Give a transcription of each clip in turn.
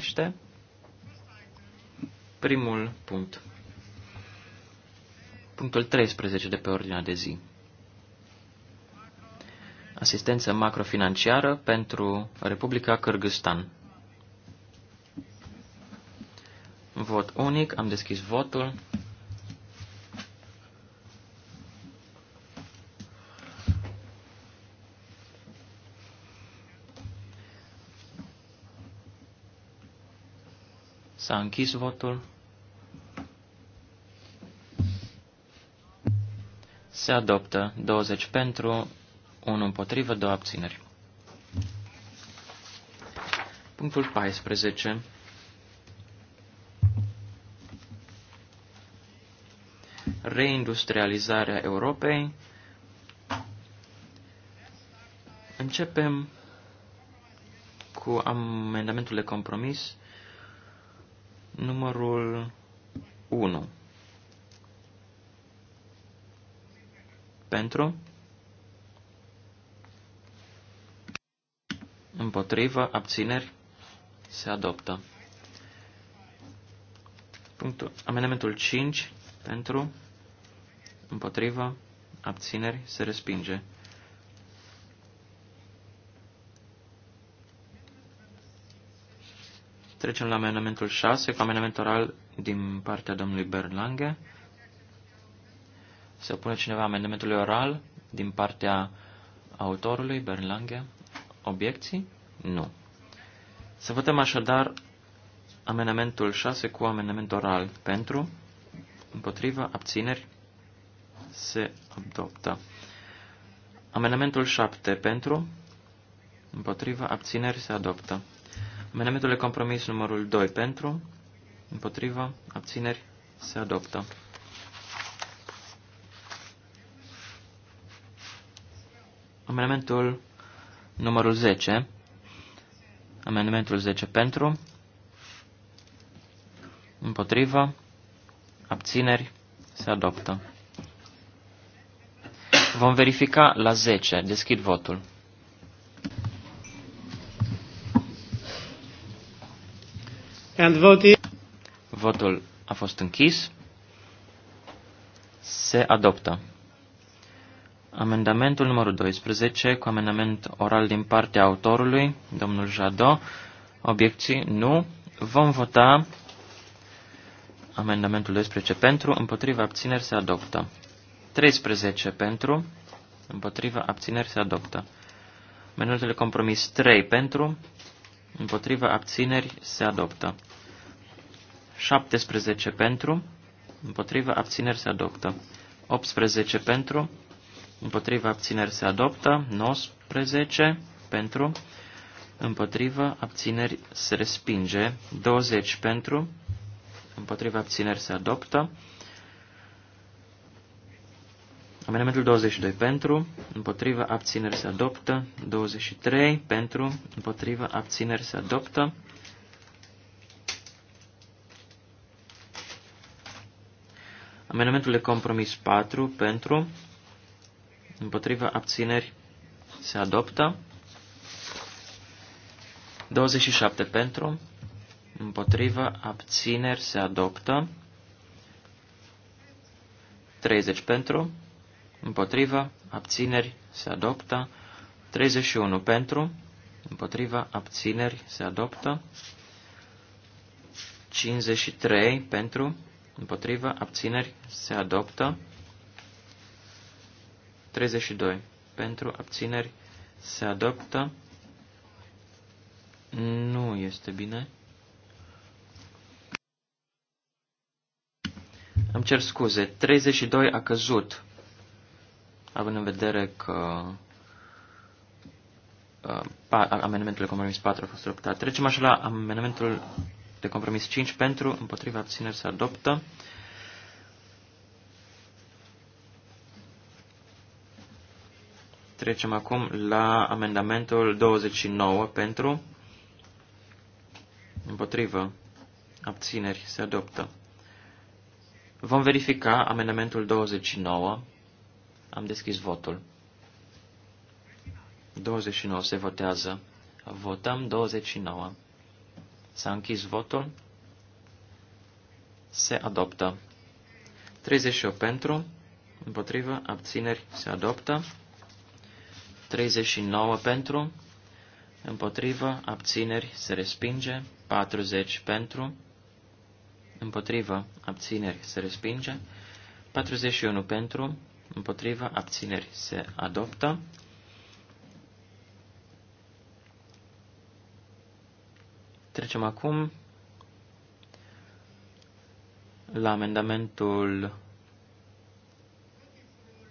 liniște. Primul punct. Punctul 13 de pe ordinea de zi. Asistență macrofinanciară pentru Republica Kyrgyzstan. Vot unic, am deschis votul. S-a închis votul. Se adoptă 20 pentru, 1 împotrivă, 2 abțineri. Punctul 14. Reindustrializarea Europei. Începem cu amendamentul de compromis Numărul 1. Pentru. Împotrivă, abțineri, se adoptă. Punctul, amendamentul 5, pentru, împotrivă, abțineri, se respinge. Trecem la amendamentul 6, cu amendament oral din partea domnului Berlange. Se opune cineva amendamentului oral din partea autorului Berlange? Obiecții? Nu. Să votăm așadar amendamentul 6 cu amendament oral pentru, împotriva, abțineri, se adoptă. Amendamentul 7 pentru, împotriva, abțineri, se adoptă. Amendamentul de compromis numărul 2 pentru, împotriva, abțineri, se adoptă. Amendamentul numărul 10, amendamentul 10 pentru, împotriva, abțineri, se adoptă. Vom verifica la 10. Deschid votul. And voted. Votul a fost închis. Se adoptă. Amendamentul numărul 12, cu amendament oral din partea autorului, domnul Jadot. Obiecții? Nu. Vom vota amendamentul 12 pentru, împotriva abțineri se adoptă. 13 pentru, împotriva abțineri se adoptă. Amendamentul de compromis 3 pentru, împotriva abțineri se adoptă. 17 pentru, împotriva abțineri se adoptă. 18 pentru, împotriva abțineri se adoptă. 19 pentru, împotriva abțineri se respinge. 20 pentru, împotriva abțineri se adoptă. Amendamentul 22 pentru, împotriva abțineri se adoptă. 23 pentru, împotriva abțineri se adoptă. Amendamentul de compromis 4 pentru, împotriva abțineri se adoptă. 27 pentru, împotriva abțineri se adoptă. 30 pentru, împotriva, abțineri, se adoptă. 31 pentru, împotriva, abțineri, se adoptă. 53 pentru, împotriva, abțineri, se adoptă. 32 pentru, abțineri, se adoptă. Nu este bine. Îmi cer scuze, 32 a căzut având în vedere că uh, amendamentul de compromis 4 a fost adoptat. Trecem așa la amendamentul de compromis 5 pentru, împotriva abțineri se adoptă. Trecem acum la amendamentul 29 pentru, împotrivă, abțineri se adoptă. Vom verifica amendamentul 29 am deschis votul. 29 se votează. Votăm 29. S-a închis votul. Se adoptă. 38 pentru, împotrivă, abțineri, se adoptă. 39 pentru, împotrivă, abțineri, se respinge. 40 pentru, împotrivă, abțineri, se respinge. 41 pentru, împotriva, abțineri se adoptă. Trecem acum la amendamentul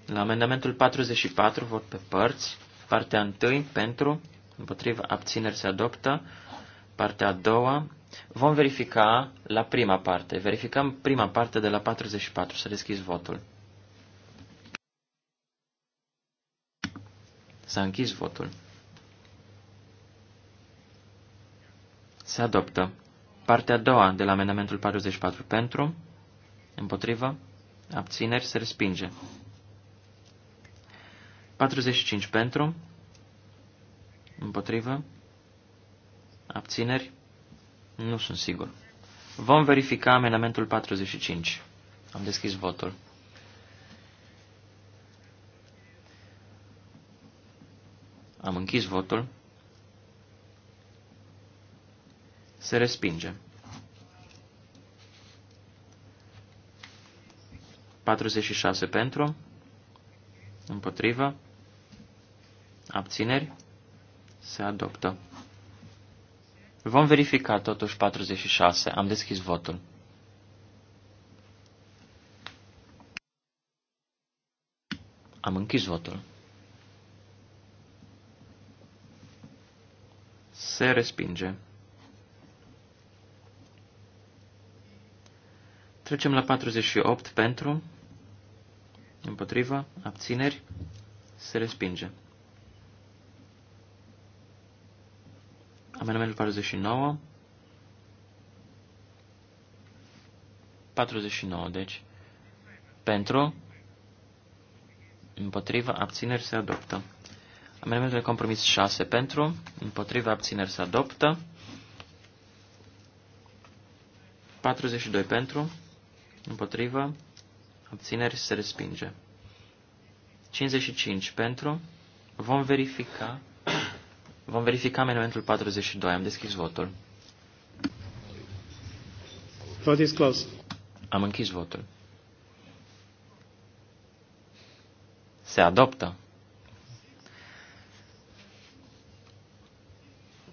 la amendamentul 44, vot pe părți, partea 1 pentru, împotriva abțineri se adoptă, partea a doua, vom verifica la prima parte, verificăm prima parte de la 44, să deschizi votul. S-a închis votul. Se adoptă. Partea a doua de la amendamentul 44 pentru, împotrivă, abțineri se respinge. 45 pentru, împotrivă, abțineri, nu sunt sigur. Vom verifica amendamentul 45. Am deschis votul. Am închis votul. Se respinge. 46 pentru, împotrivă, abțineri, se adoptă. Vom verifica totuși 46. Am deschis votul. Am închis votul. Se respinge. Trecem la 48 pentru, împotriva, abțineri, se respinge. Amenamentul 49. 49, deci. Pentru, împotriva, abțineri se adoptă. Amendamentul de compromis 6 pentru, împotriva abțineri se adoptă. 42 pentru, împotriva, abțineri se respinge. 55 pentru, vom verifica, vom verifica amendamentul 42, am deschis votul. Vote is closed. Am închis votul. Se adoptă.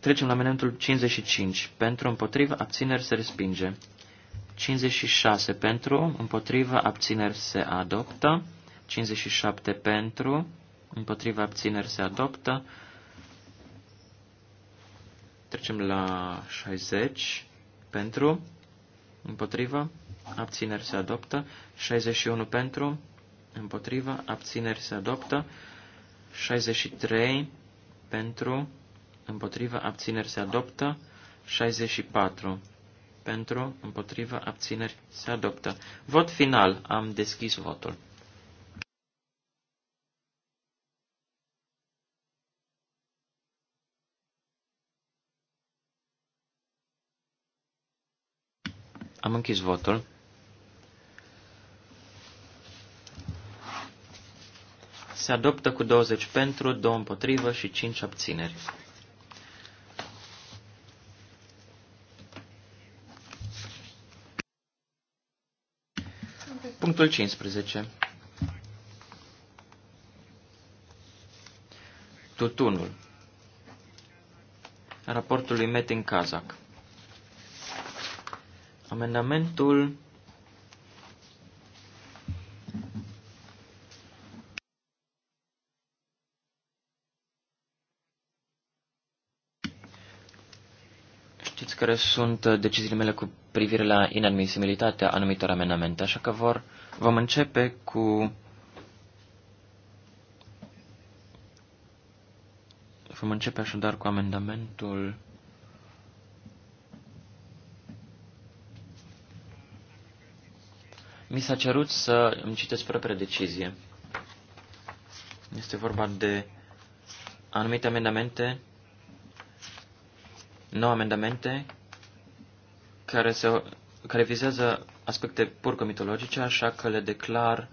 Trecem la amendamentul 55. Pentru, împotriva, abțineri se respinge. 56 pentru, împotriva, abțineri se adoptă. 57 pentru, împotriva, abțineri se adoptă. Trecem la 60 pentru, împotriva, abțineri se adoptă. 61 pentru, împotriva, abțineri se adoptă. 63 pentru, împotriva abțineri se adoptă, 64 pentru, împotriva abțineri se adoptă. Vot final, am deschis votul. Am închis votul. Se adoptă cu 20 pentru, 2 împotrivă și 5 abțineri. versetul 15. Tutunul. Raportul lui Metin Kazak. Amendamentul care sunt uh, deciziile mele cu privire la inadmisibilitatea anumitor amendamente, așa că vor, vom începe cu vom începe așadar cu amendamentul Mi s-a cerut să îmi citesc propria decizie. Este vorba de anumite amendamente 9 amendamente care, se, care vizează aspecte pur mitologice, așa că le declar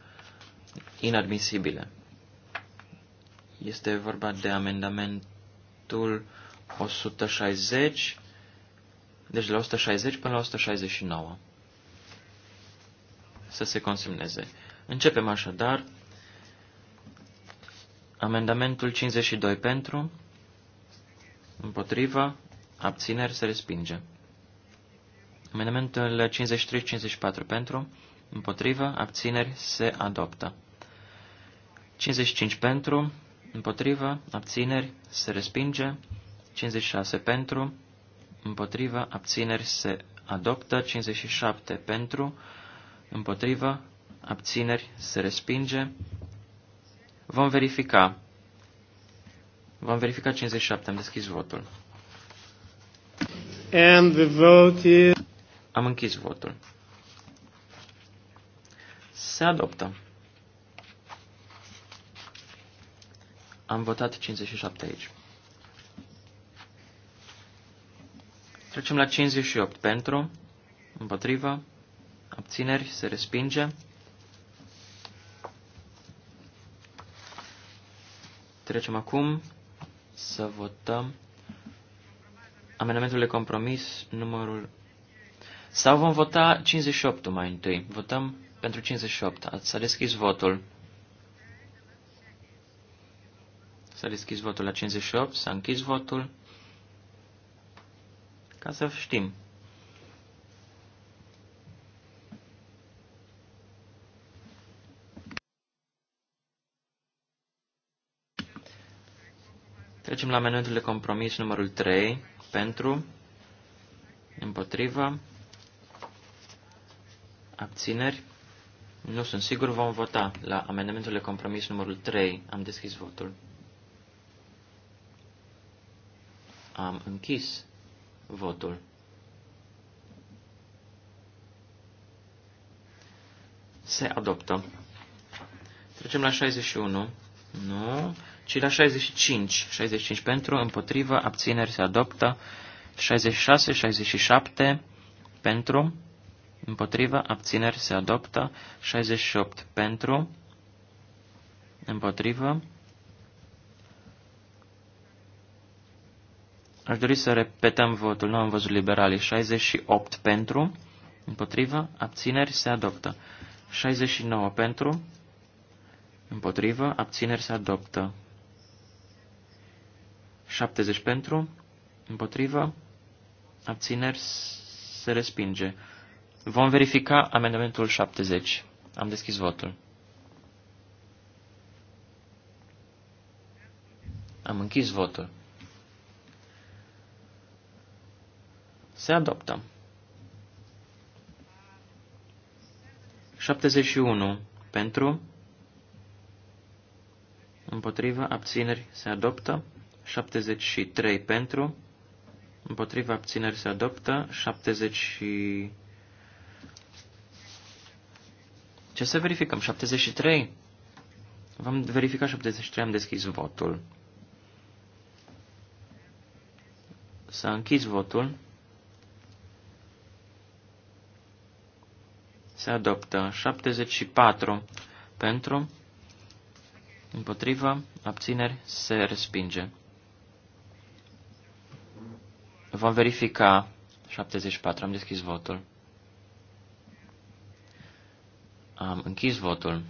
inadmisibile. Este vorba de amendamentul 160, deci de la 160 până la 169. Să se consemneze. Începem așadar. Amendamentul 52 pentru, împotriva, abțineri, se respinge. Amendamentul 53-54 pentru, împotrivă, abțineri, se adoptă. 55 pentru, împotrivă, abțineri, se respinge. 56 pentru, împotrivă, abțineri, se adoptă. 57 pentru, împotrivă, abțineri, se respinge. Vom verifica. Vom verifica 57. Am deschis votul. And the vote is... Am închis votul. Se adoptă. Am votat 57 aici. Trecem la 58. Pentru, împotriva, abțineri, se respinge. Trecem acum să votăm amendamentul de compromis numărul... Sau vom vota 58 mai întâi. Votăm pentru 58. S-a deschis votul. S-a deschis votul la 58, s-a închis votul. Ca să știm. Trecem la amendamentul de compromis numărul 3 pentru, împotriva, abțineri. Nu sunt sigur, vom vota la amendamentul de compromis numărul 3. Am deschis votul. Am închis votul. Se adoptă. Trecem la 61. Nu ci la 65. 65 pentru, împotrivă, abțineri se adoptă. 66, 67 pentru, împotrivă, abțineri se adoptă. 68 pentru, împotrivă. Aș dori să repetăm votul, nu am văzut liberalii. 68 pentru, împotrivă, abțineri se adoptă. 69 pentru, împotrivă, abțineri se adoptă. 70 pentru, împotrivă, abțineri, se respinge. Vom verifica amendamentul 70. Am deschis votul. Am închis votul. Se adoptă. 71 pentru, împotriva, abțineri, se adoptă. 73 pentru, împotriva abțineri se adoptă, 70 și... Ce să verificăm? 73? Vom verifica 73, am deschis votul. S-a închis votul. Se adoptă 74 pentru, împotriva, abțineri, se respinge. Vom verifica 74. Am deschis votul. Am închis votul.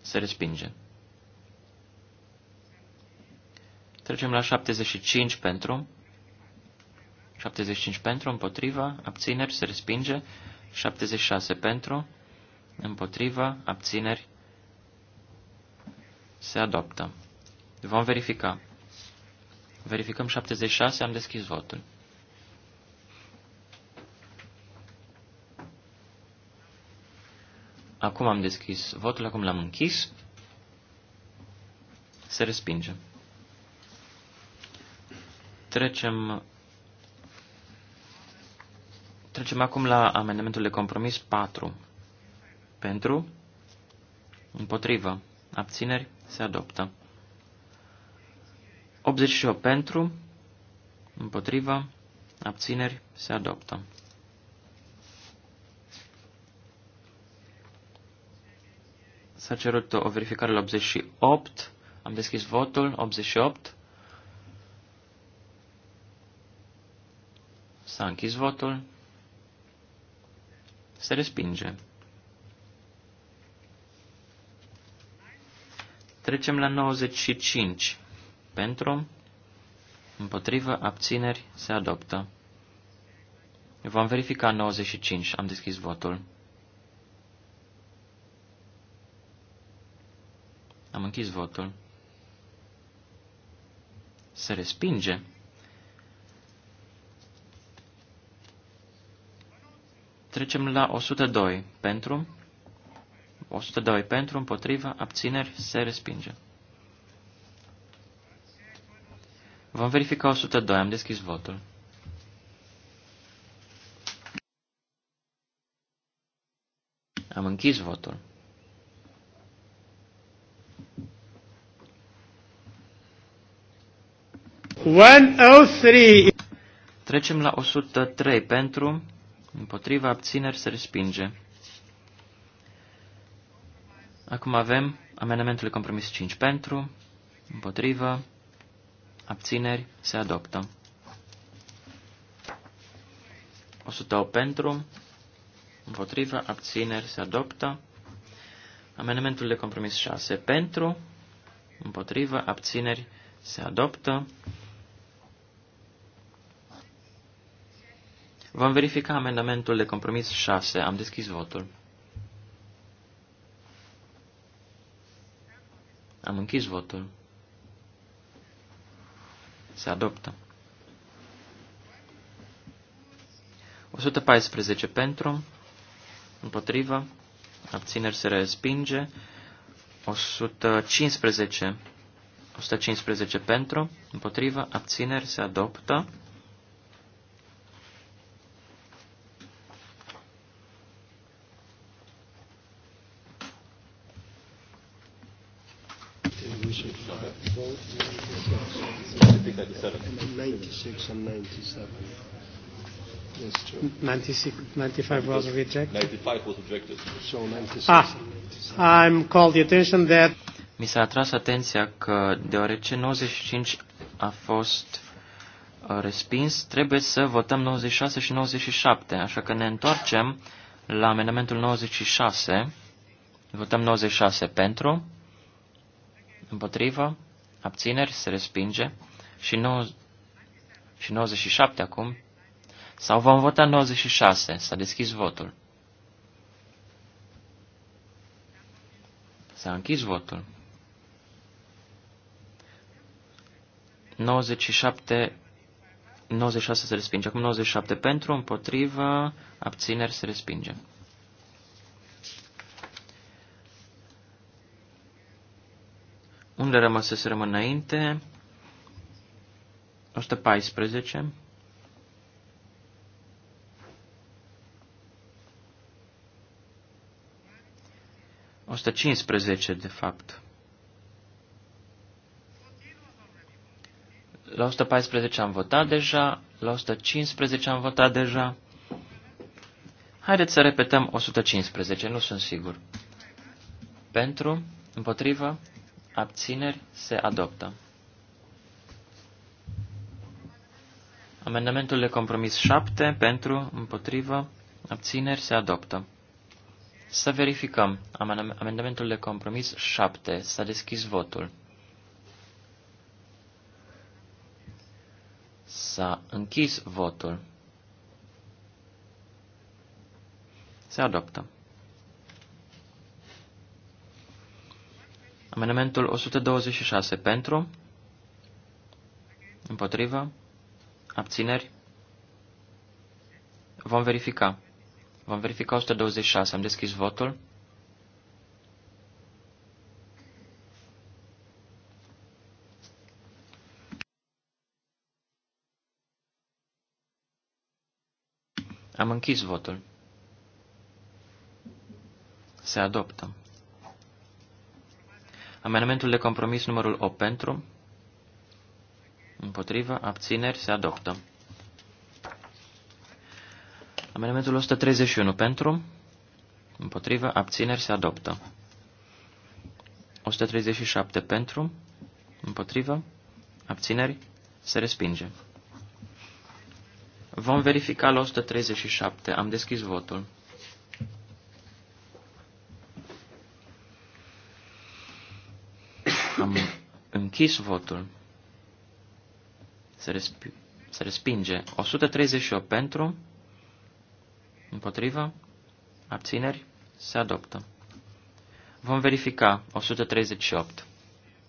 Se respinge. Trecem la 75 pentru. 75 pentru, împotriva, abțineri, se respinge. 76 pentru, împotriva, abțineri, se adoptă. Vom verifica. Verificăm 76, am deschis votul. Acum am deschis votul, acum l-am închis. Se respinge. Trecem, trecem acum la amendamentul de compromis 4. Pentru, împotrivă, abțineri, se adoptă. 88 pentru, împotriva, abțineri, se adoptă. S-a cerut o verificare la 88, am deschis votul, 88. S-a închis votul. Se respinge. Trecem la 95 pentru, împotrivă, abțineri, se adoptă. Vom verifica 95. Am deschis votul. Am închis votul. Se respinge. Trecem la 102. Pentru. 102 pentru, împotriva, abțineri, se respinge. Vom verifica 102. Am deschis votul. Am închis votul. Oh Trecem la 103 pentru, împotriva abțineri se respinge. Acum avem amendamentul compromis 5 pentru, împotriva abțineri, se adoptă. 108 pentru, împotrivă, abțineri, se adoptă. Amendamentul de compromis 6 pentru, împotrivă, abțineri, se adoptă. Vom verifica amendamentul de compromis 6. Am deschis votul. Am închis votul. Se adoptă. 114 pentru, împotrivă, abțineri se respinge, 115, 115 pentru, împotrivă, abțineri se adoptă, and 97. Yes, true. 96, 95 was rejected. 95 was rejected. So 96 ah, I'm called the attention that mi s-a atras atenția că deoarece 95 a fost uh, respins, trebuie să votăm 96 și 97, așa că ne întoarcem la amendamentul 96. Votăm 96 pentru, împotriva, abțineri, se respinge și și 97 acum, sau vom vota 96, s-a deschis votul. S-a închis votul. 97, 96 se respinge. Acum 97 pentru, împotrivă, abțineri se respinge. Unde rămăseserăm înainte? 114. Osta 115 de fapt. La 114 am votat deja, la 115 am votat deja. Haideți să repetăm 115, nu sunt sigur. Pentru, împotrivă, abțineri, se adoptă. Amendamentul de compromis 7 pentru, împotrivă, abțineri se adoptă. Să verificăm. Amendamentul de compromis 7. S-a deschis votul. S-a închis votul. Se adoptă. Amendamentul 126 pentru, împotrivă, Abțineri? Vom verifica. Vom verifica 126. Am deschis votul. Am închis votul. Se adoptă. Amendamentul de compromis numărul 8 pentru, Împotrivă. Abțineri. Se adoptă. Amendamentul 131 pentru. Împotrivă. Abțineri. Se adoptă. 137 pentru. Împotrivă. Abțineri. Se respinge. Vom verifica la 137. Am deschis votul. Am închis votul se, resp- se respinge. 138 pentru, împotrivă, abțineri, se adoptă. Vom verifica 138.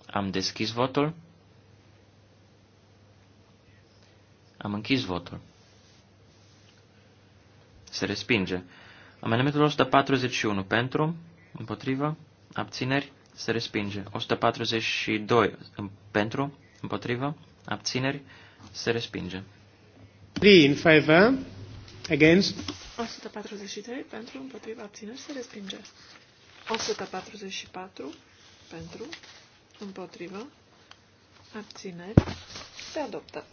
Am deschis votul. Am închis votul. Se respinge. Amendamentul 141 pentru, împotrivă, abțineri, se respinge. 142 pentru, împotrivă, Abțineri. Se respinge. 3 in favor. Against. 143 pentru, împotriva, abțineri, se respinge. 144 pentru, împotriva, abțineri, se adoptă.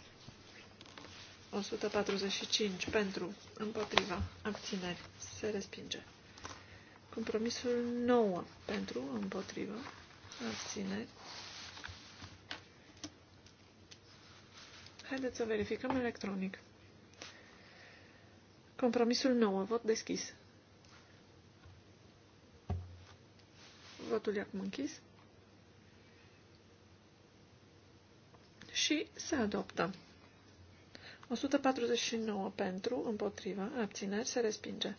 145 pentru, împotriva, abțineri, se respinge. Compromisul 9 pentru, împotriva, abțineri, Haideți să verificăm electronic. Compromisul 9. Vot deschis. Votul e acum închis. Și se adoptă. 149 pentru, împotriva, abțineri, se respinge.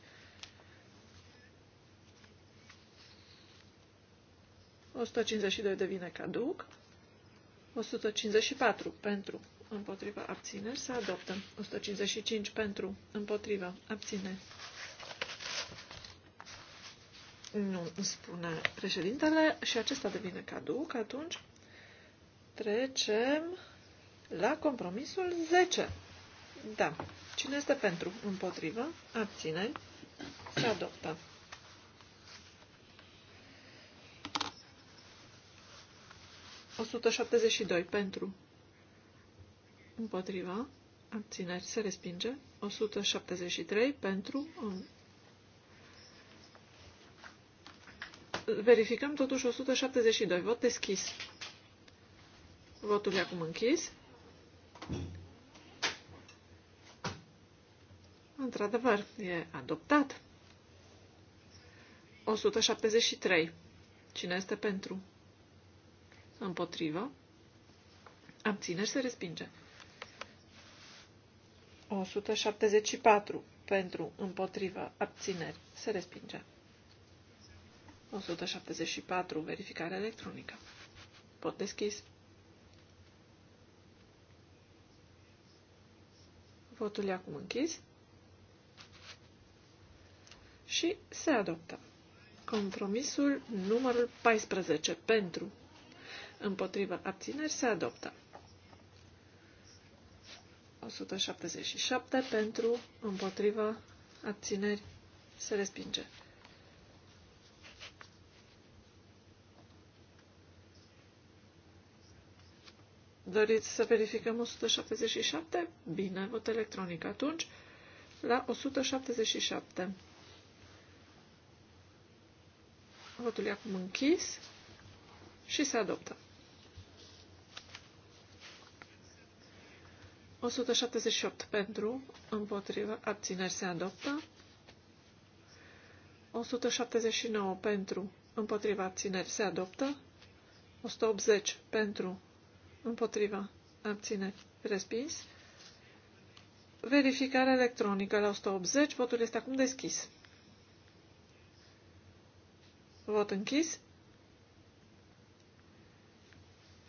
152 devine caduc. 154 pentru, Împotrivă, abțineri, se adoptă. 155 pentru, împotrivă, abține. Nu, spune președintele și acesta devine caduc, atunci trecem la compromisul 10. Da. Cine este pentru? Împotrivă? abține, Se adoptă. doi pentru împotriva, abțineri, se respinge. 173 pentru. Verificăm totuși 172. Vot deschis. Votul e acum închis. Într-adevăr, e adoptat. 173. Cine este pentru? Împotrivă. Abțineri se respinge. 174 pentru, împotriva, abțineri, se respinge. 174, verificare electronică. Pot deschis. Votul e acum închis. Și se adoptă. Compromisul numărul 14 pentru, împotriva, abțineri, se adoptă. 177 pentru, împotriva, abțineri, se respinge. Doriți să verificăm 177? Bine, vot electronic atunci la 177. Votul e acum închis și se adoptă. 178 pentru, împotrivă, abțineri se adoptă. 179 pentru, împotriva abțineri se adoptă. 180 pentru, împotriva abțineri respins. Verificare electronică la 180, votul este acum deschis. Vot închis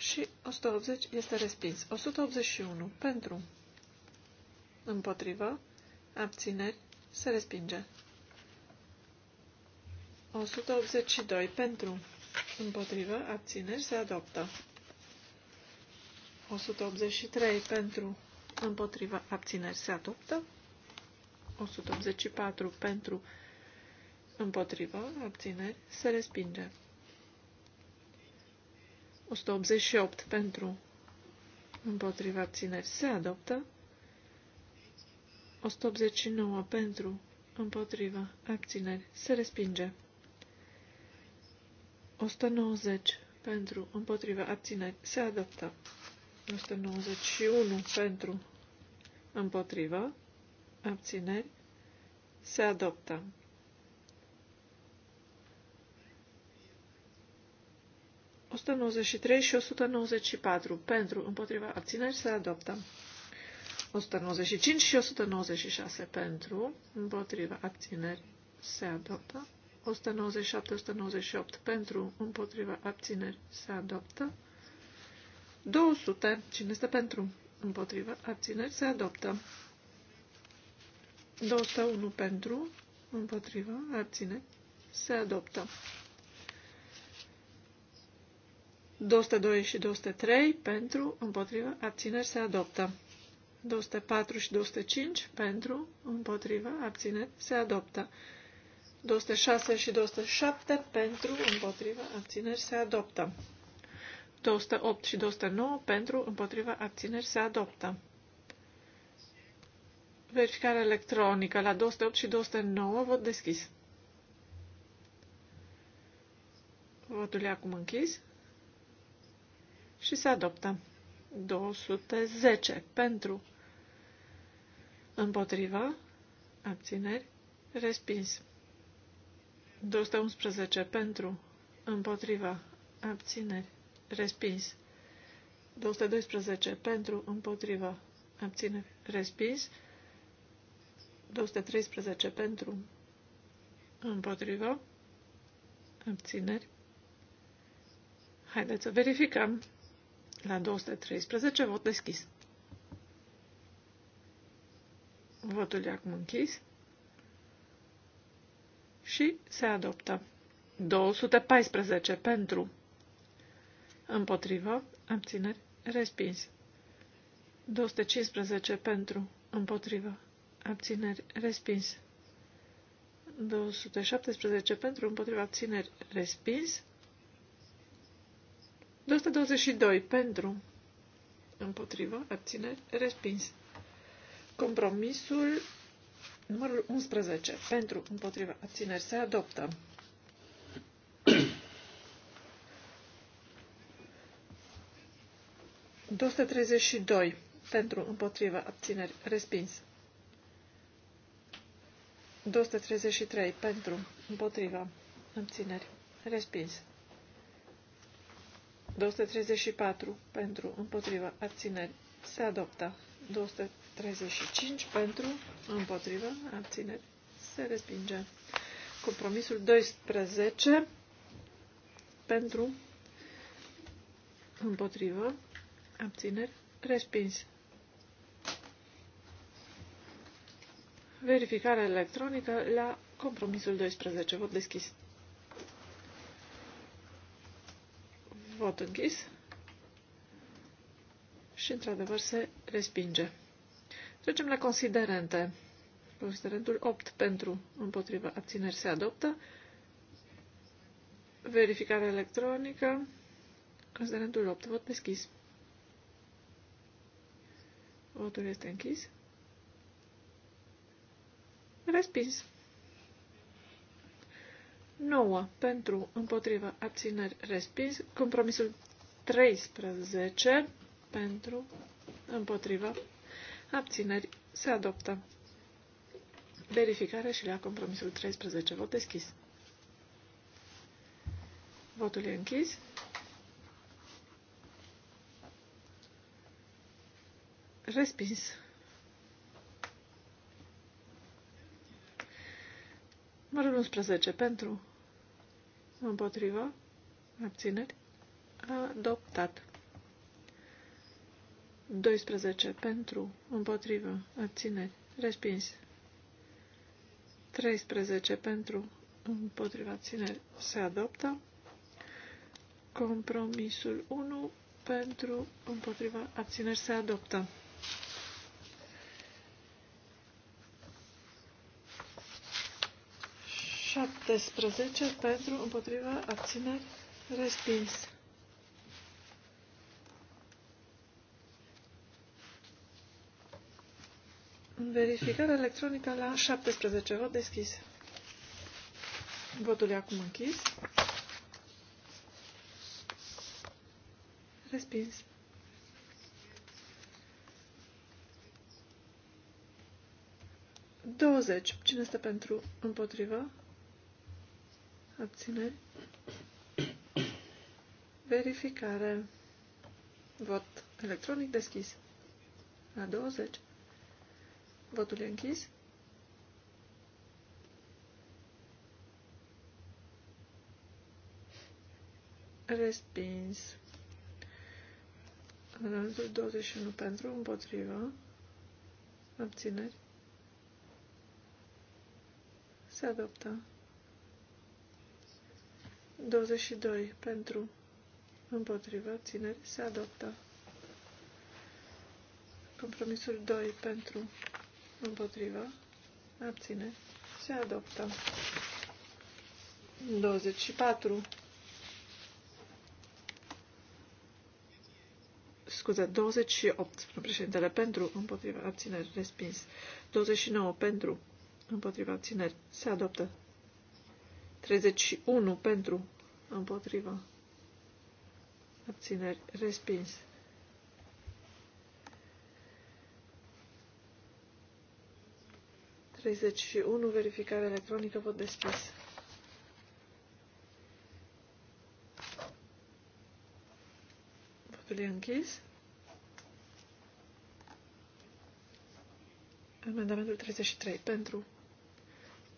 și 180 este respins. 181 pentru, împotrivă, abțineri, se respinge. 182 pentru, împotrivă, abțineri, se adoptă. 183 pentru, împotrivă, abțineri, se adoptă. 184 pentru, împotrivă, abțineri, se respinge. 188 pentru împotriva țineri se adoptă. 189 pentru împotriva abțineri se respinge. 190 pentru împotriva abțineri se adoptă. 191 pentru împotriva abțineri se adoptă. 193 și 194 pentru, împotriva abțineri se adoptă. 195 și 196 pentru, împotriva abțineri se adoptă. 197-198 pentru, împotriva abțineri se adoptă. 200, cine este pentru, împotriva abțineri se adoptă. 201 pentru, împotriva abțineri se adoptă. 202 și 203 pentru, împotrivă, abțineri se adoptă. 204 și 205 pentru, împotrivă, abțineri se adoptă. 206 și 207 pentru, împotrivă, abțineri se adoptă. 208 și 209 pentru, împotrivă, abțineri se adoptă. Verificare electronică la 208 și 209, vot deschis. Votul e acum închis și se adoptă. 210 pentru împotriva abțineri respins. 211 pentru împotriva abțineri respins. 212 pentru împotriva abțineri respins. 213 pentru împotriva abțineri. Haideți să verificăm. La 213, vot deschis. Votul e acum închis. Și se adoptă. 214 pentru. Împotrivă. Abțineri. Respins. 215 pentru. Împotrivă. Abțineri. Respins. 217 pentru. Împotrivă. Abțineri. Respins. 222 pentru, împotrivă, Abține. respins. Compromisul numărul 11 pentru, împotrivă, abțineri se adoptă. doi pentru, împotrivă, abțineri, respins. 233 pentru, Împotrivă. abțineri, respins. 234 pentru împotriva abțineri se adoptă. 235 pentru împotriva abțineri se respinge. Compromisul 12 pentru împotrivă abțineri respins. Verificarea electronică la compromisul 12. Vot deschis. Vot închis. Și, într-adevăr, se respinge. Trecem la considerente. Considerentul 8 pentru împotriva abțineri se adoptă. Verificare electronică. Considerentul 8. Vot deschis. Votul este închis. Respins. 9 pentru împotriva abțineri respins, compromisul 13 pentru împotriva abțineri se adoptă. Verificare și la compromisul 13. Vot deschis. Votul e închis. Respins. Numărul 11 pentru împotrivă, abțineri, adoptat. 12 pentru, împotrivă, abțineri, respins. 13 pentru, împotriva abțineri, se adoptă. Compromisul 1 pentru, împotriva abțineri, se adoptă. 17 pentru, împotriva, abțineri, respins. Verificare electronică la 17. Vot deschis. Votul e acum închis. Respins. Douăzeci. Cine este pentru împotrivă? Abțineri. Verificare. Vot electronic deschis. La 20. Votul e închis. Respins. Amendamentul 21 pentru, împotrivă, abțineri. Se adoptă. 22 pentru împotrivă, țineri se adoptă. Compromisul 2 pentru împotrivă, abține, se adoptă. 24 scuze, 28 președintele pentru împotriva abțineri respins. 29 pentru împotriva abțineri se adoptă. 31 pentru, împotriva, abțineri, respins. Treizeci și unu, verificare electronică, vot deschis. Votul e închis. Amendamentul 33. Pentru.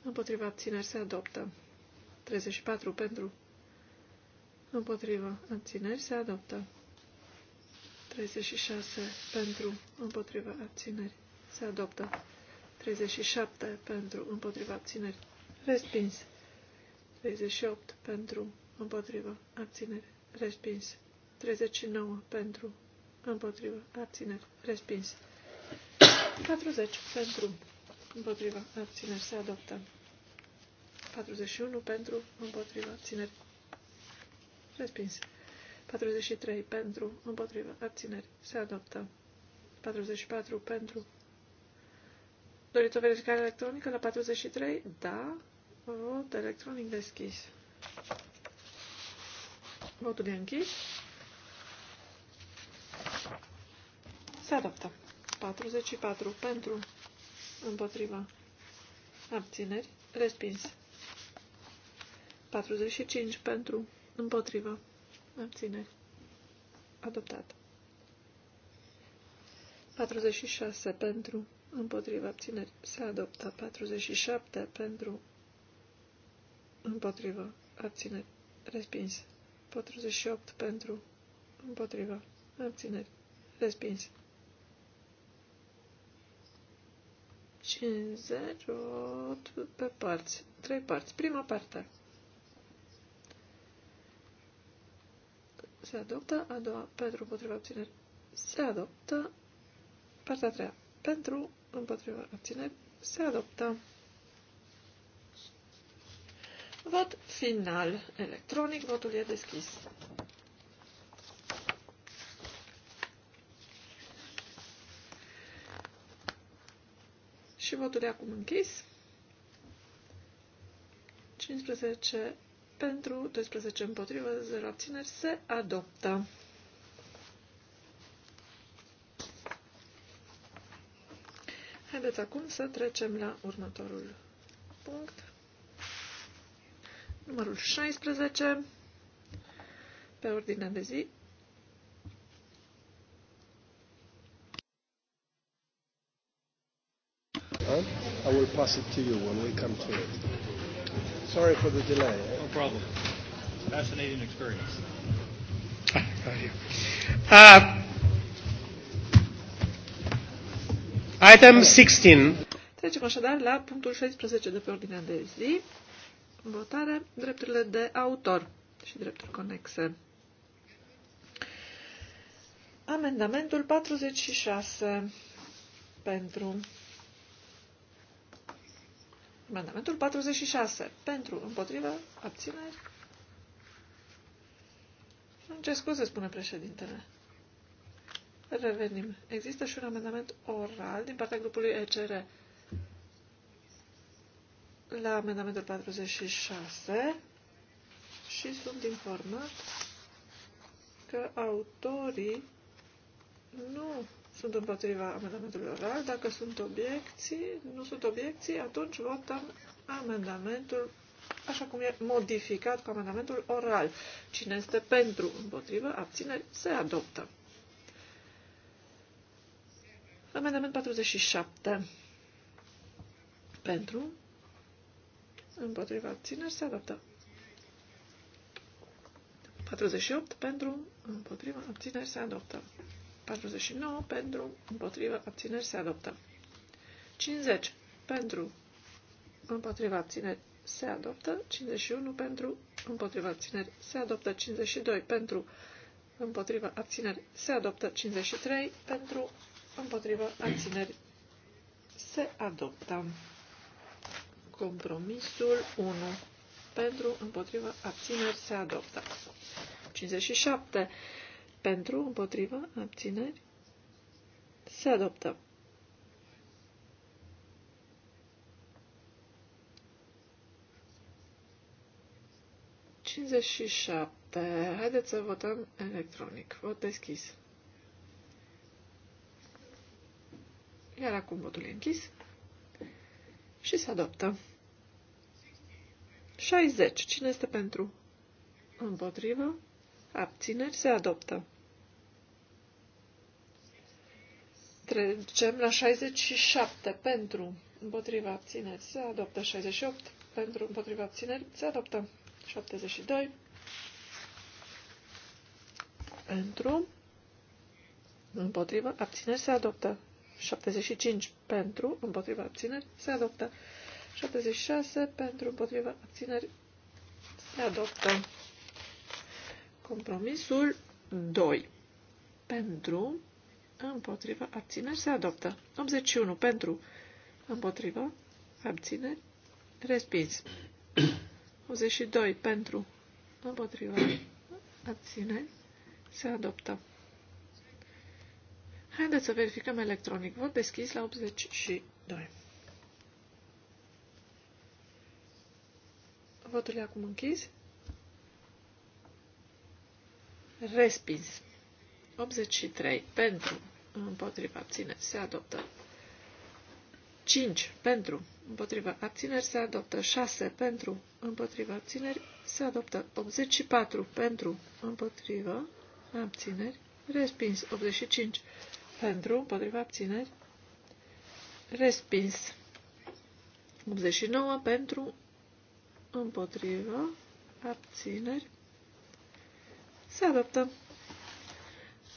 Împotriva abțineri se adoptă. 34 pentru. Împotrivă. Abțineri se adoptă. 36 pentru. Împotrivă. Abțineri se adoptă. 37 pentru. Împotrivă. Abțineri. Respins. 38 pentru. Împotrivă. Abțineri. Respins. 39 pentru. Împotrivă. Abțineri. Respins. 40 pentru. Împotrivă. abțineri se adoptă. 41 pentru, împotriva, abțineri, respins. 43 pentru, împotriva, abțineri, se adoptă. 44 pentru. Doriți o verificare electronică la 43? Da. Vot electronic deschis. Votul e închis. Se adoptă. 44 pentru, împotriva, abțineri, respins. 45 pentru, împotrivă, abține, adoptat. 46 pentru, împotriva abțineri, se adoptă. 47 pentru, împotriva abțineri, respins. 48 pentru, împotriva abțineri, respins. 50 pe părți 3 părți Prima parte, se adoptă. A doua pentru împotriva obțineri, se adoptă. Partea a treia pentru împotriva obțineri, se adoptă. Vot final electronic. Votul e deschis. Și votul e acum închis. 15 pentru, 12 împotrivă, 0 abțineri, se adoptă. Haideți acum să trecem la următorul punct. Numărul 16 pe ordinea de zi. I will pass it to you when we come to it. Sorry for the delay. No problem. Fascinating experience. Uh, item 16. Trecem așadar la punctul 16 de pe ordinea de zi. Votare, drepturile de autor și drepturi conexe. Amendamentul 46 pentru Amendamentul 46. Pentru, împotrivă, abțineri. În ce scuze, spune președintele. Revenim. Există și un amendament oral din partea grupului ECR. La amendamentul 46 și sunt informat că autorii nu sunt împotriva amendamentului oral. Dacă sunt obiecții, nu sunt obiecții, atunci votăm amendamentul așa cum e modificat cu amendamentul oral. Cine este pentru, împotrivă, abțineri, se adoptă. Amendament 47. Pentru, împotriva, abțineri, se adoptă. 48. Pentru, împotriva, abțineri, se adoptă. 49 pentru, împotrivă, abțineri se adoptă. 50 pentru, împotrivă, abțineri se adoptă. 51 pentru, împotrivă, abțineri se adoptă. 52 pentru, împotrivă, abțineri se adoptă. 53 pentru, împotrivă, abțineri se adoptă. Compromisul 1 pentru, împotrivă, abțineri se adoptă. 57 pentru, împotrivă, abțineri, se adoptă. Cincizeci și Haideți să votăm electronic. Vot deschis. Iar acum votul e închis și se adoptă. 60. Cine este pentru? Împotrivă. Abțineri se adoptă. Trecem la 67 pentru împotriva abțineri se adoptă 68, pentru împotriva abțineri se adoptă 72, pentru împotriva abțineri se adoptă 75, pentru împotriva abțineri se adoptă 76, pentru împotriva abțineri se adoptă compromisul 2, pentru împotrivă, abțineri, se adoptă. 81 pentru, împotrivă, abțineri, respins. 82 pentru, împotrivă, abțineri, se adoptă. Haideți să verificăm electronic. Vot deschis la 82. Votul e acum închis. Respins. 83 pentru împotriva abțineri se adoptă. 5 pentru, împotriva abțineri se adoptă. 6 pentru, împotriva abțineri se adoptă. 84 pentru, împotriva abțineri, respins. 85 pentru, împotriva abțineri, respins. 89 pentru, împotriva abțineri, se adoptă.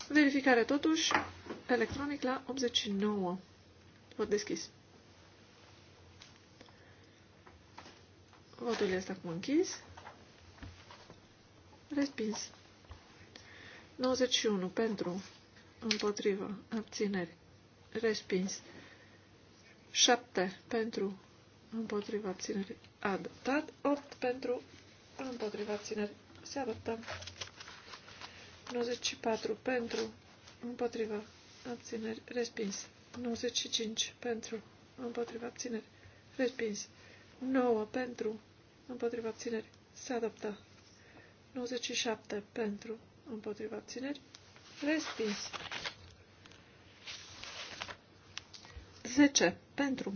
Verificare totuși electronic la 89. Vot deschis. Votul este acum închis. Respins. 91 pentru, împotrivă, abțineri, respins. 7 pentru, împotriva abțineri, adoptat. 8 pentru, împotriva abțineri, se adoptă. 94 pentru, împotriva abțineri, respins. 95 pentru, împotriva abțineri, respins. 9 pentru, împotriva abțineri, se adoptă. 97 pentru, împotriva abțineri, respins. 10 pentru,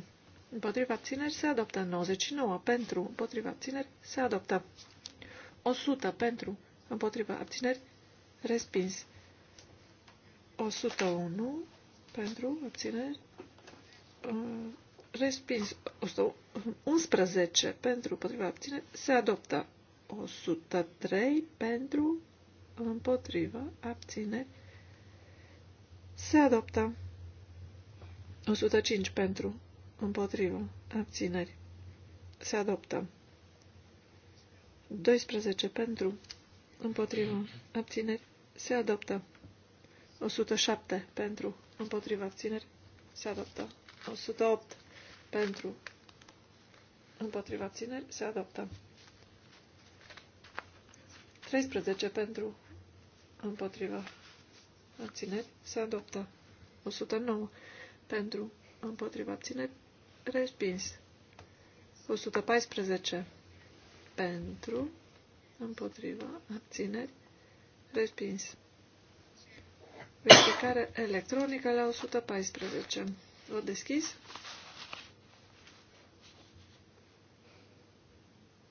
împotriva abțineri, se adoptă. 99 pentru, împotriva abțineri, se adoptă. 100 pentru, împotriva abțineri, respins. 101 pentru obținere. Uh, respins 11 pentru potriva abțineri se adoptă 103 pentru împotriva abțineri se adoptă 105 pentru împotriva abțineri se adoptă 12 pentru împotriva abțineri se adoptă 107 pentru, împotriva abțineri, se adoptă. 108 pentru, împotriva abțineri, se adoptă. 13 pentru, împotriva abțineri, se adoptă. 109 pentru, împotriva abțineri, respins. 114 pentru, împotriva abțineri, respins. Verificare electronică la 114. O deschis.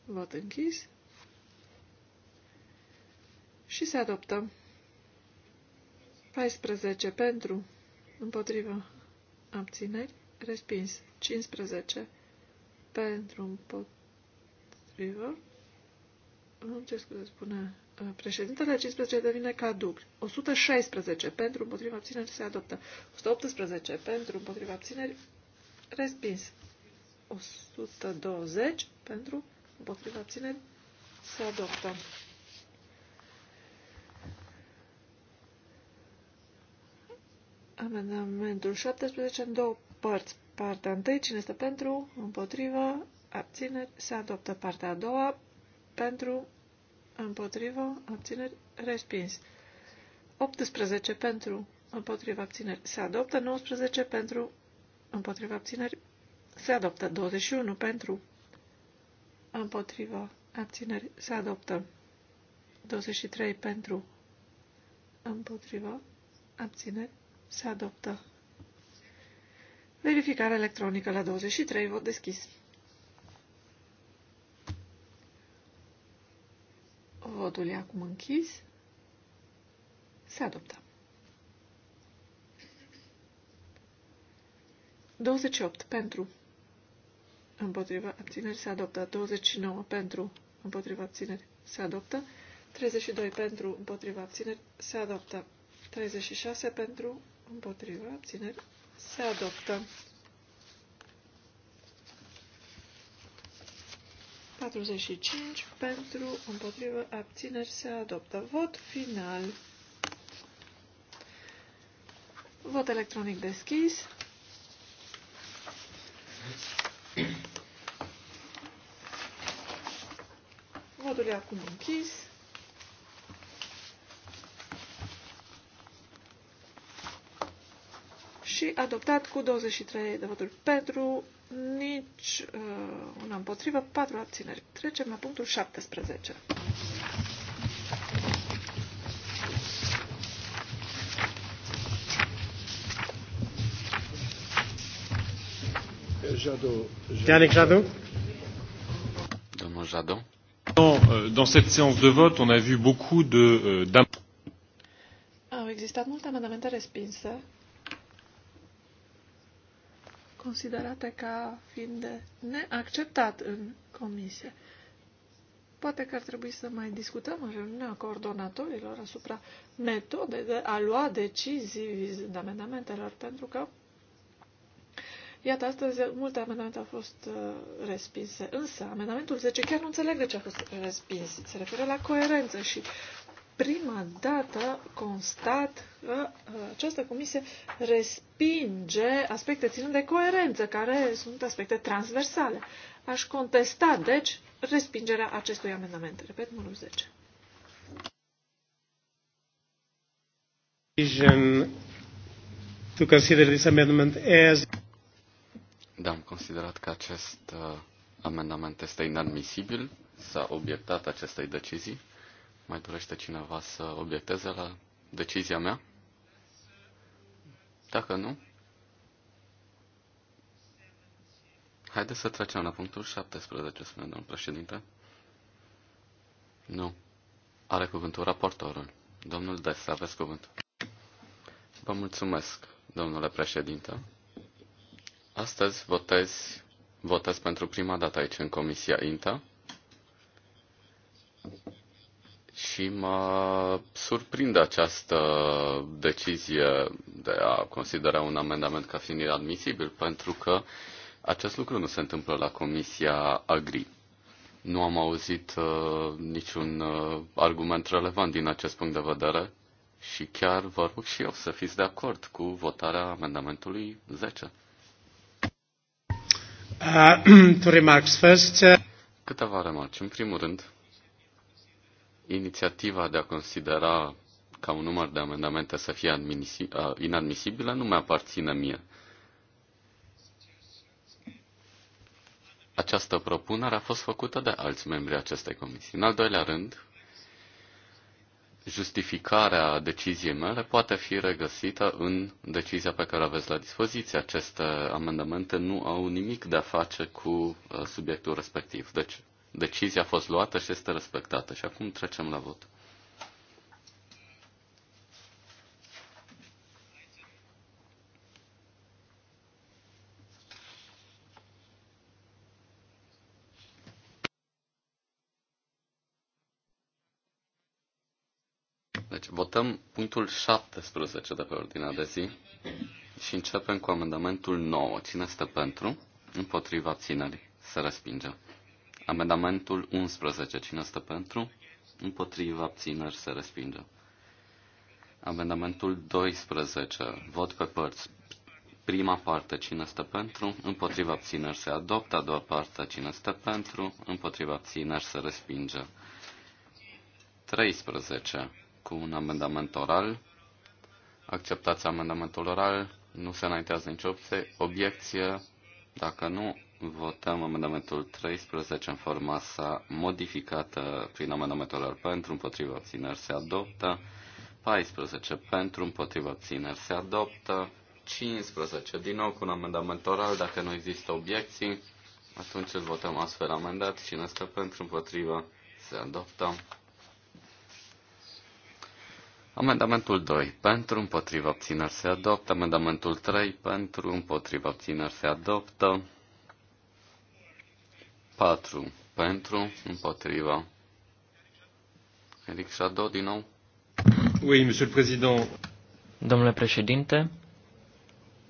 Vot închis. Și se adoptă. 14 pentru, împotrivă, abțineri, respins. 15 pentru, împotrivă, nu ce spune președintele 15 devine caduc. 116 pentru împotriva abțineri se adoptă. 118 pentru împotriva abțineri respins. 120 pentru împotriva abțineri se adoptă. Amendamentul 17 în două părți. Partea 1, cine este pentru, împotriva, abțineri, se adoptă. Partea a doua, pentru, împotrivă, abțineri, respins. 18 pentru, împotrivă, abțineri, se adoptă. 19 pentru, împotrivă, abțineri, se adoptă. 21 pentru, împotrivă, abțineri, se adoptă. 23 pentru, împotrivă, abțineri, se adoptă. Verificare electronică la 23, vot deschis. Votul e acum închis. Se adoptă. 28 pentru împotriva abțineri se adoptă. 29 pentru împotriva abțineri se adoptă. 32 pentru împotriva abțineri se adoptă. 36 pentru împotriva abțineri se adoptă. 45 pentru, împotrivă, abțineri se adoptă. Vot final. Vot electronic deschis. Votul e acum închis. și adoptat cu 23 de voturi pentru, nici uh, una împotrivă, 4 abțineri. Trecem la punctul 17. Jadot. Yannick Jadot. Domnul Jadot. Dans, euh, dans cette séance de vote, on a vu beaucoup de... Euh, Au existat multe amendamente respinse considerate ca fiind neacceptat în comisie. Poate că ar trebui să mai discutăm în reuniunea coordonatorilor asupra metodei de a lua decizii vizând amendamentelor, pentru că, iată, astăzi multe amendamente au fost uh, respinse, însă amendamentul 10 chiar nu înțeleg de ce a fost respins. Se referă la coerență și prima dată constat că uh, această comisie respinge aspecte ținând de coerență, care sunt aspecte transversale. Aș contesta, deci, respingerea acestui amendament. Repet, numărul 10. Deci, um, to consider this amendment as... Da, am considerat că acest uh, amendament este inadmisibil. S-a obiectat acestei decizii. Mai dorește cineva să obiecteze la decizia mea? Dacă nu, haideți să trecem la punctul 17, spune domnul președinte. Nu. Are cuvântul raportorul. Domnul Des, aveți cuvântul. Vă mulțumesc, domnule președinte. Astăzi votez, votez pentru prima dată aici în Comisia INTA și mă surprinde această decizie de a considera un amendament ca fiind inadmisibil, pentru că acest lucru nu se întâmplă la Comisia Agri. Nu am auzit uh, niciun uh, argument relevant din acest punct de vedere și chiar vă rog și eu să fiți de acord cu votarea amendamentului 10. Uh, two remarks first. Uh, Câteva remarci. În primul rând, inițiativa de a considera ca un număr de amendamente să fie inadmisibilă nu mi-aparține mie. Această propunere a fost făcută de alți membri acestei comisii. În al doilea rând, justificarea deciziei mele poate fi regăsită în decizia pe care o aveți la dispoziție. Aceste amendamente nu au nimic de a face cu subiectul respectiv. Deci, decizia a fost luată și este respectată. Și acum trecem la vot. Deci votăm punctul 17 de pe ordinea de zi și începem cu amendamentul 9. Cine este pentru? Împotriva ținerii. Se respinge. Amendamentul 11. Cine stă pentru? Împotriva abțineri se respinge. Amendamentul 12. Vot pe părți. Prima parte, cine stă pentru, împotriva abțineri se adoptă, a doua parte, cine stă pentru, împotriva abțineri se respinge. 13. Cu un amendament oral. Acceptați amendamentul oral, nu se înaintează nicio obiecție, dacă nu, Votăm amendamentul 13 în forma sa modificată prin amendamentelor pentru, împotriva obțineri se adoptă. 14 pentru, împotriva obțineri se adoptă. 15 din nou cu un amendament oral, dacă nu există obiecții, atunci îl votăm astfel amendat. Cine stă pentru, împotriva, se adoptă. Amendamentul 2. Pentru, împotriva, obțineri se adoptă. Amendamentul 3. Pentru, împotriva, obțineri se adoptă. 4 pentru, împotriva. Eric Jadot, din nou. Oui, monsieur le président. Domnule președinte,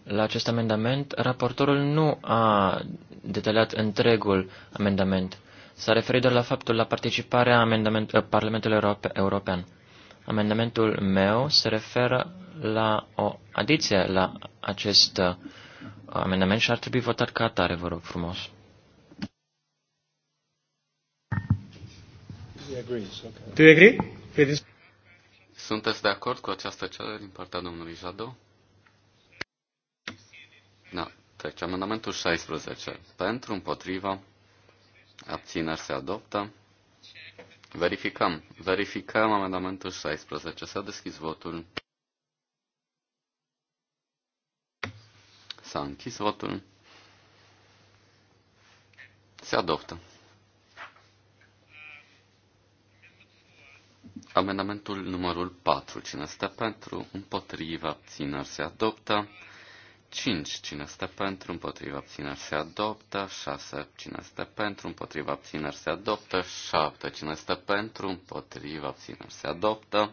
la acest amendament, raportorul nu a detaliat întregul amendament. S-a referit doar la faptul la participarea amendament, ă, Parlamentului Europe, European. Amendamentul meu se referă la o adiție la acest ă, amendament și ar trebui votat ca atare, vă rog frumos. Do you agree Sunteți de acord cu această cerere din partea domnului Jado? Da. Trece amendamentul 16. Pentru, împotriva, abțineri se adoptă. Verificăm. Verificăm amendamentul 16. S-a deschis votul. S-a închis votul. Se adoptă. Amendamentul numărul 4. Cine stă pentru, împotriva, abțineri se adoptă. 5. Cine stă pentru, împotriva, abțineri se adoptă. 6. Cine stă pentru, împotriva, abțineri se adoptă. 7. Cine stă pentru, împotriva, abțineri se adoptă.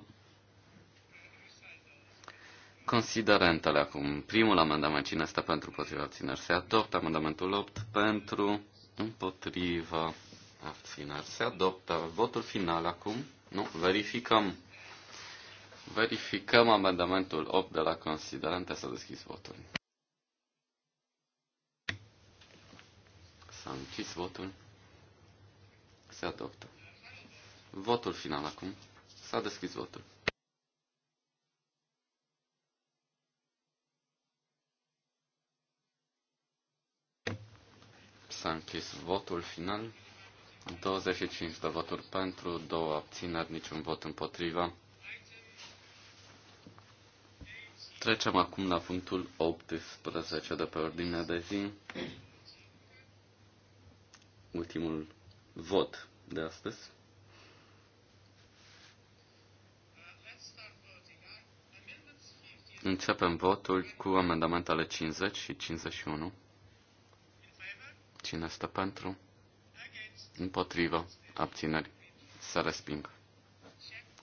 Considerentele acum. Primul amendament, cine stă pentru, împotriva, abțineri se adoptă. Amendamentul 8, pentru, împotriva, abțineri se adoptă. Votul final acum. Nu? Verificăm. Verificăm amendamentul 8 de la considerente să deschis votul. S-a închis votul. Se adoptă. Votul final acum. S-a deschis votul. S-a închis votul final. 25 de voturi pentru, două abțineri, niciun vot împotriva. Trecem acum la punctul 18 de pe ordinea de zi. Ultimul vot de astăzi. Începem votul cu amendamentele 50 și 51. Cine stă pentru? împotrivă, abțineri, să resping.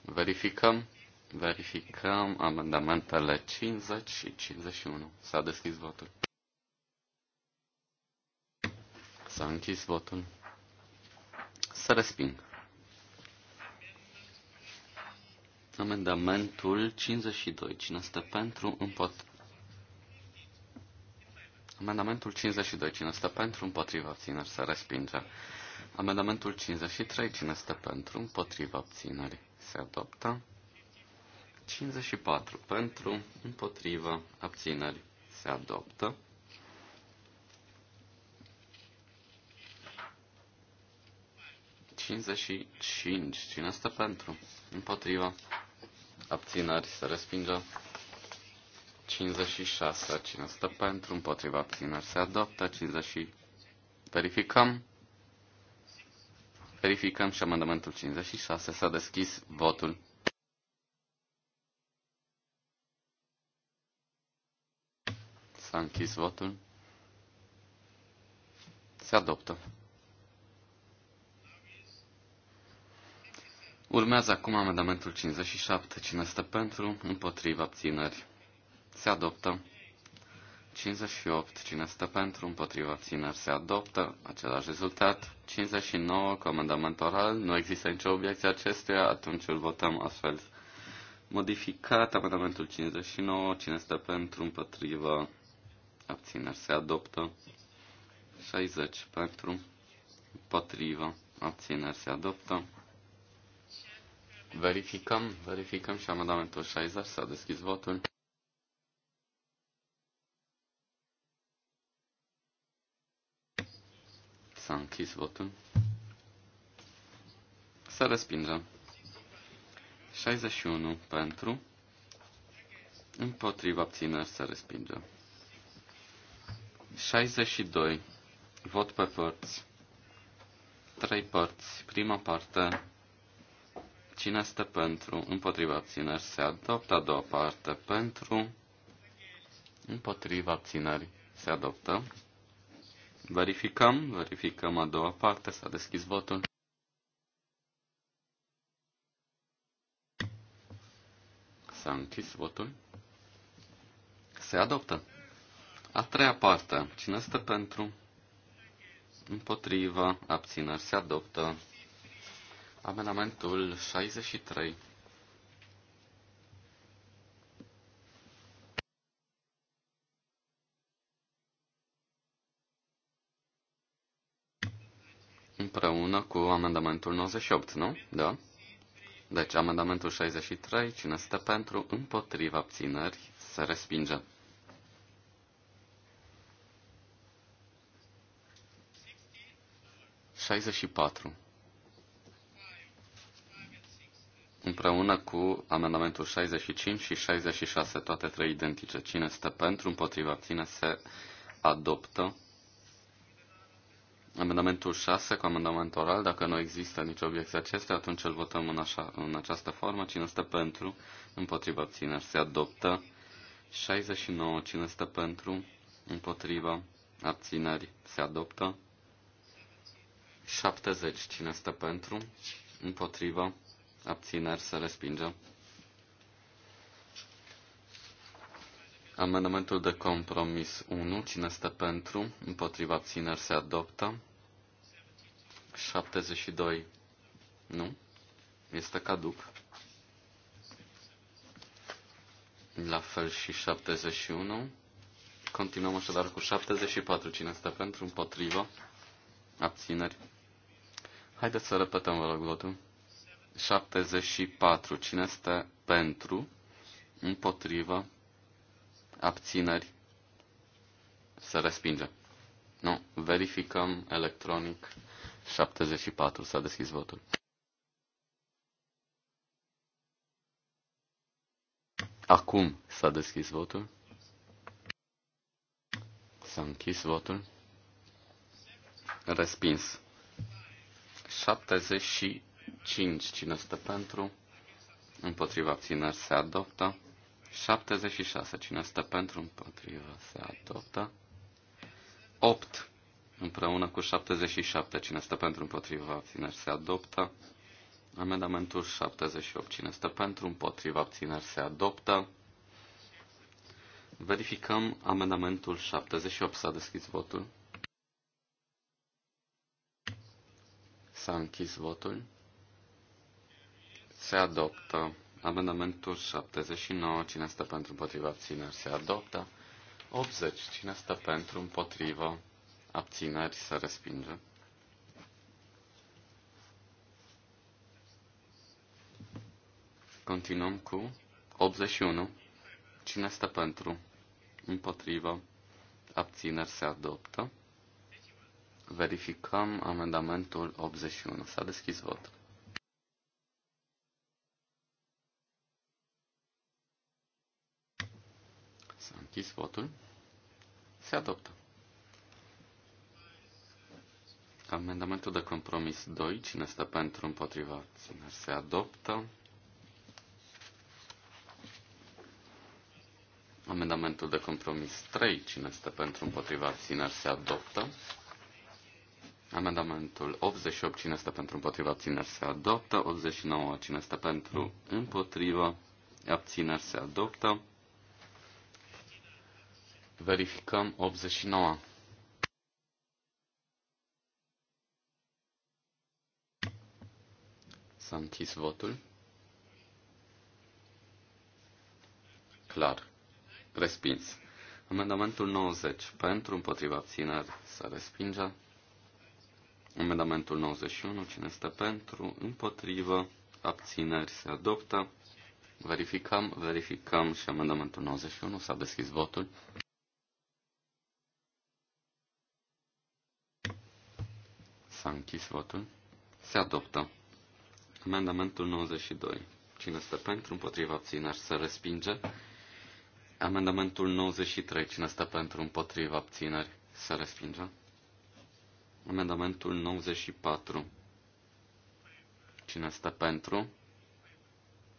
Verificăm, verificăm amendamentele 50 și 51. S-a deschis votul. S-a închis votul. Să resping. Amendamentul 52. Cine este pentru împotriva? Amendamentul 52. Cine este pentru împotriva abțineri să respinge. Amendamentul 53, cine stă pentru, împotriva abținerii, se adoptă. 54, pentru, împotriva abținerii, se adoptă. 55, Cine stă pentru? Împotriva. Abținări se respinge. 56. Cine stă pentru? Împotriva abținări se adoptă. 50. Verificăm. Verificăm și amendamentul 56. S-a deschis votul. S-a închis votul. Se adoptă. Urmează acum amendamentul 57. Cine este pentru? Împotriva abțineri. Se adoptă. 58, cine stă pentru, împotriva țineri se adoptă, același rezultat. 59, comandament oral, nu există nicio obiecție acestuia, atunci îl votăm astfel. Modificat amendamentul 59, cine stă pentru, împotriva abțineri se adoptă. 60 pentru, împotriva abțineri se adoptă. Verificăm, verificăm și amendamentul 60, s-a deschis votul. S-a închis votul. Să respingem. 61 pentru. Împotriva abțineri să respingem. 62. Vot pe părți. Trei părți. Prima parte. Cine este pentru? Împotriva abțineri se adoptă. A doua parte. Pentru. Împotriva abținerii. se adoptă. Verificăm, verificăm a doua parte, s-a deschis votul. S-a închis votul. Se adoptă. A treia parte. Cine stă pentru? Împotriva. Abțineri. Se adoptă. Amendamentul 63. împreună cu amendamentul 98, nu? Da. Deci amendamentul 63, cine stă pentru, împotriva abțineri, se respinge. Șaizeci patru. Împreună cu amendamentul 65 și 66, toate trei identice. Cine stă pentru, împotriva ține, se adoptă. Amendamentul 6 cu amendament oral, dacă nu există nicio obiecție acestea, atunci îl votăm în, așa, în această formă. Cine stă pentru, împotriva abțineri, se adoptă. 69. Cine stă pentru, împotriva abțineri, se adoptă. 70. Cine stă pentru, împotriva abțineri, se respinge. Amendamentul de compromis 1. Cine este pentru? Împotriva abțineri se adoptă. 72. Nu? Este caduc. La fel și 71. Continuăm așadar cu 74. Cine este pentru? Împotriva. Abțineri. Haideți să repetăm, vă rog, votul. 74. Cine este pentru? Împotriva abțineri, se respinge. Nu, verificăm electronic 74, s-a deschis votul. Acum s-a deschis votul. S-a închis votul. Respins. 75. Cine stă pentru? Împotriva abțineri se adoptă. 76. Cine stă pentru împotrivă se adoptă. 8. Împreună cu 77. Cine stă pentru împotrivă abțineri se adoptă. Amendamentul 78. Cine stă pentru împotrivă abțineri se adoptă. Verificăm amendamentul 78. S-a deschis votul. S-a închis votul. Se adoptă Amendamentul 79, cine stă pentru împotriva abțineri se adoptă. 80, cine stă pentru împotriva abțineri se respinge. Continuăm cu 81. Cine stă pentru? Împotriva. Abțineri se adoptă. Verificăm amendamentul 81. S-a deschis votul. închis votul. Se adoptă. Amendamentul de compromis 2. Cine stă pentru împotriva abțineri se adoptă. Amendamentul de compromis 3. Cine stă pentru împotriva abțineri se adoptă. Amendamentul 88. Cine stă pentru împotriva abțineri se adoptă. 89. Cine stă pentru împotriva abțineri se adoptă. Verificăm 89. S-a închis votul. Clar. Respins. Amendamentul 90. Pentru, împotriva abțineri, să respinge. Amendamentul 91. Cine este pentru, împotrivă, abțineri, se adoptă. Verificăm, verificăm și amendamentul 91. S-a deschis votul. S-a închis votul. Se adoptă. Amendamentul 92. Cine stă pentru, împotriva abțineri, se respinge. Amendamentul 93. Cine stă pentru, împotriva abțineri, se respinge. Amendamentul 94. Cine stă pentru?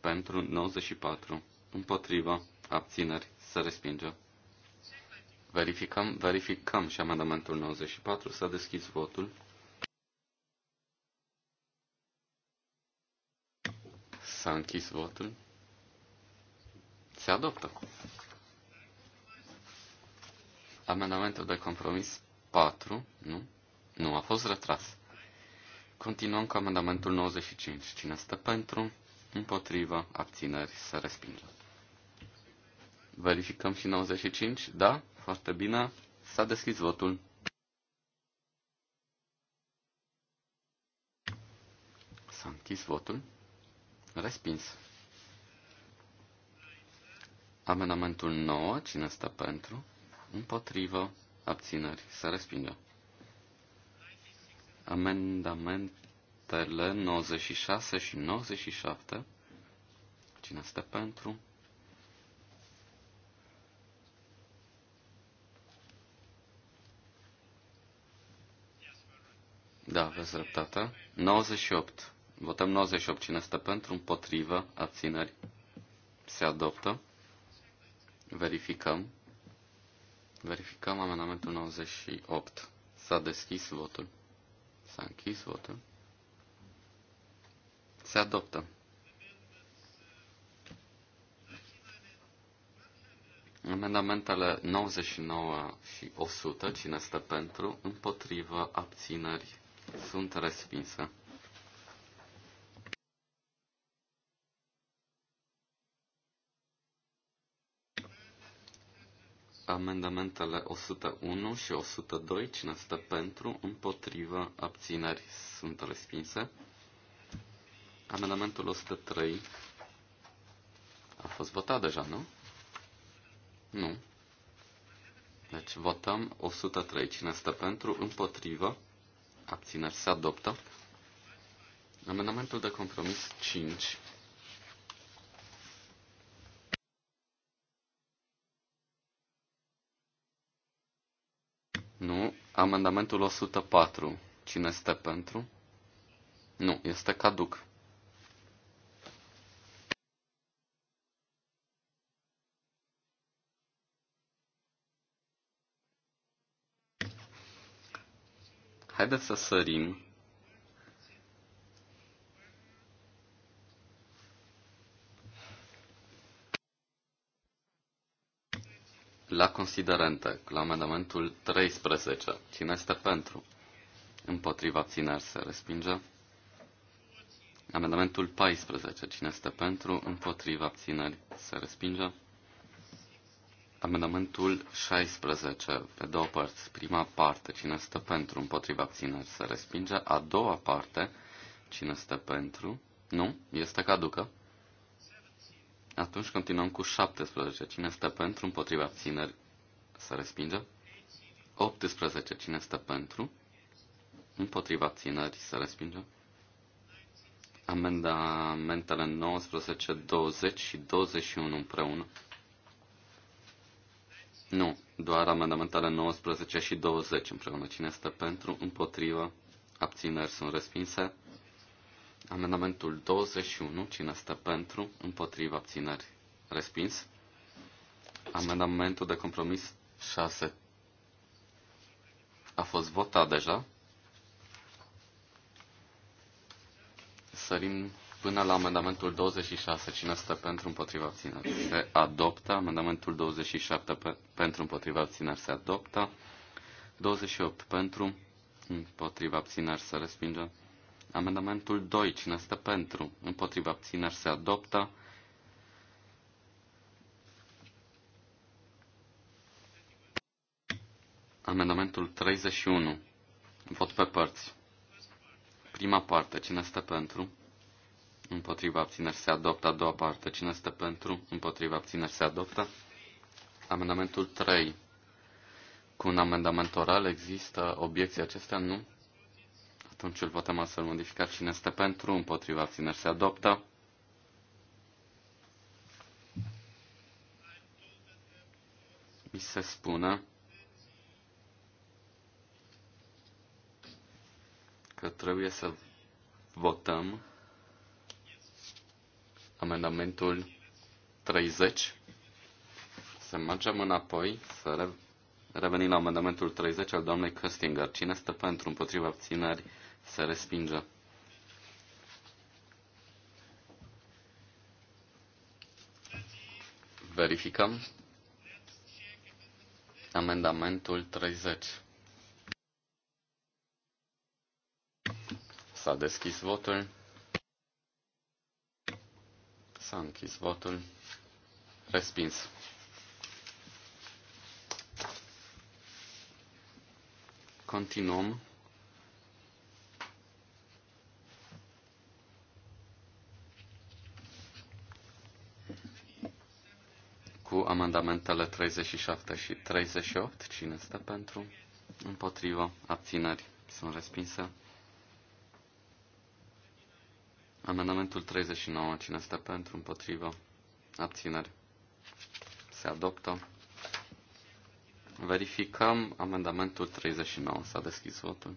Pentru 94. Împotriva abțineri, se respinge. Verificăm, verificăm și amendamentul 94. S-a deschis votul. S-a închis votul. Se adoptă. Amendamentul de compromis 4, nu? Nu, a fost retras. Continuăm cu amendamentul 95. Cine stă pentru? Împotriva, abțineri, să respingă. Verificăm și 95, da? Foarte bine. S-a deschis votul. S-a închis votul. Respins. Amenamentul 9, cine stă pentru? Împotrivă, abțineri, se respinge. Amendamentele 96 și 97, cine stă pentru? Da, aveți dreptate. 98. Votăm 98. Cine stă pentru? Împotrivă. Abțineri. Se adoptă. Verificăm. Verificăm amendamentul 98. S-a deschis votul. S-a închis votul. Se adoptă. Amendamentele 99 și 100, cine stă pentru, împotrivă, abțineri, sunt respinse. Amendamentele 101 și 102, cine stă pentru, împotrivă, abțineri, sunt respinse. Amendamentul 103 a fost votat deja, nu? Nu. Deci votăm 103. Cine stă pentru, împotrivă, abțineri, se adoptă. Amendamentul de compromis 5 Amendamentul 104. Cine este pentru? Nu, este caduc. Haideți să sărim La considerente, la amendamentul 13. Cine este pentru? Împotriva abțineri se respinge. Amendamentul 14. Cine este pentru? Împotriva abțineri se respinge. Amendamentul 16. Pe două părți. Prima parte. Cine este pentru? Împotriva abțineri se respinge. A doua parte. Cine este pentru? Nu. Este caducă. Atunci continuăm cu 17. Cine stă pentru? Împotriva țineri să respingă? 18. Cine stă pentru? Împotriva țineri să respingă? Amendamentele 19, 20 și 21 împreună. Nu, doar amendamentele 19 și 20 împreună. Cine stă pentru? Împotriva abțineri sunt respinse. Amendamentul 21, cine stă pentru, împotriva abțineri, respins. Amendamentul de compromis 6 a fost votat deja. Sărim până la amendamentul 26. Cine stă pentru împotriva abțineri? Se adoptă. Amendamentul 27 pe, pentru împotriva abțineri se adoptă. 28 pentru împotriva abțineri se respinge. Amendamentul 2. Cine este pentru? Împotriva abțineri se adoptă. Amendamentul 31. Vot pe părți. Prima parte. Cine este pentru? Împotriva abțineri se adoptă. A doua parte. Cine este pentru? Împotriva abțineri se adoptă. Amendamentul 3. Cu un amendament oral există obiecții acestea? Nu. Atunci îl votăm astfel modificat. Cine este pentru? Împotriva abțineri se adoptă. Mi se spune că trebuie să votăm amendamentul 30. Să mergem înapoi, să revenim la amendamentul 30 al doamnei Căstingăr. Cine stă pentru împotriva abțineri? Se respinge. Verificăm. Amendamentul 30. S-a deschis votul. S-a închis votul. Respins. Continuăm amendamentele 37 și 38. Cine este pentru? Împotrivă. Abțineri. Sunt respinse. Amendamentul 39. Cine este pentru? Împotrivă. Abțineri. Se adoptă. Verificăm amendamentul 39. S-a deschis votul.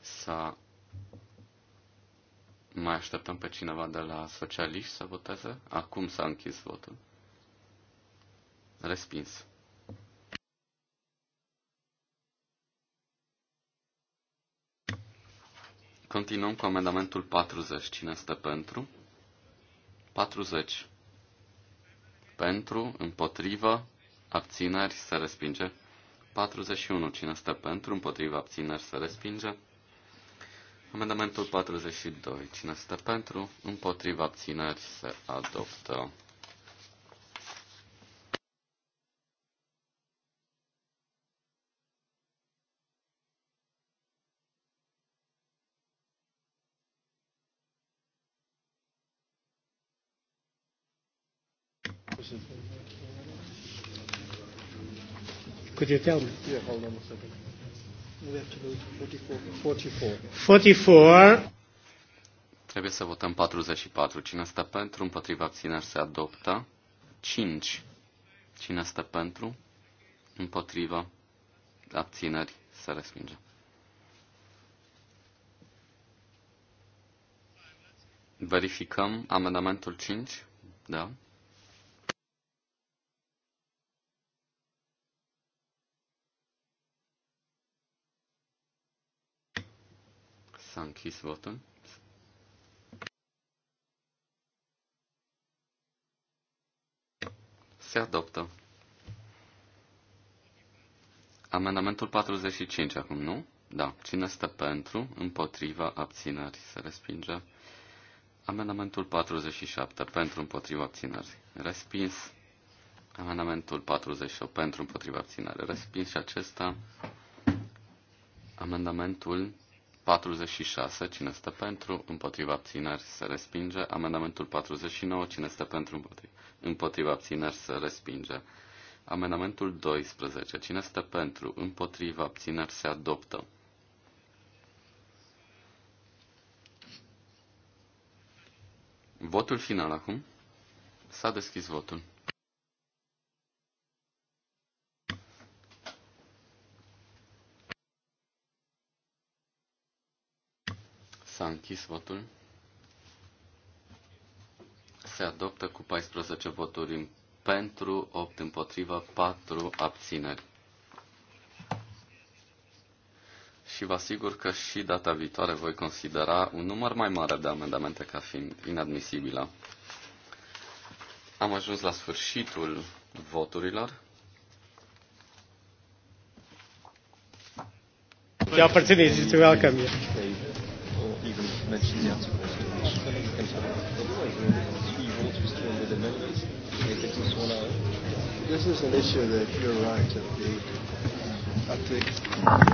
S-a mai așteptăm pe cineva de la socialiști să voteze? Acum s-a închis votul. Respins. Continuăm cu amendamentul 40. Cine este pentru? 40. Pentru, împotrivă, abțineri, se respinge. 41. Cine este pentru, împotrivă, abțineri, se respinge. Amendamentul 42. Cine stă pentru? Împotriva abțineri se adoptă. Could you tell me? Yeah, hold on a second. 44. Trebuie să votăm 44. Cine stă pentru? Împotriva abțineri se adoptă. 5. Cine stă pentru? Împotriva abțineri se respinge. Verificăm amendamentul 5. Da. S-a închis votul. Se adoptă. Amendamentul 45 acum, nu? Da. Cine stă pentru, împotriva, abținări, se respinge. Amendamentul 47 pentru, împotriva, abținări, respins. Amendamentul 48 pentru, împotriva, abținări, respins și acesta. Amendamentul 46, cine stă pentru, împotriva abțineri se respinge. Amendamentul 49, cine stă pentru, împotriva abțineri se respinge. Amendamentul 12, cine stă pentru, împotriva abțineri se adoptă. Votul final acum. S-a deschis votul. S-a închis votul. Se adoptă cu 14 voturi pentru, 8 împotriva, 4 abțineri. și vă asigur că și data viitoare voi considera un număr mai mare de amendamente ca fiind inadmisibilă. Am ajuns la sfârșitul voturilor. Ja, preține, este welcome. This is an issue that you're right at the, at the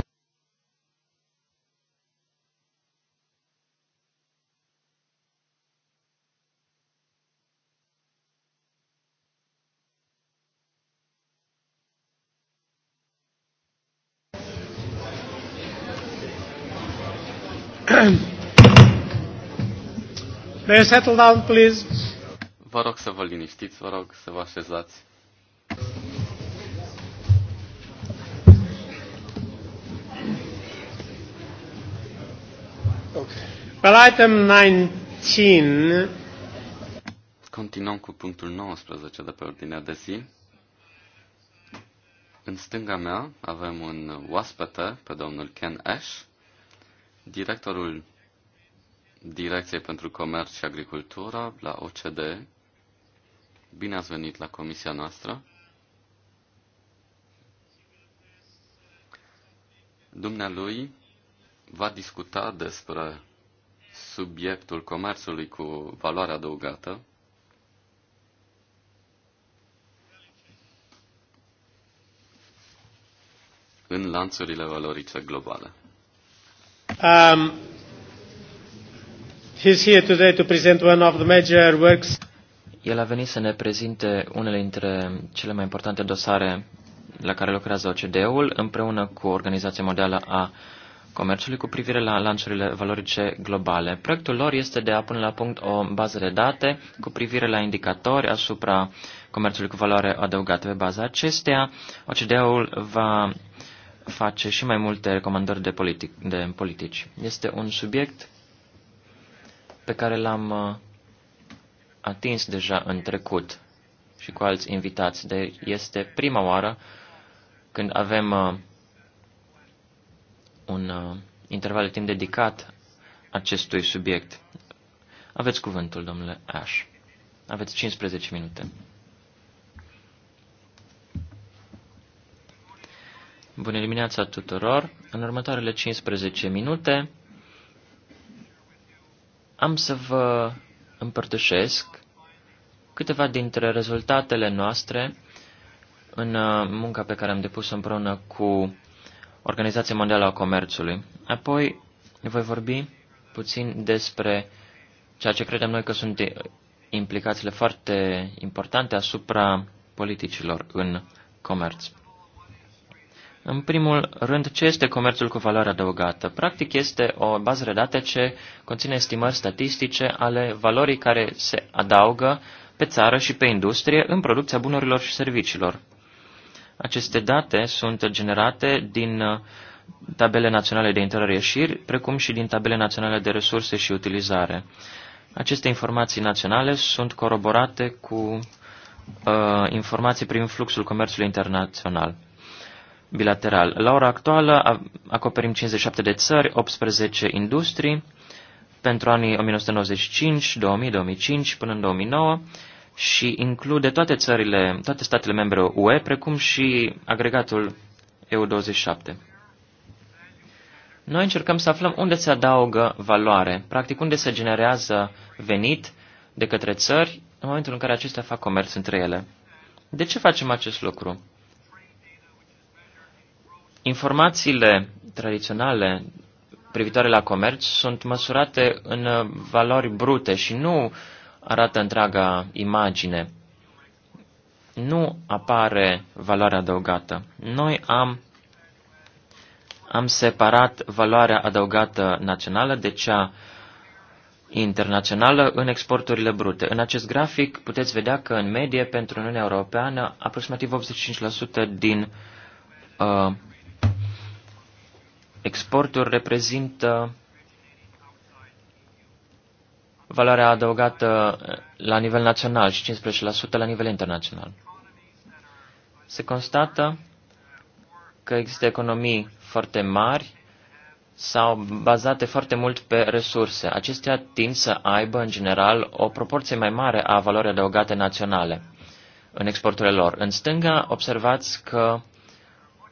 May you settle down, please? Vă rog să vă liniștiți, vă rog să vă așezați. Okay. Well, item 19. Continuăm cu punctul 19 de pe ordinea de zi. În stânga mea avem un oaspete pe domnul Ken Ash, directorul Direcției pentru Comerț și Agricultură la OCD. Bine ați venit la comisia noastră. Dumnealui va discuta despre subiectul comerțului cu valoare adăugată. în lanțurile valorice globale. Um, He's here today to present one of the major works. El a venit să ne prezinte unele dintre cele mai importante dosare la care lucrează OCDE-ul împreună cu Organizația Mondială a Comerțului cu privire la lanțurile valorice globale. Proiectul lor este de a pune la punct o bază de date cu privire la indicatori asupra comerțului cu valoare adăugată. Pe baza acesteia, OCDE-ul va face și mai multe recomandări de, politic, de politici. Este un subiect pe care l-am uh, atins deja în trecut și cu alți invitați. De este prima oară când avem uh, un uh, interval de timp dedicat acestui subiect. Aveți cuvântul, domnule Ash. Aveți 15 minute. Bună dimineața tuturor! În următoarele 15 minute am să vă împărtășesc câteva dintre rezultatele noastre în uh, munca pe care am depus-o împreună cu Organizația Mondială a Comerțului. Apoi voi vorbi puțin despre ceea ce credem noi că sunt implicațiile foarte importante asupra politicilor în comerț. În primul rând, ce este comerțul cu valoare adăugată? Practic este o bază de date ce conține estimări statistice ale valorii care se adaugă pe țară și pe industrie în producția bunurilor și serviciilor. Aceste date sunt generate din uh, tabele naționale de intrare-ieșiri, precum și din tabele naționale de resurse și utilizare. Aceste informații naționale sunt coroborate cu uh, informații prin fluxul comerțului internațional bilateral. La ora actuală acoperim 57 de țări, 18 industrii pentru anii 1995, 2000, 2005 până în 2009 și include toate țările, toate statele membre UE, precum și agregatul EU27. Noi încercăm să aflăm unde se adaugă valoare, practic unde se generează venit de către țări în momentul în care acestea fac comerț între ele. De ce facem acest lucru? Informațiile tradiționale privitoare la comerț sunt măsurate în uh, valori brute și nu arată întreaga imagine. Nu apare valoarea adăugată. Noi am, am separat valoarea adăugată națională de cea internațională în exporturile brute. În acest grafic puteți vedea că în medie pentru Uniunea Europeană aproximativ 85% din uh, Exportul reprezintă valoarea adăugată la nivel național și 15% la nivel internațional. Se constată că există economii foarte mari sau bazate foarte mult pe resurse. Acestea tind să aibă, în general, o proporție mai mare a valorii adăugate naționale în exporturile lor. În stânga observați că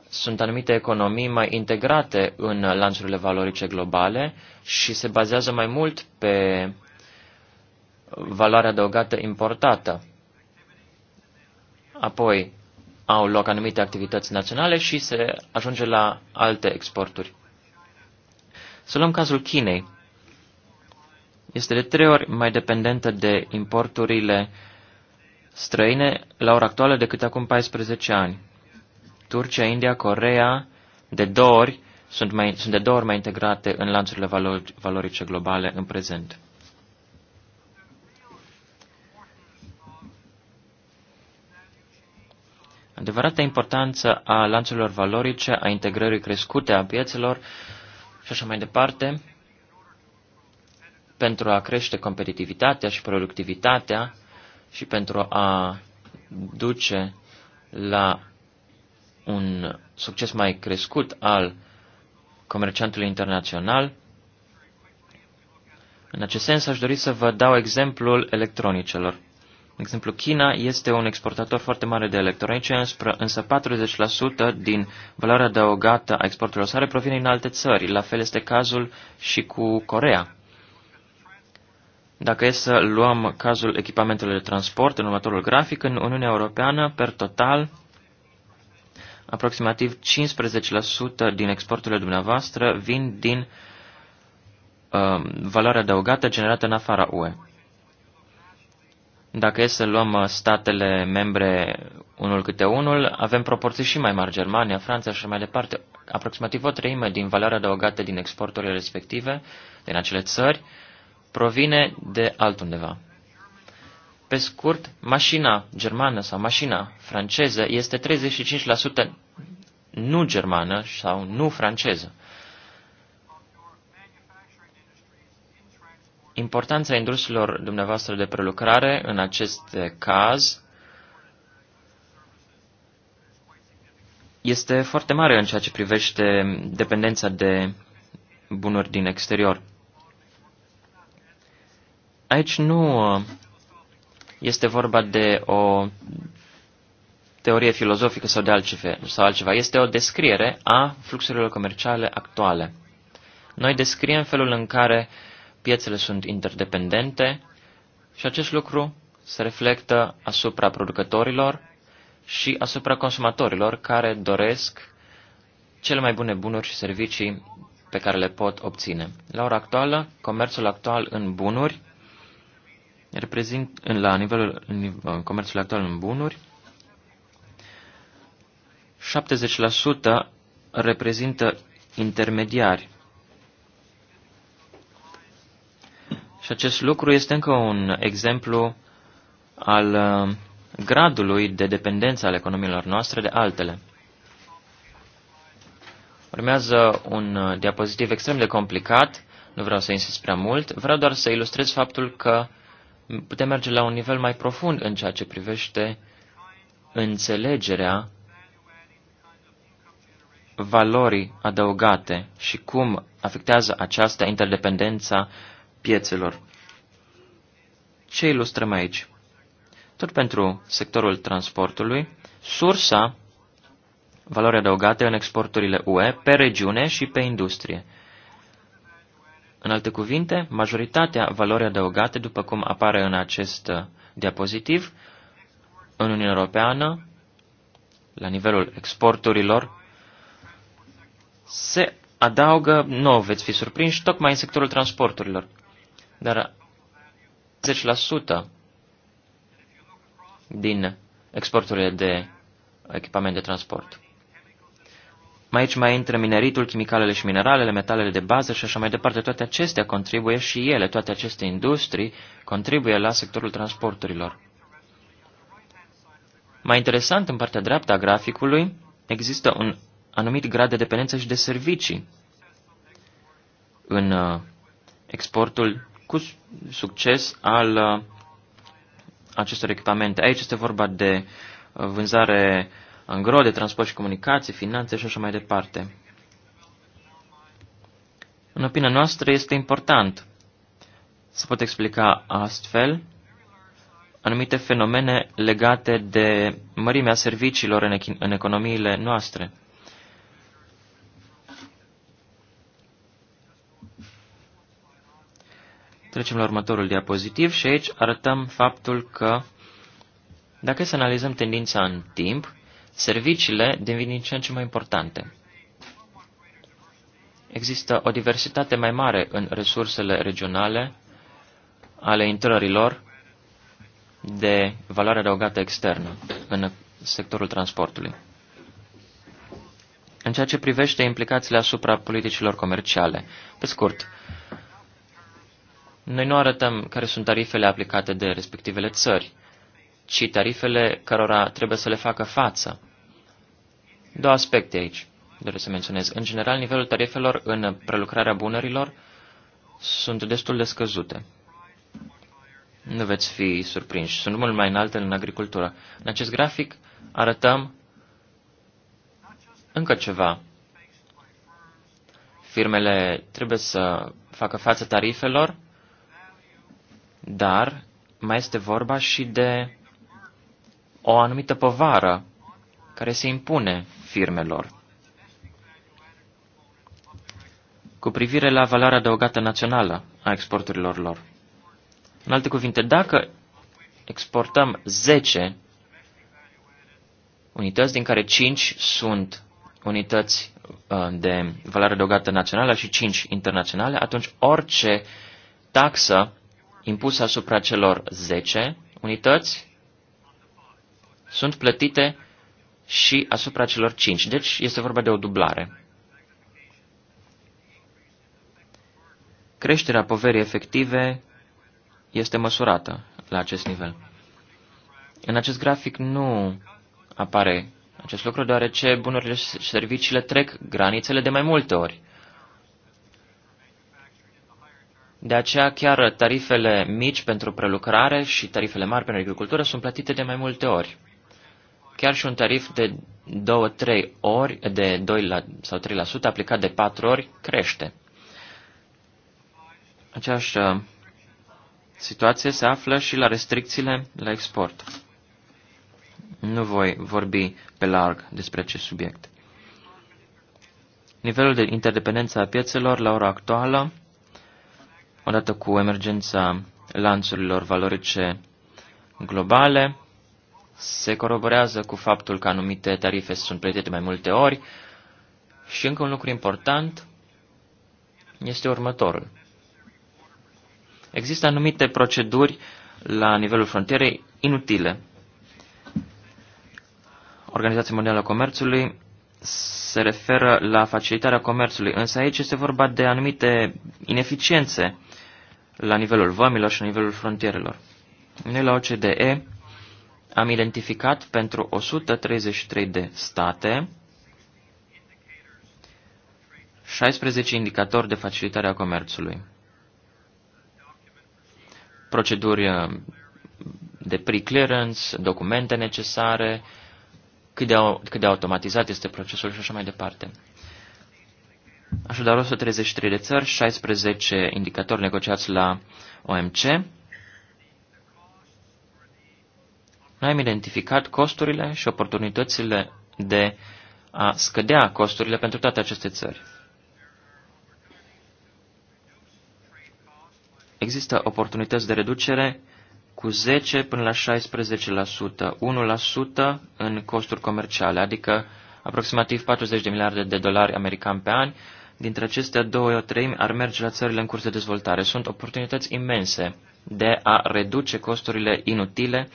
sunt anumite economii mai integrate în lanțurile valorice globale și se bazează mai mult pe valoarea adăugată importată. Apoi au loc anumite activități naționale și se ajunge la alte exporturi. Să luăm cazul Chinei. Este de trei ori mai dependentă de importurile străine la ora actuală decât acum 14 ani. Turcia, India, Corea, de două ori, sunt, mai, sunt de două ori mai integrate în lanțurile valori, valorice globale în prezent. Adevărata importanță a lanțurilor valorice, a integrării crescute a piețelor și așa mai departe, pentru a crește competitivitatea și productivitatea și pentru a duce la un succes mai crescut al comerciantului internațional. În acest sens, aș dori să vă dau exemplul electronicelor. De exemplu, China este un exportator foarte mare de electronice, însă 40% din valoarea adăugată a exporturilor sale provine din alte țări. La fel este cazul și cu Corea. Dacă e să luăm cazul echipamentelor de transport în următorul grafic, în Uniunea Europeană, per total, Aproximativ 15% din exporturile dumneavoastră vin din uh, um, valoarea adăugată generată în afara UE. Dacă e să luăm uh, statele membre unul câte unul, avem proporții și mai mari, Germania, Franța și mai departe. Aproximativ o treime din valoarea adăugată din exporturile respective, din acele țări, provine de altundeva. Pe scurt, mașina germană sau mașina franceză este 35% nu germană sau nu franceză. Importanța industriilor dumneavoastră de prelucrare în acest caz este foarte mare în ceea ce privește dependența de bunuri din exterior. Aici nu este vorba de o teorie filozofică sau de altceva, sau altceva. Este o descriere a fluxurilor comerciale actuale. Noi descriem felul în care piețele sunt interdependente și acest lucru se reflectă asupra producătorilor și asupra consumatorilor care doresc cele mai bune bunuri și servicii pe care le pot obține. La ora actuală, comerțul actual în bunuri reprezint, la nivelul în comerțului actual în bunuri, 70% reprezintă intermediari. Și acest lucru este încă un exemplu al uh, gradului de dependență al economiilor noastre de altele. Urmează un uh, diapozitiv extrem de complicat, nu vreau să insist prea mult, vreau doar să ilustrez faptul că putem merge la un nivel mai profund în ceea ce privește înțelegerea valorii adăugate și cum afectează aceasta interdependența piețelor. Ce ilustrăm aici? Tot pentru sectorul transportului, sursa valorii adăugate în exporturile UE pe regiune și pe industrie. În alte cuvinte, majoritatea valorii adăugate, după cum apare în acest uh, diapozitiv, în Uniunea Europeană, la nivelul exporturilor, se adaugă, nu veți fi surprinși, tocmai în sectorul transporturilor. Dar 10% din exporturile de echipament de transport. Aici mai intră mineritul, chimicalele și mineralele, metalele de bază și așa mai departe. Toate acestea contribuie și ele, toate aceste industrii contribuie la sectorul transporturilor. Mai interesant, în partea dreaptă a graficului, există un anumit grad de dependență și de servicii în uh, exportul cu succes al uh, acestor echipamente. Aici este vorba de uh, vânzare angro, de transport și comunicații, finanțe și așa mai departe. În opinia noastră este important să pot explica astfel anumite fenomene legate de mărimea serviciilor în, ec- în economiile noastre. Trecem la următorul diapozitiv și aici arătăm faptul că dacă să analizăm tendința în timp, serviciile devin din ce în ce mai importante. Există o diversitate mai mare în resursele regionale ale intrărilor de valoare adăugată externă în sectorul transportului. În ceea ce privește implicațiile asupra politicilor comerciale, pe scurt, noi nu arătăm care sunt tarifele aplicate de respectivele țări, ci tarifele cărora trebuie să le facă față Două aspecte aici doresc să menționez. În general, nivelul tarifelor în prelucrarea bunurilor sunt destul de scăzute. Nu veți fi surprinși. Sunt mult mai înalte în agricultură. În acest grafic arătăm încă ceva. Firmele trebuie să facă față tarifelor, dar mai este vorba și de o anumită povară care se impune firmelor. Cu privire la valoarea adăugată națională a exporturilor lor. În alte cuvinte, dacă exportăm 10 unități, din care 5 sunt unități uh, de valoare adăugată națională și 5 internaționale, atunci orice taxă impusă asupra celor 10 unități sunt plătite și asupra celor cinci. Deci este vorba de o dublare. Creșterea poverii efective este măsurată la acest nivel. În acest grafic nu apare acest lucru, deoarece bunurile și serviciile trec granițele de mai multe ori. De aceea chiar tarifele mici pentru prelucrare și tarifele mari pentru agricultură sunt plătite de mai multe ori chiar și un tarif de 2-3 ori, de 2 la, sau 3% aplicat de 4 ori, crește. Aceeași uh, situație se află și la restricțiile la export. Nu voi vorbi pe larg despre acest subiect. Nivelul de interdependență a piețelor la ora actuală, odată cu emergența lanțurilor valorice globale, se coroborează cu faptul că anumite tarife sunt plătite de mai multe ori și încă un lucru important este următorul. Există anumite proceduri la nivelul frontierei inutile. Organizația Mondială a Comerțului se referă la facilitarea comerțului, însă aici este vorba de anumite ineficiențe la nivelul vămilor și la nivelul frontierelor. Noi la OCDE am identificat pentru 133 de state 16 indicatori de facilitare a comerțului. Proceduri uh, de pre-clearance, documente necesare, cât de, cât de automatizat este procesul și așa mai departe. Așadar, 133 de țări, 16 indicatori negociați la OMC, Noi am identificat costurile și oportunitățile de a scădea costurile pentru toate aceste țări. Există oportunități de reducere cu 10 până la 16%, 1% în costuri comerciale, adică aproximativ 40 de miliarde de dolari americani pe an. Dintre acestea, două o treimi ar merge la țările în curs de dezvoltare. Sunt oportunități imense de a reduce costurile inutile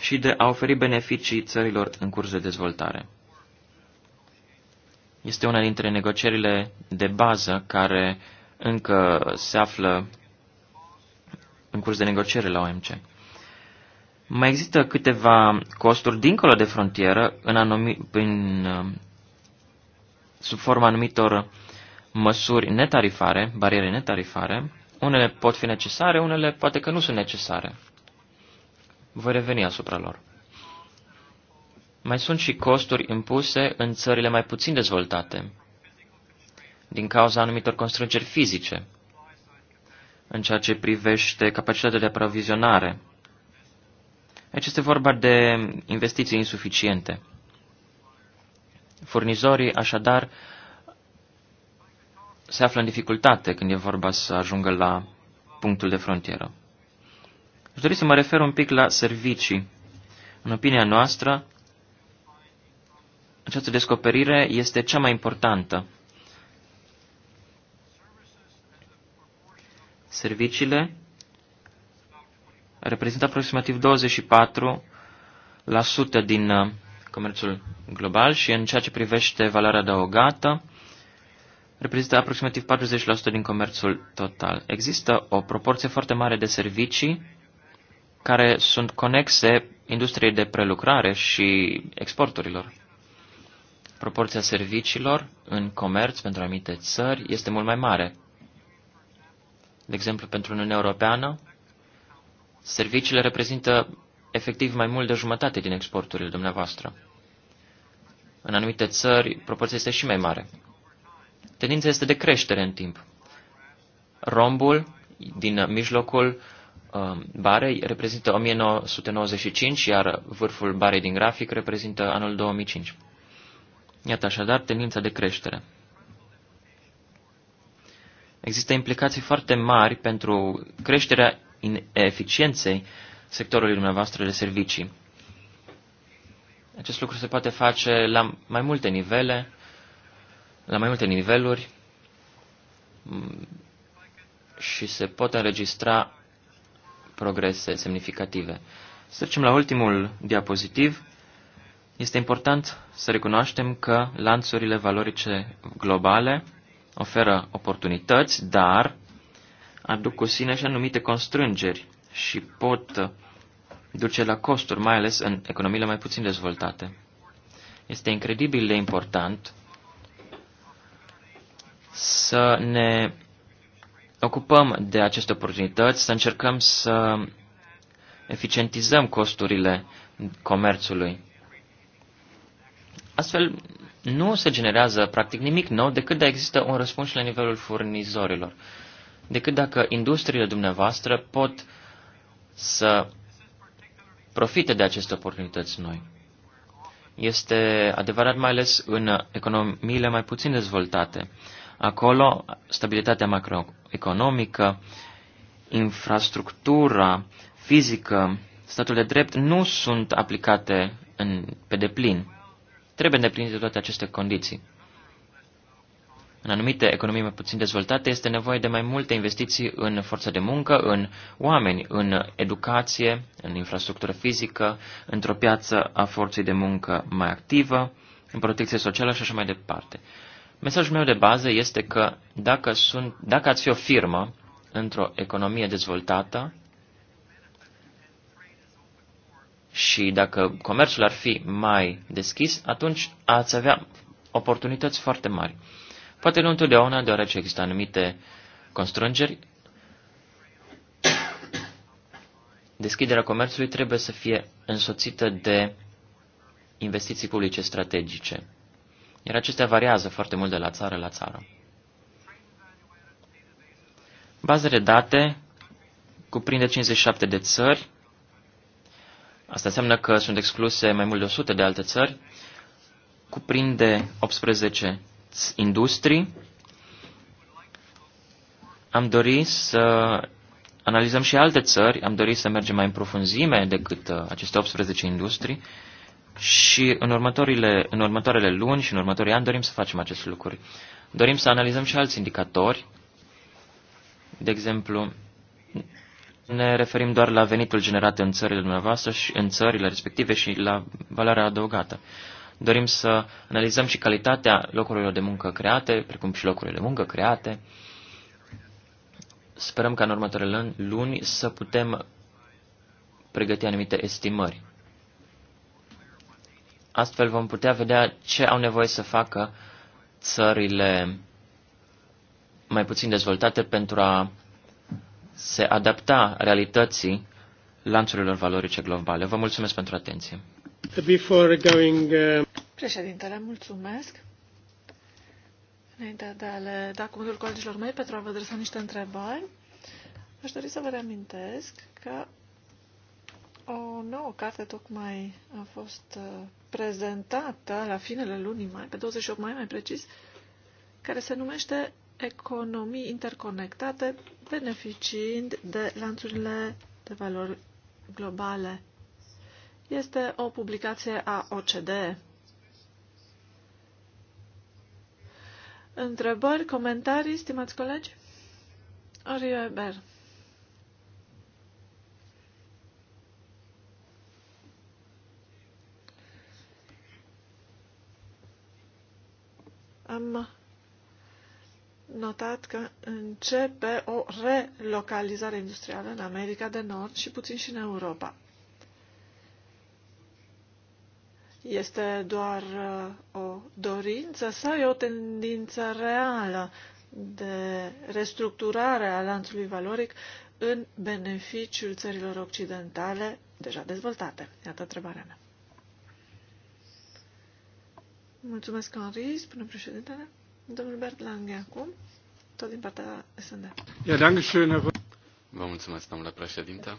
și de a oferi beneficii țărilor în curs de dezvoltare. Este una dintre negocierile de bază care încă se află în curs de negociere la OMC. Mai există câteva costuri dincolo de frontieră, în anumi, în, uh, sub forma anumitor măsuri netarifare, bariere netarifare. Unele pot fi necesare, unele poate că nu sunt necesare. Voi reveni asupra lor. Mai sunt și costuri impuse în țările mai puțin dezvoltate, din cauza anumitor constrângeri fizice, în ceea ce privește capacitatea de aprovizionare. Aici este vorba de investiții insuficiente. Furnizorii, așadar, se află în dificultate când e vorba să ajungă la punctul de frontieră. Aș dori să mă refer un pic la servicii. În opinia noastră, această descoperire este cea mai importantă. Serviciile reprezintă aproximativ 24% din uh, comerțul global și în ceea ce privește valoarea adăugată, reprezintă aproximativ 40% din comerțul total. Există o proporție foarte mare de servicii care sunt conexe industriei de prelucrare și exporturilor. Proporția serviciilor în comerț pentru anumite țări este mult mai mare. De exemplu, pentru Uniunea Europeană, serviciile reprezintă efectiv mai mult de jumătate din exporturile dumneavoastră. În anumite țări, proporția este și mai mare. Tendința este de creștere în timp. Rombul din mijlocul Um, barei reprezintă 1995, iar vârful barei din grafic reprezintă anul 2005. Iată așadar tendința de creștere. Există implicații foarte mari pentru creșterea eficienței sectorului dumneavoastră de servicii. Acest lucru se poate face la mai multe nivele, la mai multe niveluri mm, și se pot înregistra progrese semnificative. Să trecem la ultimul diapozitiv. Este important să recunoaștem că lanțurile valorice globale oferă oportunități, dar aduc cu sine și anumite constrângeri și pot duce la costuri, mai ales în economiile mai puțin dezvoltate. Este incredibil de important să ne ocupăm de aceste oportunități, să încercăm să eficientizăm costurile comerțului. Astfel, nu se generează practic nimic nou decât dacă există un răspuns la nivelul furnizorilor. Decât dacă industriile dumneavoastră pot să profite de aceste oportunități noi. Este adevărat mai ales în economiile mai puțin dezvoltate, Acolo, stabilitatea macroeconomică, infrastructura fizică, statul de drept nu sunt aplicate în, pe deplin. Trebuie îndeplinite toate aceste condiții. În anumite economii mai puțin dezvoltate este nevoie de mai multe investiții în forță de muncă, în oameni, în educație, în infrastructură fizică, într-o piață a forței de muncă mai activă, în protecție socială și așa mai departe. Mesajul meu de bază este că dacă, sunt, dacă ați fi o firmă într-o economie dezvoltată și dacă comerțul ar fi mai deschis, atunci ați avea oportunități foarte mari. Poate nu întotdeauna, deoarece există anumite constrângeri, deschiderea comerțului trebuie să fie însoțită de investiții publice strategice iar acestea variază foarte mult de la țară la țară. Baza de date cuprinde 57 de țări. Asta înseamnă că sunt excluse mai mult de 100 de alte țări. Cuprinde 18 industrii. Am dorit să analizăm și alte țări, am dorit să mergem mai în profunzime decât uh, aceste 18 industrii și în, următorile, în următoarele luni și în următorii ani dorim să facem aceste lucruri. Dorim să analizăm și alți indicatori. De exemplu, ne referim doar la venitul generat în țările dumneavoastră și în țările respective și la valoarea adăugată. Dorim să analizăm și calitatea locurilor de muncă create, precum și locurile de muncă create. Sperăm ca în următoarele luni să putem pregăti anumite estimări. Astfel vom putea vedea ce au nevoie să facă țările mai puțin dezvoltate pentru a se adapta realității lanțurilor valorice globale. Vă mulțumesc pentru atenție. Before going, uh... Președintele, mulțumesc. Înainte de a le da cuvântul colegilor mei pentru a vă adresa niște întrebări, aș dori să vă reamintesc că o nouă carte tocmai a fost uh, prezentată la finele lunii mai, pe 28 mai mai precis, care se numește Economii interconectate beneficiind de lanțurile de valori globale. Este o publicație a OCDE. Întrebări, comentarii, stimați colegi? Orie Ber. Am notat că începe o relocalizare industrială în America de Nord și puțin și în Europa. Este doar uh, o dorință sau e o tendință reală de restructurare a lanțului valoric în beneficiul țărilor occidentale deja dezvoltate? Iată întrebarea mea. Mulțumesc, Henri, spune președintele. Domnul Bert Lange acum, tot din partea SND. Vă mulțumesc, domnule președinte.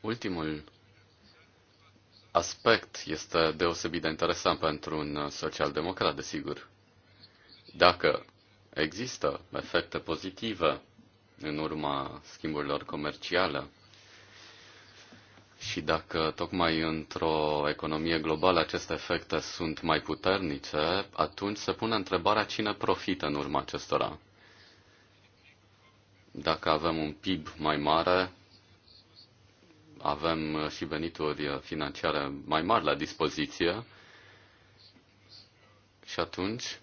Ultimul aspect este deosebit de interesant pentru un social-democrat, desigur. Dacă există efecte pozitive în urma schimburilor comerciale și dacă tocmai într-o economie globală aceste efecte sunt mai puternice, atunci se pune întrebarea cine profită în urma acestora. Dacă avem un PIB mai mare, avem și venituri financiare mai mari la dispoziție și atunci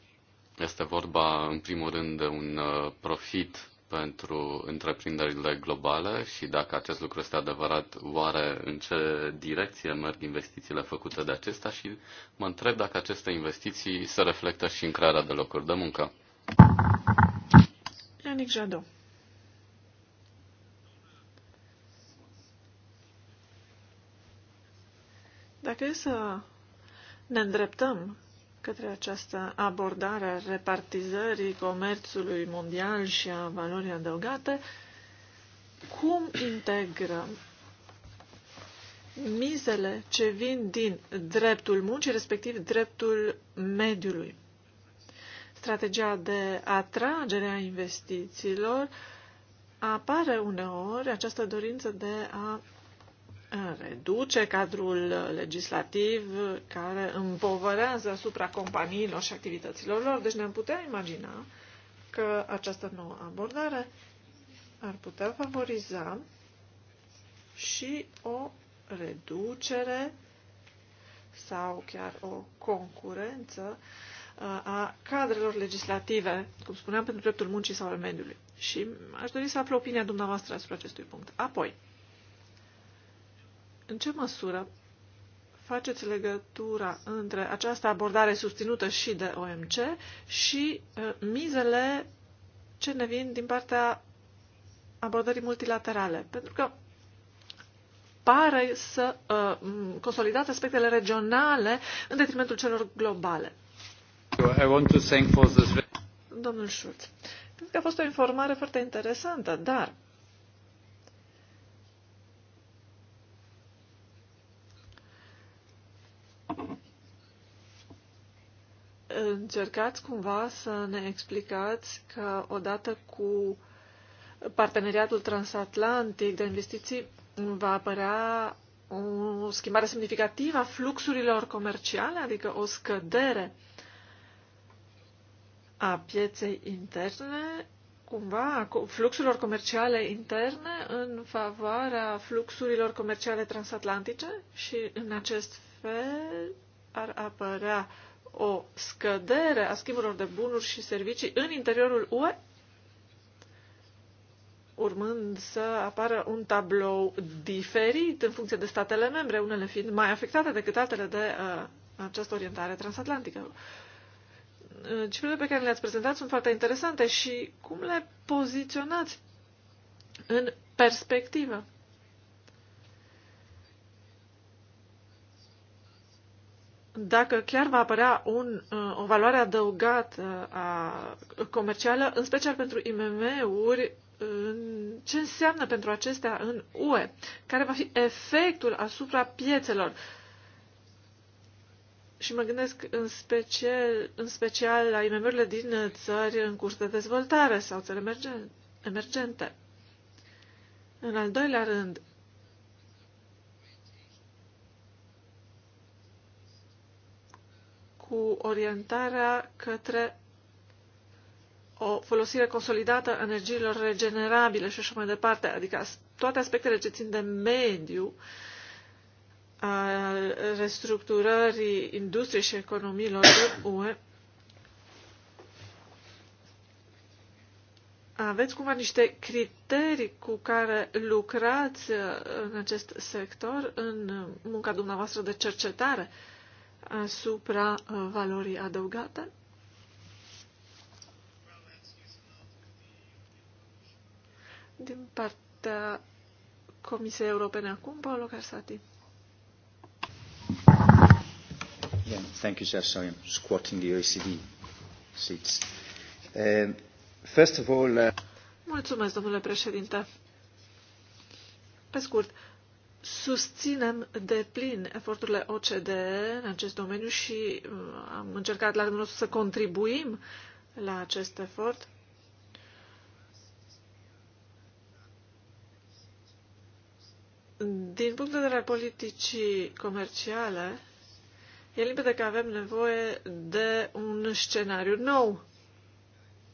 este vorba în primul rând de un uh, profit pentru întreprinderile globale și dacă acest lucru este adevărat, oare în ce direcție merg investițiile făcute de acesta și mă întreb dacă aceste investiții se reflectă și în crearea de locuri de muncă. Yannick Jadot. Dacă e să ne îndreptăm către această abordare a repartizării comerțului mondial și a valorii adăugate, cum integrăm mizele ce vin din dreptul muncii, respectiv dreptul mediului. Strategia de atragere a investițiilor apare uneori această dorință de a reduce cadrul legislativ care împovărează asupra companiilor și activităților lor. Deci ne-am putea imagina că această nouă abordare ar putea favoriza și o reducere sau chiar o concurență uh, a cadrelor legislative, cum spuneam, pentru dreptul muncii sau al mediului. Și aș dori să aflu opinia dumneavoastră asupra acestui punct. Apoi, în ce măsură faceți legătura între această abordare susținută și de OMC și uh, mizele ce ne vin din partea abordării multilaterale? Pentru că pare să uh, consolidați aspectele regionale în detrimentul celor globale. I want to thank for this... Domnul Schulz, cred că a fost o informare foarte interesantă, dar încercați cumva să ne explicați că odată cu parteneriatul transatlantic de investiții va apărea o schimbare semnificativă a fluxurilor comerciale, adică o scădere a pieței interne, cumva, a fluxurilor comerciale interne în favoarea fluxurilor comerciale transatlantice și în acest fel ar apărea o scădere a schimburilor de bunuri și servicii în interiorul UE, urmând să apară un tablou diferit în funcție de statele membre, unele fiind mai afectate decât altele de uh, această orientare transatlantică. Uh, cifrele pe care le-ați prezentat sunt foarte interesante și cum le poziționați în perspectivă? dacă chiar va apărea un, uh, o valoare adăugată uh, a, comercială, în special pentru IMM-uri, ce înseamnă pentru acestea în UE, care va fi efectul asupra piețelor. Și mă gândesc în special, în special la IMM-urile din țări în curs de dezvoltare sau țări emergente. În al doilea rând, cu orientarea către o folosire consolidată a energiilor regenerabile și așa mai departe, adică toate aspectele ce țin de mediu, a restructurării industriei și economiilor de UE, aveți cumva niște criterii cu care lucrați în acest sector, în munca dumneavoastră de cercetare? Uh, asupra uh, valorii adăugate. Din partea Comisiei Europene acum, Paolo Carsati. Yeah, thank you, sir. Sorry, I'm squatting the OECD seats. Um, first of all... Uh... Mulțumesc, domnule președinte. Pe scurt, susținem de plin eforturile OCDE în acest domeniu și uh, am încercat la rândul nostru să contribuim la acest efort. Din punct de vedere al politicii comerciale, e limpede că avem nevoie de un scenariu nou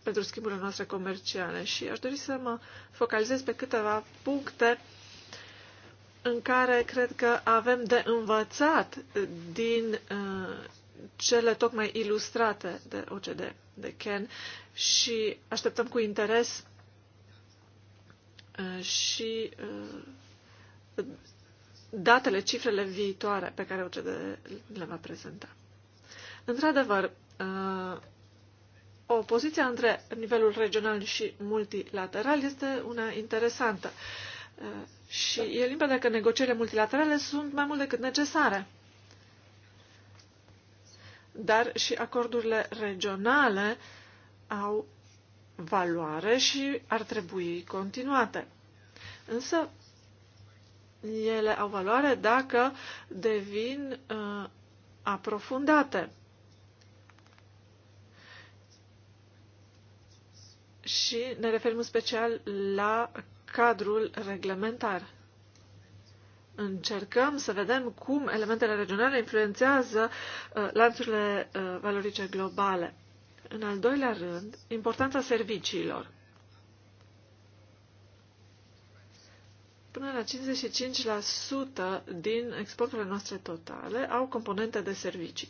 pentru schimburile noastre comerciale și aș dori să mă focalizez pe câteva puncte în care cred că avem de învățat din uh, cele tocmai ilustrate de OCD, de Ken, și așteptăm cu interes uh, și uh, datele, cifrele viitoare pe care OCD le va prezenta. Într-adevăr, opoziția între nivelul regional și multilateral este una interesantă. Uh, și e limpede că negocierile multilaterale sunt mai mult decât necesare. Dar și acordurile regionale au valoare și ar trebui continuate. Însă, ele au valoare dacă devin uh, aprofundate. Și ne referim în special la cadrul reglementar. Încercăm să vedem cum elementele regionale influențează uh, lanțurile uh, valorice globale. În al doilea rând, importanța serviciilor. Până la 55% din exporturile noastre totale au componente de servicii.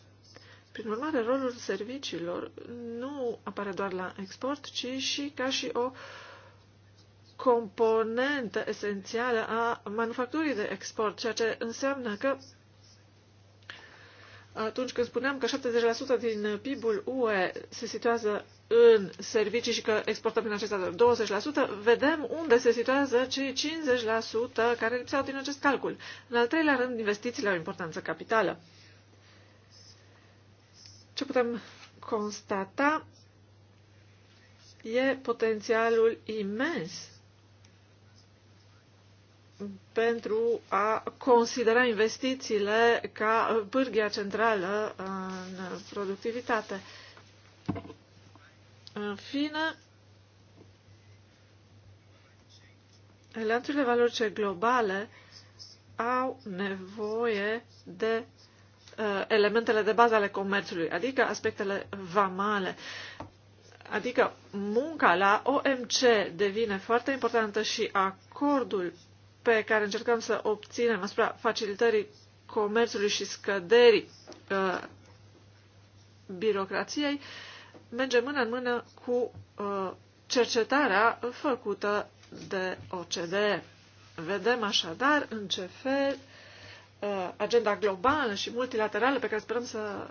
Prin urmare, rolul serviciilor nu apare doar la export, ci și ca și o uh, componentă esențială a manufacturii de export, ceea ce înseamnă că atunci când spuneam că 70% din PIB-ul UE se situează în servicii și că exportăm din acestea 20%, vedem unde se situează cei 50% care lipseau din acest calcul. În al treilea rând, investițiile au importanță capitală. Ce putem constata e potențialul imens pentru a considera investițiile ca pârghia centrală în productivitate. În fine, lanțurile valorice globale au nevoie de uh, elementele de bază ale comerțului, adică aspectele vamale. Adică munca la OMC devine foarte importantă și acordul pe care încercăm să obținem asupra facilitării comerțului și scăderii uh, birocrației merge mână în mână cu uh, cercetarea făcută de OCDE. Vedem așadar în ce fel uh, agenda globală și multilaterală pe care sperăm să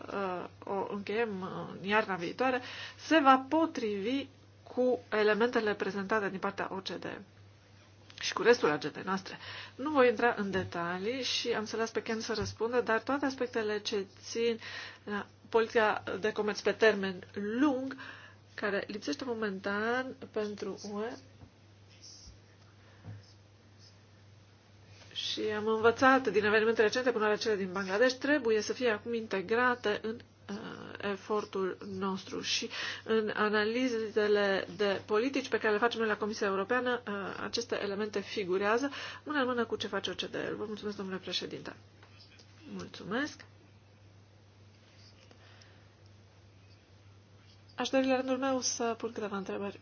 o încheiem în iarna viitoare se va potrivi cu elementele prezentate din partea OCDE și cu restul agendei noastre. Nu voi intra în detalii și am să las pe Ken să răspundă, dar toate aspectele ce țin la politica de comerț pe termen lung, care lipsește momentan pentru UE, și am învățat din evenimentele recente până la cele din Bangladesh, trebuie să fie acum integrate în Uh, efortul nostru și în analizele de politici pe care le facem noi la Comisia Europeană, uh, aceste elemente figurează mână în mână cu ce face OCDE. Vă mulțumesc, domnule președinte. Mulțumesc. Aș dori la rândul meu să pun câteva întrebări.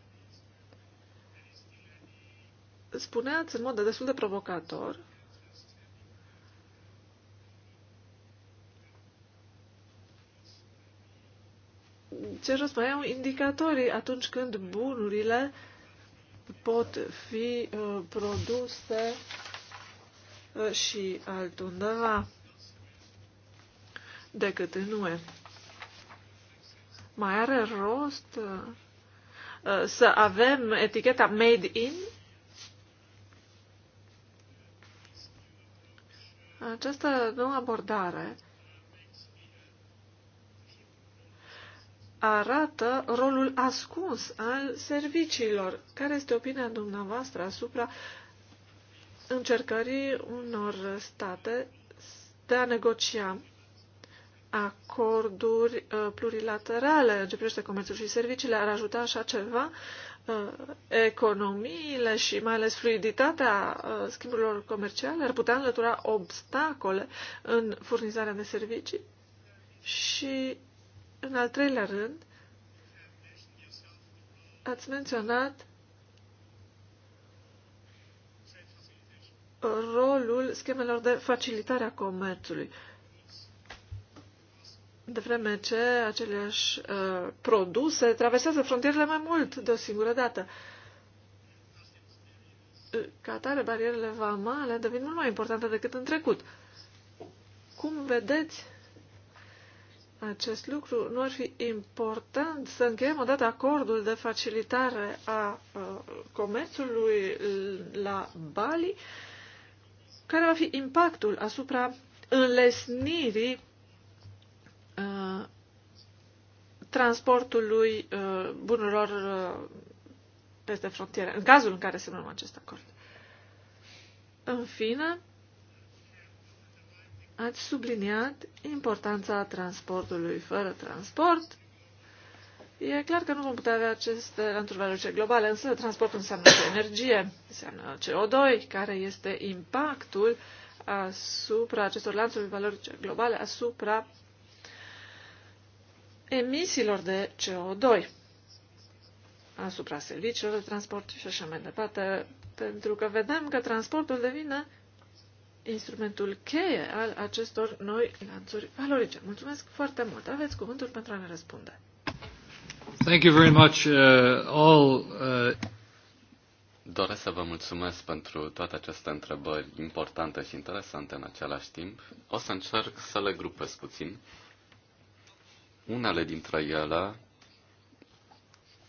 Spuneați în mod de destul de provocator ce rost mai au indicatorii atunci când bunurile pot fi uh, produse uh, și altundeva decât în UE. Mai are rost uh, uh să avem eticheta Made in? Această nouă abordare uh, arată rolul ascuns al serviciilor. Care este opinia dumneavoastră asupra încercării unor state de a negocia acorduri uh, plurilaterale în ce privește comerțul și serviciile? Ar ajuta așa ceva uh, economiile și mai ales fluiditatea uh, schimburilor comerciale? Ar putea înlătura obstacole în furnizarea de servicii? Și în al treilea rând, ați menționat rolul schemelor de facilitare a comerțului. De vreme ce aceleași uh, produse traversează frontierele mai mult de o singură dată. Uh, ca atare, barierele vamale devin mult mai importante decât în trecut. Cum vedeți acest lucru, nu ar fi important să încheiem odată acordul de facilitare a comerțului la Bali? Care va fi impactul asupra înlesnirii uh, transportului uh, bunurilor uh, peste frontiere, în cazul în care semnăm acest acord. În fine, ați subliniat importanța transportului fără transport. E clar că nu vom putea avea aceste lanturi valorice globale, însă transportul înseamnă și energie, înseamnă CO2, care este impactul asupra acestor lanțuri valorice globale, asupra emisiilor de CO2, asupra serviciilor de transport și așa mai departe, pentru că vedem că transportul devine instrumentul cheie al acestor noi lanțuri valorice. Mulțumesc foarte mult. Aveți cuvântul pentru a ne răspunde. Thank you very much, uh, all, uh... Doresc să vă mulțumesc pentru toate aceste întrebări importante și interesante în același timp. O să încerc să le grupez puțin. Unele dintre ele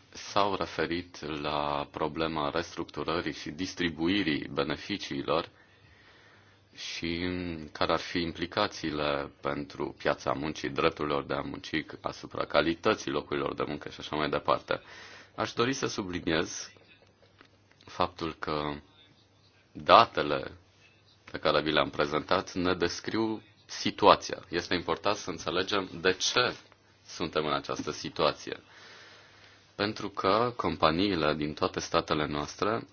s-au referit la problema restructurării și distribuirii beneficiilor și care ar fi implicațiile pentru piața muncii, drepturilor de a munci, asupra calității locurilor de muncă și așa mai departe. Aș dori să subliniez faptul că datele pe care vi le-am prezentat ne descriu situația. Este important să înțelegem de ce suntem în această situație. Pentru că companiile din toate statele noastre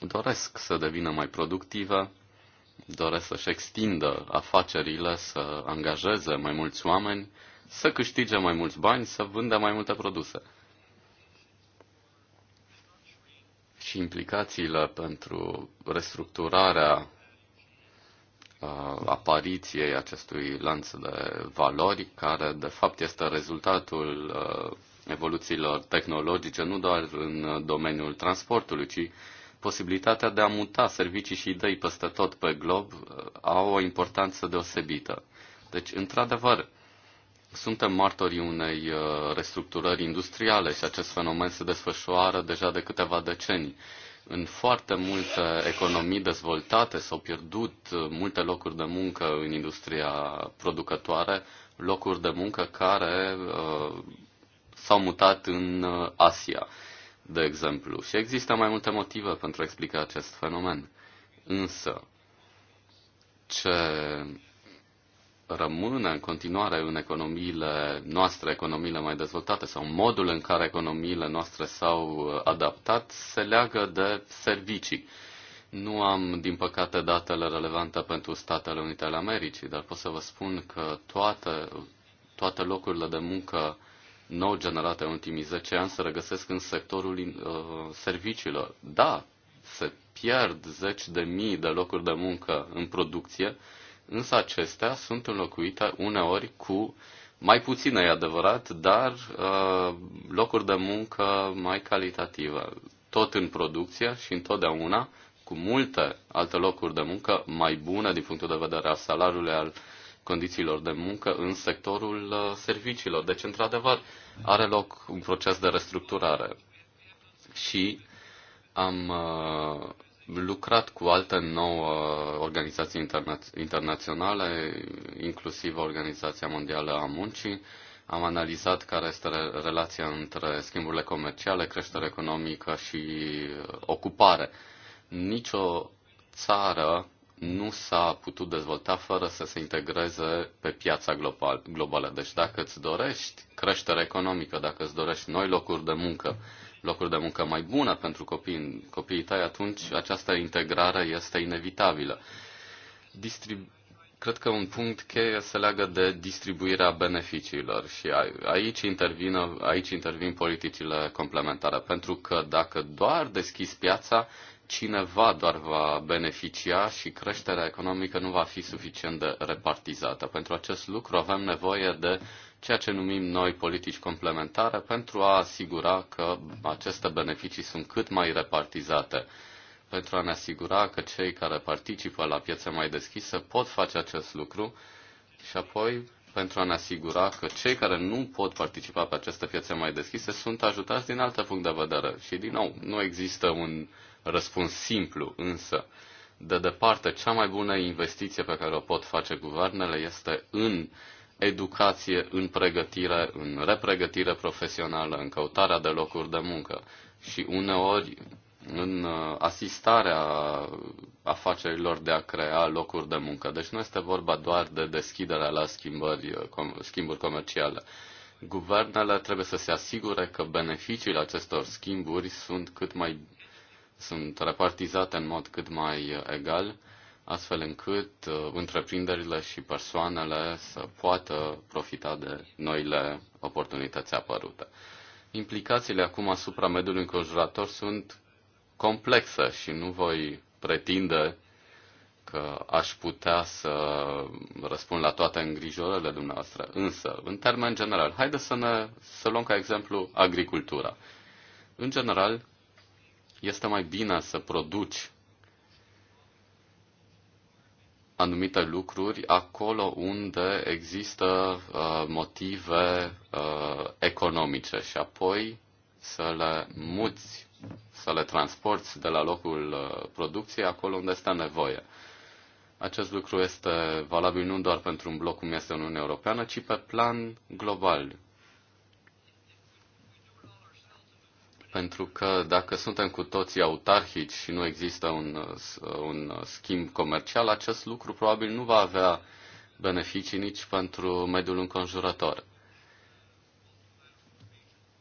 doresc să devină mai productive, doresc să-și extindă afacerile, să angajeze mai mulți oameni, să câștige mai mulți bani, să vândă mai multe produse. Și implicațiile pentru restructurarea uh, apariției acestui lanț de valori, care de fapt este rezultatul uh, evoluțiilor tehnologice, nu doar în domeniul transportului, ci posibilitatea de a muta servicii și idei peste tot pe glob uh, au o importanță deosebită. Deci, într-adevăr, suntem martorii unei uh, restructurări industriale și acest fenomen se desfășoară deja de câteva decenii. În foarte multe economii dezvoltate s-au pierdut uh, multe locuri de muncă în industria producătoare, locuri de muncă care uh, s-au mutat în Asia de exemplu. Și există mai multe motive pentru a explica acest fenomen. Însă, ce rămâne în continuare în economiile noastre, economiile mai dezvoltate sau modul în care economiile noastre s-au adaptat se leagă de servicii. Nu am, din păcate, datele relevante pentru Statele Unite ale Americii, dar pot să vă spun că toate, toate locurile de muncă nou generate în ultimii 10 ani se regăsesc în sectorul uh, serviciilor. Da, se pierd zeci de mii de locuri de muncă în producție, însă acestea sunt înlocuite uneori cu mai puține, e adevărat, dar uh, locuri de muncă mai calitative. Tot în producție și întotdeauna cu multe alte locuri de muncă mai bune din punctul de vedere al salariului, al uh, condițiilor de muncă în sectorul uh, serviciilor. Deci, într-adevăr, are loc un proces de restructurare. Și am uh, lucrat cu alte nouă organizații interna- internaționale, inclusiv Organizația Mondială a Muncii. Am analizat care este relația între schimburile comerciale, creștere economică și uh, ocupare. Nicio țară nu s-a putut dezvolta fără să se integreze pe piața global, globală. Deci dacă îți dorești creștere economică, dacă îți dorești noi locuri de muncă, locuri de muncă mai bune pentru copii, copiii tăi, atunci această integrare este inevitabilă. Distrib- Cred că un punct cheie se leagă de distribuirea beneficiilor și aici, intervină, aici intervin politicile complementare, pentru că dacă doar deschizi piața, cineva doar va beneficia și creșterea economică nu va fi suficient de repartizată. Pentru acest lucru avem nevoie de ceea ce numim noi politici complementare pentru a asigura că aceste beneficii sunt cât mai repartizate, pentru a ne asigura că cei care participă la piețe mai deschise pot face acest lucru și apoi pentru a ne asigura că cei care nu pot participa pe aceste piețe mai deschise sunt ajutați din alte punct de vedere. Și din nou, nu există un uh, răspuns simplu, însă de departe cea mai bună investiție pe care o pot face guvernele este în educație, în pregătire, în repregătire profesională, în căutarea de locuri de muncă și uneori în uh, asistarea afacerilor de a crea locuri de muncă. Deci nu este vorba doar de deschiderea la schimbări, uh, schimburi comerciale. Guvernele trebuie să se asigure că beneficiile acestor schimburi sunt cât mai sunt repartizate în mod cât mai egal, astfel încât uh, întreprinderile și persoanele să poată profita de noile oportunități apărute. Implicațiile acum asupra mediului înconjurător sunt complexe și nu voi pretinde că aș putea să răspund la toate îngrijorările dumneavoastră. Însă, în termen general, haideți să, ne, să luăm ca exemplu agricultura. În general, este mai bine să produci anumite lucruri acolo unde există uh, motive uh, economice și apoi să le muți, să le transporti de la locul uh, producției acolo unde este nevoie. Acest lucru este valabil nu doar pentru un bloc cum este Uniunea Europeană, ci pe plan global. pentru că dacă suntem cu toții autarhici și nu există un, un schimb comercial, acest lucru probabil nu va avea beneficii nici pentru mediul înconjurător.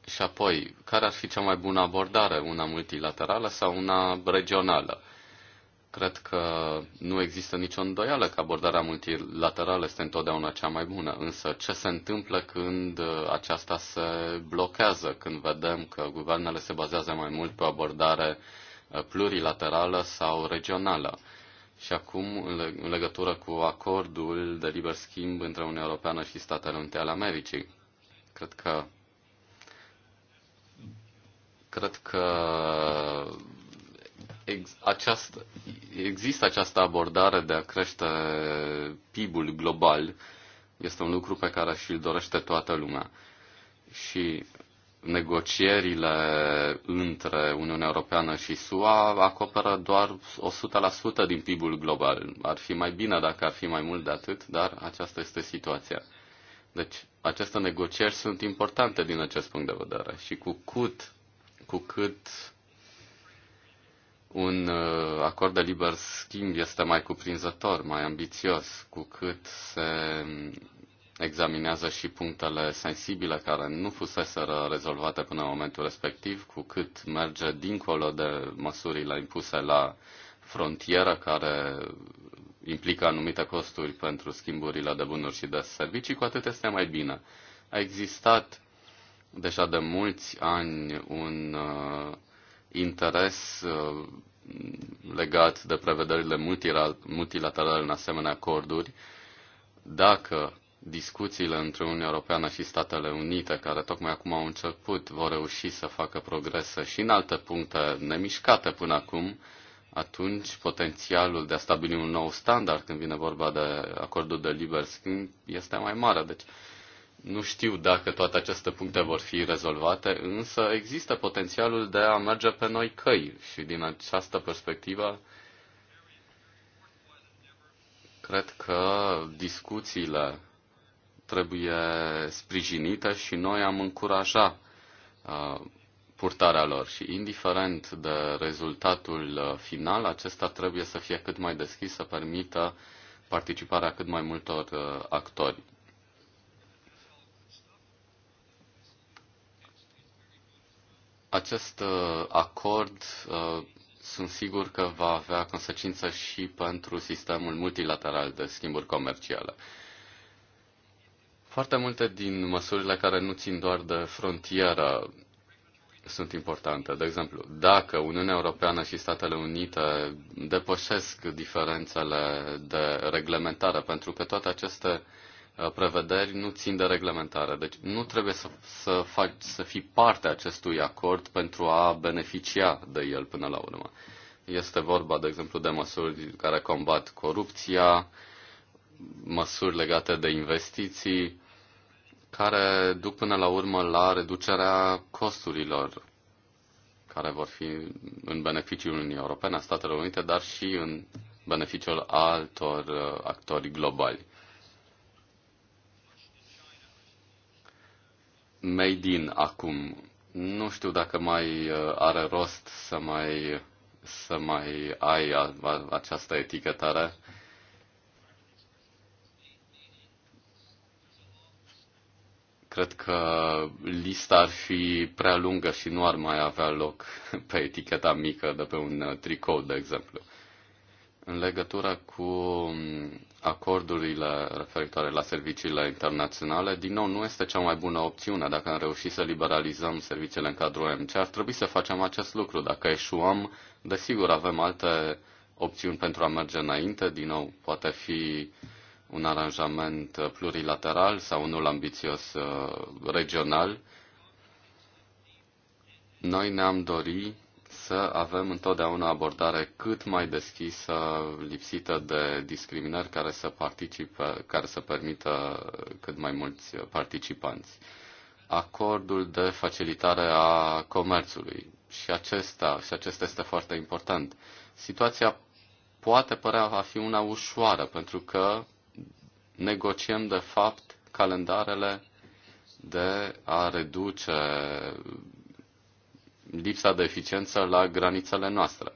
Și apoi, care ar fi cea mai bună abordare? Una multilaterală sau una regională? Cred că nu există nicio îndoială că abordarea multilaterală este întotdeauna cea mai bună, însă ce se întâmplă când uh, aceasta se blochează, când vedem că guvernele se bazează mai mult pe o abordare uh, plurilaterală sau regională? Și acum, în legătură cu acordul de liber schimb între Uniunea Europeană și Statele Unite ale Americii, cred că cred că ex- există această abordare de a crește PIB-ul global. Este un lucru pe care și-l dorește toată lumea. Și negocierile între Uniunea Europeană și SUA acoperă doar 100% din PIB-ul global. Ar fi mai bine dacă ar fi mai mult de atât, dar aceasta este situația. Deci, aceste negocieri sunt importante din acest punct de vedere și cu cât, cu cât un uh, acord de liber schimb este mai cuprinzător, mai ambițios, cu cât se examinează și punctele sensibile care nu fuseseră rezolvate până în momentul respectiv, cu cât merge dincolo de măsurile impuse la frontieră care implică anumite costuri pentru schimburile de bunuri și de servicii, cu atât este mai bine. A existat deja de mulți ani un uh, interes uh, legat de prevederile multilaterale în asemenea acorduri, dacă discuțiile între Uniunea Europeană și Statele Unite, care tocmai acum au început, vor reuși să facă progrese și în alte puncte nemișcate până acum, atunci potențialul de a stabili un nou standard când vine vorba de acordul de liber schimb este mai mare. Deci nu știu dacă toate aceste puncte vor fi rezolvate, însă există potențialul de a merge pe noi căi și din această perspectivă cred că discuțiile trebuie sprijinite și noi am încuraja uh, purtarea lor și indiferent de rezultatul uh, final, acesta trebuie să fie cât mai deschis, să permită participarea cât mai multor uh, actori. Acest uh, acord uh, sunt sigur că va avea consecință și pentru sistemul multilateral de schimburi comerciale. Foarte multe din măsurile care nu țin doar de frontieră sunt importante. De exemplu, dacă Uniunea Europeană și Statele Unite depășesc diferențele de reglementare, pentru că toate aceste uh, Uh, prevederi nu țin de reglementare. Deci nu trebuie să, să, faci, să fii parte a acestui acord pentru a beneficia de el până la urmă. Este vorba, de exemplu, de măsuri care combat corupția, măsuri legate de investiții, care duc până la urmă la reducerea costurilor care vor fi în beneficiul Uniunii Europene, a Statelor Unite, dar și în beneficiul altor uh, actori globali. made in acum. Nu știu dacă mai uh, are rost să mai, să mai ai a, a, această etichetare. Cred că lista ar fi prea lungă și nu ar mai avea loc pe eticheta mică de pe un uh, tricou, de exemplu în legătură cu mm, acordurile referitoare la serviciile internaționale, din nou, nu este cea mai bună opțiune. Dacă am reușit să liberalizăm serviciile în cadrul OMC, ar trebui să facem acest lucru. Dacă eșuăm, desigur, avem alte opțiuni pentru a merge înainte. Din nou, poate fi un aranjament plurilateral sau unul ambițios uh, regional. Noi ne-am dorit să avem întotdeauna abordare cât mai deschisă, lipsită de discriminări care să, participe, care să permită cât mai mulți participanți. Acordul de facilitare a comerțului și acesta, și acesta este foarte important. Situația poate părea a fi una ușoară, pentru că negociem de fapt calendarele de a reduce lipsa de eficiență la granițele noastre.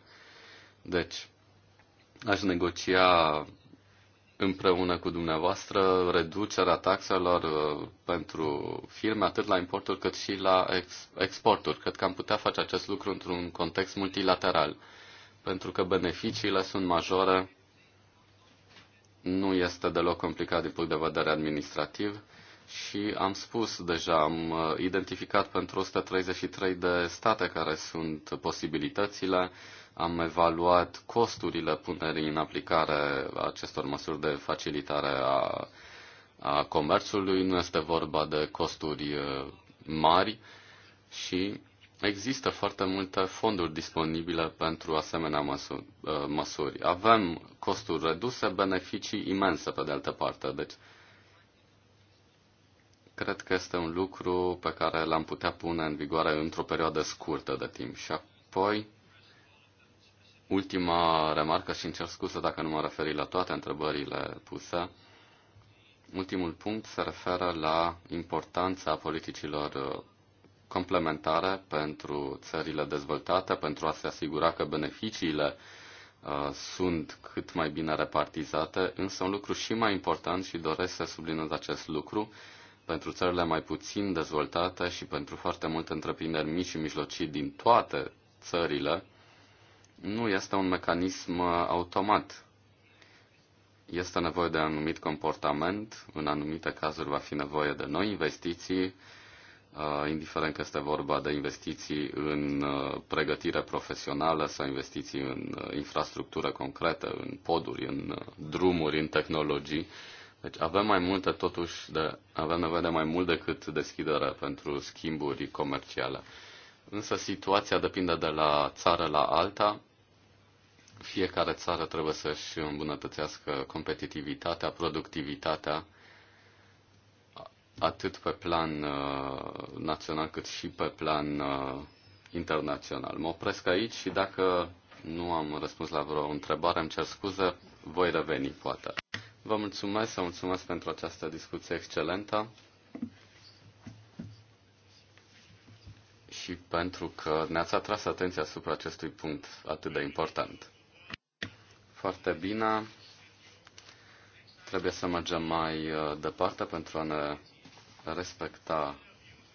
Deci, aș negocia împreună cu dumneavoastră reducerea taxelor uh, pentru firme, atât la importuri cât și la ex- exporturi. Cred că am putea face acest lucru într-un context multilateral, pentru că beneficiile sunt majore, nu este deloc complicat din punct de vedere administrativ și am spus deja, am uh, identificat pentru 133 de state care sunt posibilitățile, am evaluat costurile punerii în aplicare acestor măsuri de facilitare a, a comerțului, nu este vorba de costuri uh, mari și există foarte multe fonduri disponibile pentru asemenea uh, măsuri. Avem costuri reduse, beneficii imense pe de altă parte. Deci, cred că este un lucru pe care l-am putea pune în vigoare într-o perioadă scurtă de timp. Și apoi, ultima remarcă și încerc scuze dacă nu mă referi la toate întrebările puse. Ultimul punct se referă la importanța politicilor uh, complementare pentru țările dezvoltate, pentru a se asigura că beneficiile uh, sunt cât mai bine repartizate, însă un lucru și mai important și doresc să subliniez acest lucru pentru țările mai puțin dezvoltate și pentru foarte multe întreprinderi mici și mijlocii din toate țările, nu este un mecanism automat. Este nevoie de anumit comportament, în anumite cazuri va fi nevoie de noi investiții, uh, indiferent că este vorba de investiții în uh, pregătire profesională sau investiții în uh, infrastructură concretă, în poduri, în drumuri, în tehnologii deci avem mai multe, totuși, de, avem nevoie de mai mult decât deschidere pentru schimburi comerciale. Însă situația depinde de la țară la alta. Fiecare țară trebuie să-și îmbunătățească competitivitatea, productivitatea, atât pe plan uh, național cât și pe plan uh, internațional. Mă opresc aici și dacă nu am răspuns la vreo întrebare, îmi cer scuze, voi reveni, poate. Vă mulțumesc, vă mulțumesc pentru această discuție excelentă și pentru că ne-ați atras atenția asupra acestui punct atât de important. Foarte bine. Trebuie să mergem mai uh, departe pentru a ne respecta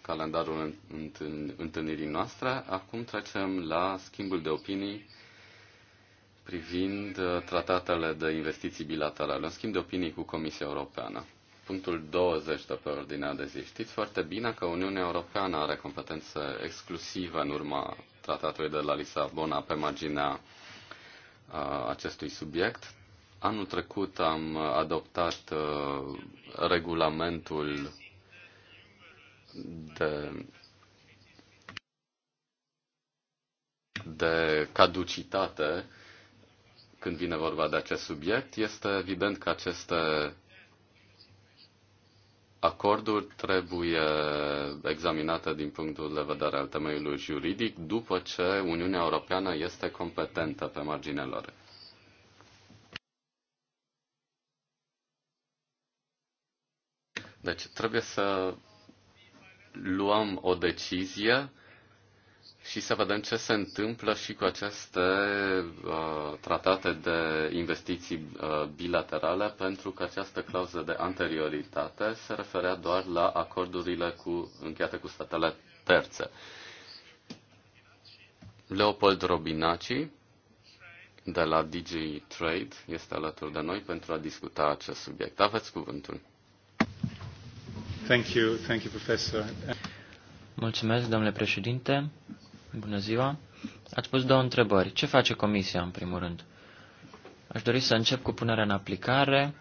calendarul întâlnirii noastre. Acum trecem la schimbul de opinii privind uh, tratatele de investiții bilaterale, un schimb de opinii cu Comisia Europeană. Punctul 20 de pe ordinea de zi. Știți foarte bine că Uniunea Europeană are competență exclusivă, în urma tratatului de la Lisabona pe marginea uh, acestui subiect. Anul trecut am adoptat uh, regulamentul de de caducitate când vine vorba de acest subiect. Este evident că aceste acorduri trebuie examinate din punctul de vedere al temeiului juridic după ce Uniunea Europeană este competentă pe marginea lor. Deci trebuie să luăm o decizie și să vedem ce se întâmplă și cu aceste uh, tratate de investiții uh, bilaterale, pentru că această clauză de anterioritate se referea doar la acordurile cu, încheiate cu statele terțe. Leopold Robinaci de la DG Trade este alături de noi pentru a discuta acest subiect. Aveți cuvântul. Thank you, thank you, professor. Mulțumesc, domnule președinte. Bună ziua. Ați pus două întrebări. Ce face comisia, în primul rând? Aș dori să încep cu punerea în aplicare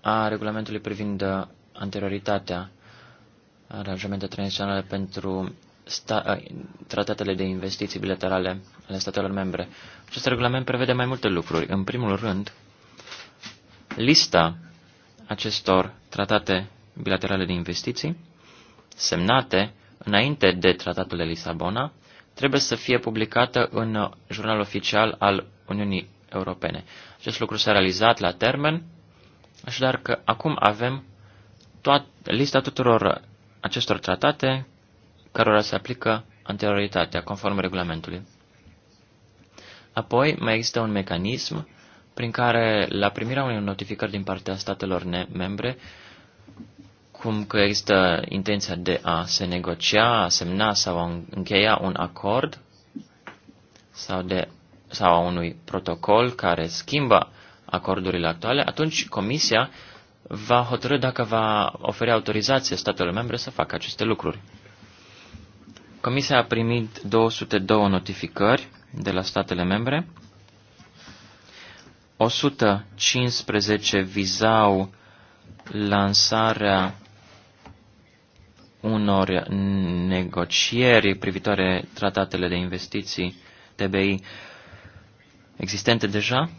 a regulamentului privind uh, anterioritatea aranjamente tradiționale pentru sta- uh, tratatele de investiții bilaterale ale statelor membre. Acest regulament prevede mai multe lucruri. În primul rând, lista acestor tratate bilaterale de investiții semnate înainte de Tratatul de Lisabona, trebuie să fie publicată în jurnalul oficial al Uniunii Europene. Acest lucru s-a realizat la termen, așadar că acum avem toat, lista tuturor acestor tratate cărora se aplică anterioritatea, conform regulamentului. Apoi, mai există un mecanism prin care, la primirea unei notificări din partea statelor membre, cum că există intenția de a se negocia, a semna sau a încheia un acord sau, de, sau a unui protocol care schimbă acordurile actuale, atunci Comisia va hotărâ dacă va oferi autorizație statelor membre să facă aceste lucruri. Comisia a primit 202 notificări de la statele membre. 115 vizau lansarea unor negocieri privitoare tratatele de investiții TBI existente deja.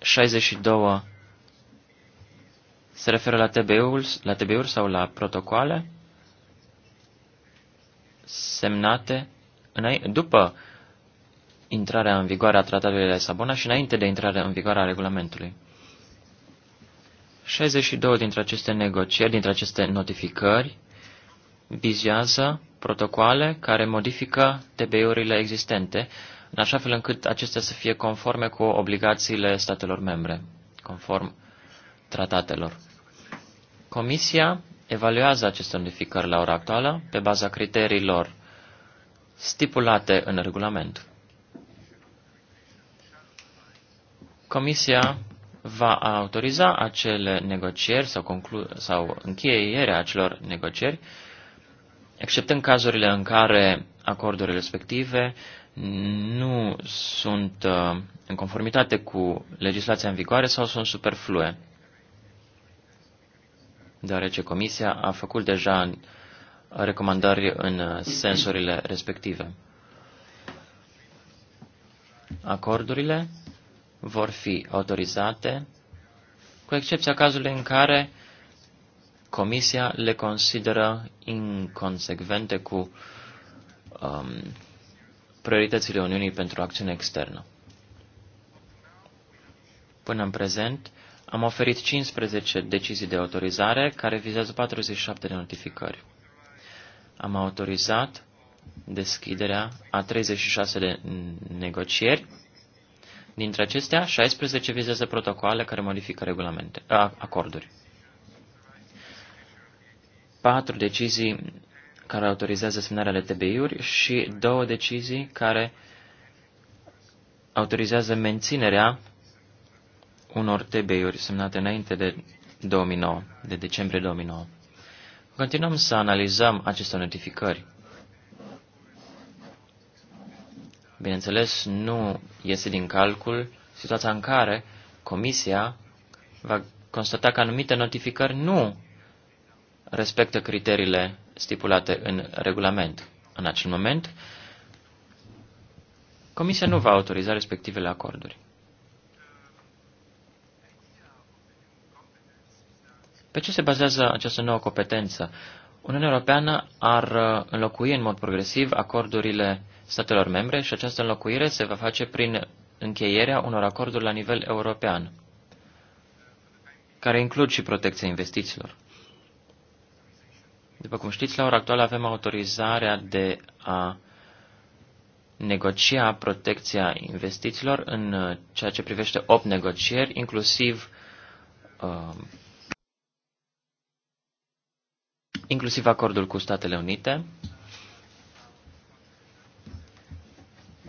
62 se referă la TBI-uri la TBI sau la protocoale semnate după intrarea în vigoare a tratatului de Sabona și înainte de intrarea în vigoare a regulamentului. 62 dintre aceste negocieri, dintre aceste notificări, vizează protocoale care modifică TBI-urile existente, în așa fel încât acestea să fie conforme cu obligațiile statelor membre, conform tratatelor. Comisia evaluează aceste notificări la ora actuală pe baza criteriilor stipulate în regulament. Comisia va autoriza acele negocieri sau, conclu- sau încheierea acelor negocieri, exceptând cazurile în care acordurile respective nu sunt uh, în conformitate cu legislația în vigoare sau sunt superflue, deoarece Comisia a făcut deja recomandări în sensurile respective. Acordurile vor fi autorizate, cu excepția cazului în care Comisia le consideră inconsecvente cu um, prioritățile Uniunii pentru acțiune externă. Până în prezent, am oferit 15 decizii de autorizare care vizează 47 de notificări. Am autorizat deschiderea a 36 de negocieri Dintre acestea, 16 vizează protocoale care modifică regulamente, acorduri. 4 decizii care autorizează semnarea tbi uri și două decizii care autorizează menținerea unor TBI-uri semnate înainte de 2009, de decembrie 2009. Continuăm să analizăm aceste notificări. Bineînțeles, nu iese din calcul situația în care Comisia va constata că anumite notificări nu respectă criteriile stipulate în regulament. În acel moment, Comisia nu va autoriza respectivele acorduri. Pe ce se bazează această nouă competență? Uniunea Europeană ar înlocui în mod progresiv acordurile statelor membre și această înlocuire se va face prin încheierea unor acorduri la nivel european, care includ și protecția investițiilor. După cum știți, la ora actuală avem autorizarea de a negocia protecția investițiilor în ceea ce privește 8 negocieri, inclusiv uh, inclusiv acordul cu Statele Unite,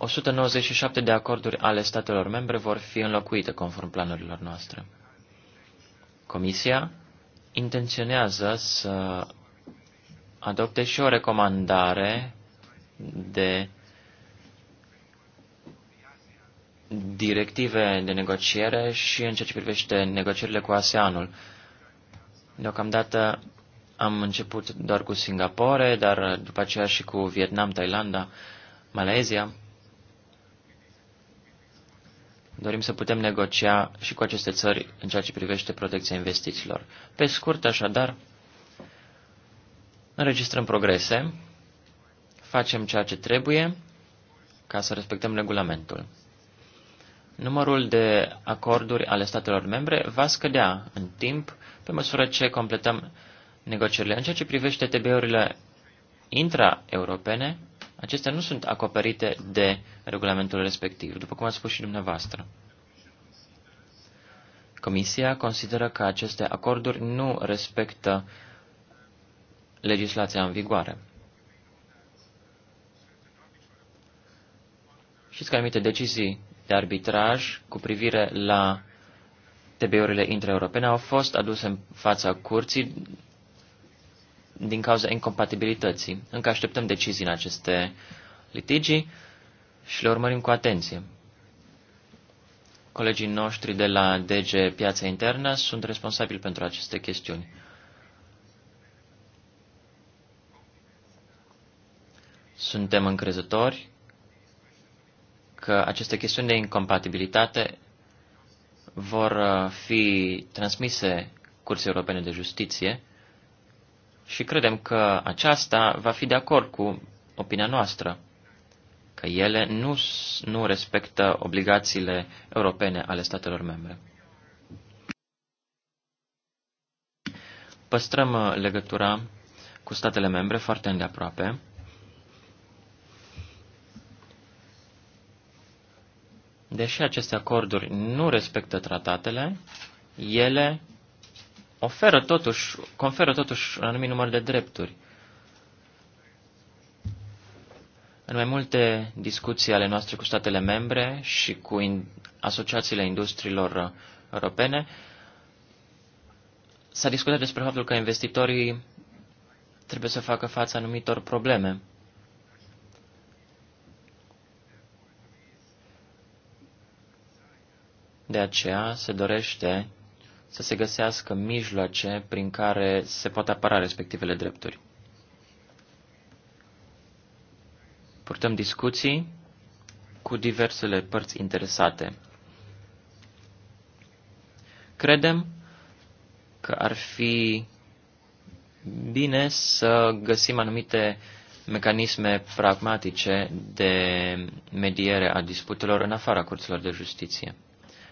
197 de acorduri ale statelor membre vor fi înlocuite conform planurilor noastre. Comisia intenționează să adopte și o recomandare de directive de negociere și în ceea ce privește negocierile cu ASEANul. Deocamdată am început doar cu Singapore, dar după aceea și cu Vietnam, Thailanda, Malezia. Dorim să putem negocia și cu aceste țări în ceea ce privește protecția investițiilor. Pe scurt, așadar, înregistrăm progrese, facem ceea ce trebuie ca să respectăm regulamentul. Numărul de acorduri ale statelor membre va scădea în timp pe măsură ce completăm negocierile. În ceea ce privește TB-urile intra-europene, Acestea nu sunt acoperite de regulamentul respectiv, după cum ați spus și dumneavoastră. Comisia consideră că aceste acorduri nu respectă legislația în vigoare. Știți că anumite decizii de arbitraj cu privire la TBI-urile intraeuropene au fost aduse în fața curții din cauza incompatibilității. Încă așteptăm decizii în aceste litigii și le urmărim cu atenție. Colegii noștri de la DG Piața Internă sunt responsabili pentru aceste chestiuni. Suntem încrezători că aceste chestiuni de incompatibilitate vor uh, fi transmise Curții Europene de Justiție și credem că aceasta va fi de acord cu opinia noastră, că ele nu, nu respectă obligațiile europene ale statelor membre. Păstrăm uh, legătura cu statele membre foarte îndeaproape. Deși aceste acorduri nu respectă tratatele, ele oferă totuși, conferă totuși un anumit număr de drepturi. În mai multe discuții ale noastre cu statele membre și cu in, asociațiile industriilor europene, s-a discutat despre faptul că investitorii trebuie să facă față anumitor probleme. De aceea se dorește să se găsească mijloace prin care se poate apăra respectivele drepturi. Purtăm discuții cu diversele părți interesate. Credem că ar fi bine să găsim anumite mecanisme pragmatice de mediere a disputelor în afara curților de justiție.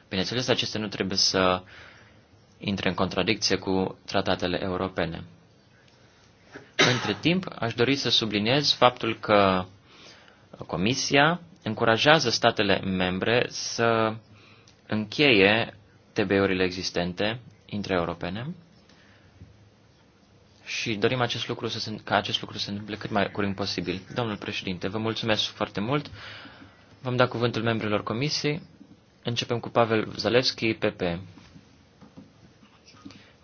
Bineînțeles, acestea nu trebuie să uh, intre în contradicție cu tratatele europene. Între timp, aș dori să subliniez faptul că Comisia încurajează statele membre să încheie TB-urile existente europene și dorim acest lucru să se, ca acest lucru să se întâmple cât mai curând posibil. Domnul președinte, vă mulțumesc foarte mult. Vom da cuvântul membrilor comisiei. Începem cu Pavel Zalewski, PP.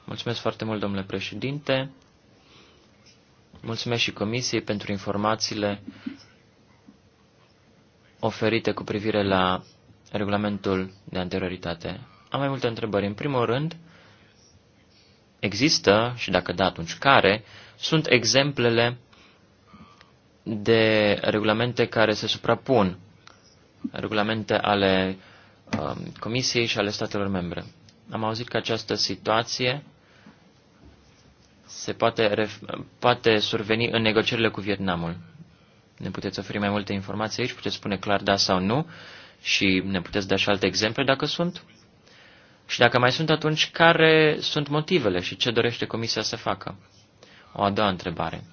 Mulțumesc foarte mult, domnule președinte. Mulțumesc și Comisiei pentru informațiile oferite cu privire la regulamentul de anterioritate. Am mai multe întrebări. În primul rând, există, și dacă da, atunci care, sunt exemplele de regulamente care se suprapun, regulamente ale uh, Comisiei și ale statelor membre. Am auzit că această situație se poate, poate surveni în negocierile cu Vietnamul. Ne puteți oferi mai multe informații aici, puteți spune clar da sau nu și ne puteți da și alte exemple dacă sunt. Și dacă mai sunt, atunci care sunt motivele și ce dorește Comisia să facă? O a doua întrebare.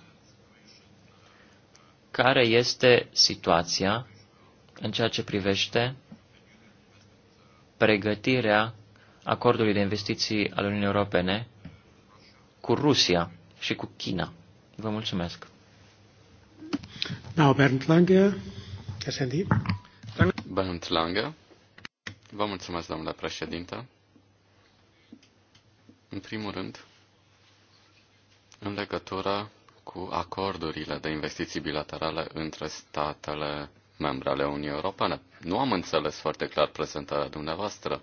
Care este situația în ceea ce privește pregătirea acordului de investiții al Uniunii Europene cu Rusia și cu China. Vă mulțumesc. Da, Bernd Lange, SND. Bernd Lange. Vă mulțumesc, domnule președinte. În primul rând, în legătură cu acordurile de investiții bilaterale între statele membre ale Uniunii Europene. Nu am înțeles foarte clar prezentarea dumneavoastră.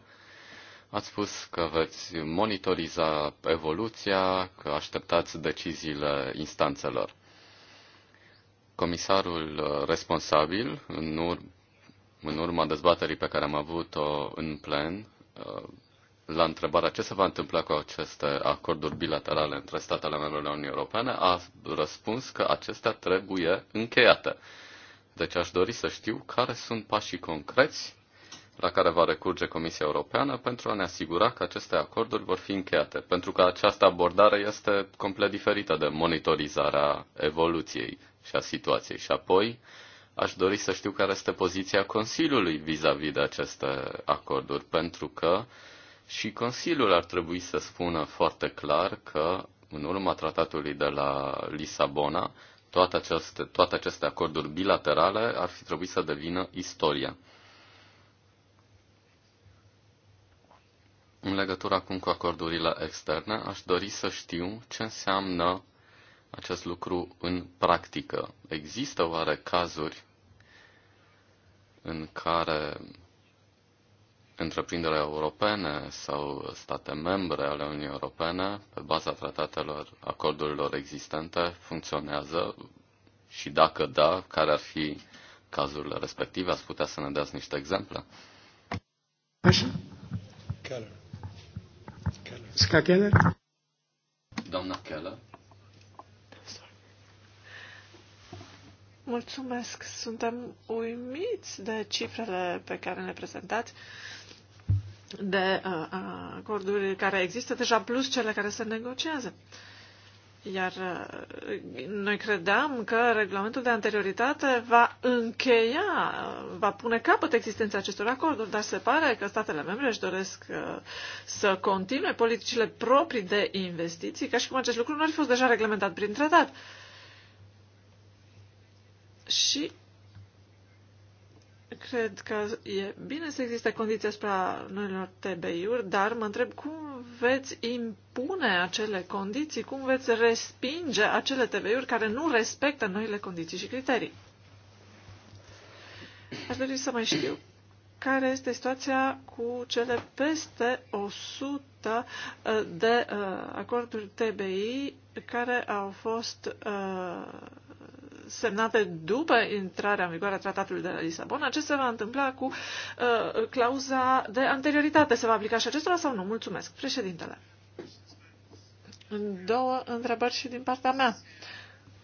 Ați spus că veți monitoriza evoluția, că așteptați deciziile instanțelor. Comisarul uh, responsabil, în, ur- în urma dezbaterii pe care am avut-o în plen, uh, la întrebarea ce se va întâmpla cu aceste acorduri bilaterale între statele membre ale Uniunii Europene, a răspuns că acestea trebuie încheiate. Deci aș dori să știu care sunt pașii concreți la care va recurge Comisia Europeană pentru a ne asigura că aceste acorduri vor fi încheiate, pentru că această abordare este complet diferită de monitorizarea evoluției și a situației. Și apoi aș dori să știu care este poziția Consiliului vis-a-vis -vis de aceste acorduri, pentru că și Consiliul ar trebui să spună foarte clar că în urma tratatului de la Lisabona, toate aceste, toate aceste acorduri bilaterale ar fi trebuit să devină istoria. În legătură acum cu acordurile externe, aș dori să știu ce înseamnă acest lucru în practică. Există oare cazuri în care întreprinderile europene sau state membre ale Uniunii Europene, pe baza tratatelor, acordurilor existente, funcționează și dacă da, care ar fi cazurile respective? Ați putea să ne dați niște exemple? Așa. Keller. Ska Keller? Doamna Keller. Mulțumesc. Suntem uimiți de cifrele pe care le prezentați, de uh, acorduri care există deja, plus cele care se negociază. Uh, iar uh, noi credeam că regulamentul de anterioritate va încheia, va pune capăt existența acestor acorduri, dar se pare că statele membre își doresc uh, să continue politicile proprii de investiții, ca și cum acest lucru nu ar fi fost deja reglementat prin tratat. Și Cred că e bine să existe condiții asupra noilor TBI-uri, dar mă întreb cum veți impune acele condiții, cum veți respinge acele TBI-uri care nu respectă noile condiții și criterii. Aș dori să mai știu care este situația cu cele peste 100 uh, de uh, acorduri TBI care au fost uh, semnate după intrarea în vigoare a tratatului de la Lisabona, ce se va întâmpla cu uh, clauza de anterioritate? Se va aplica și acestora sau nu? Mulțumesc, președintele. Două întrebări și din partea mea.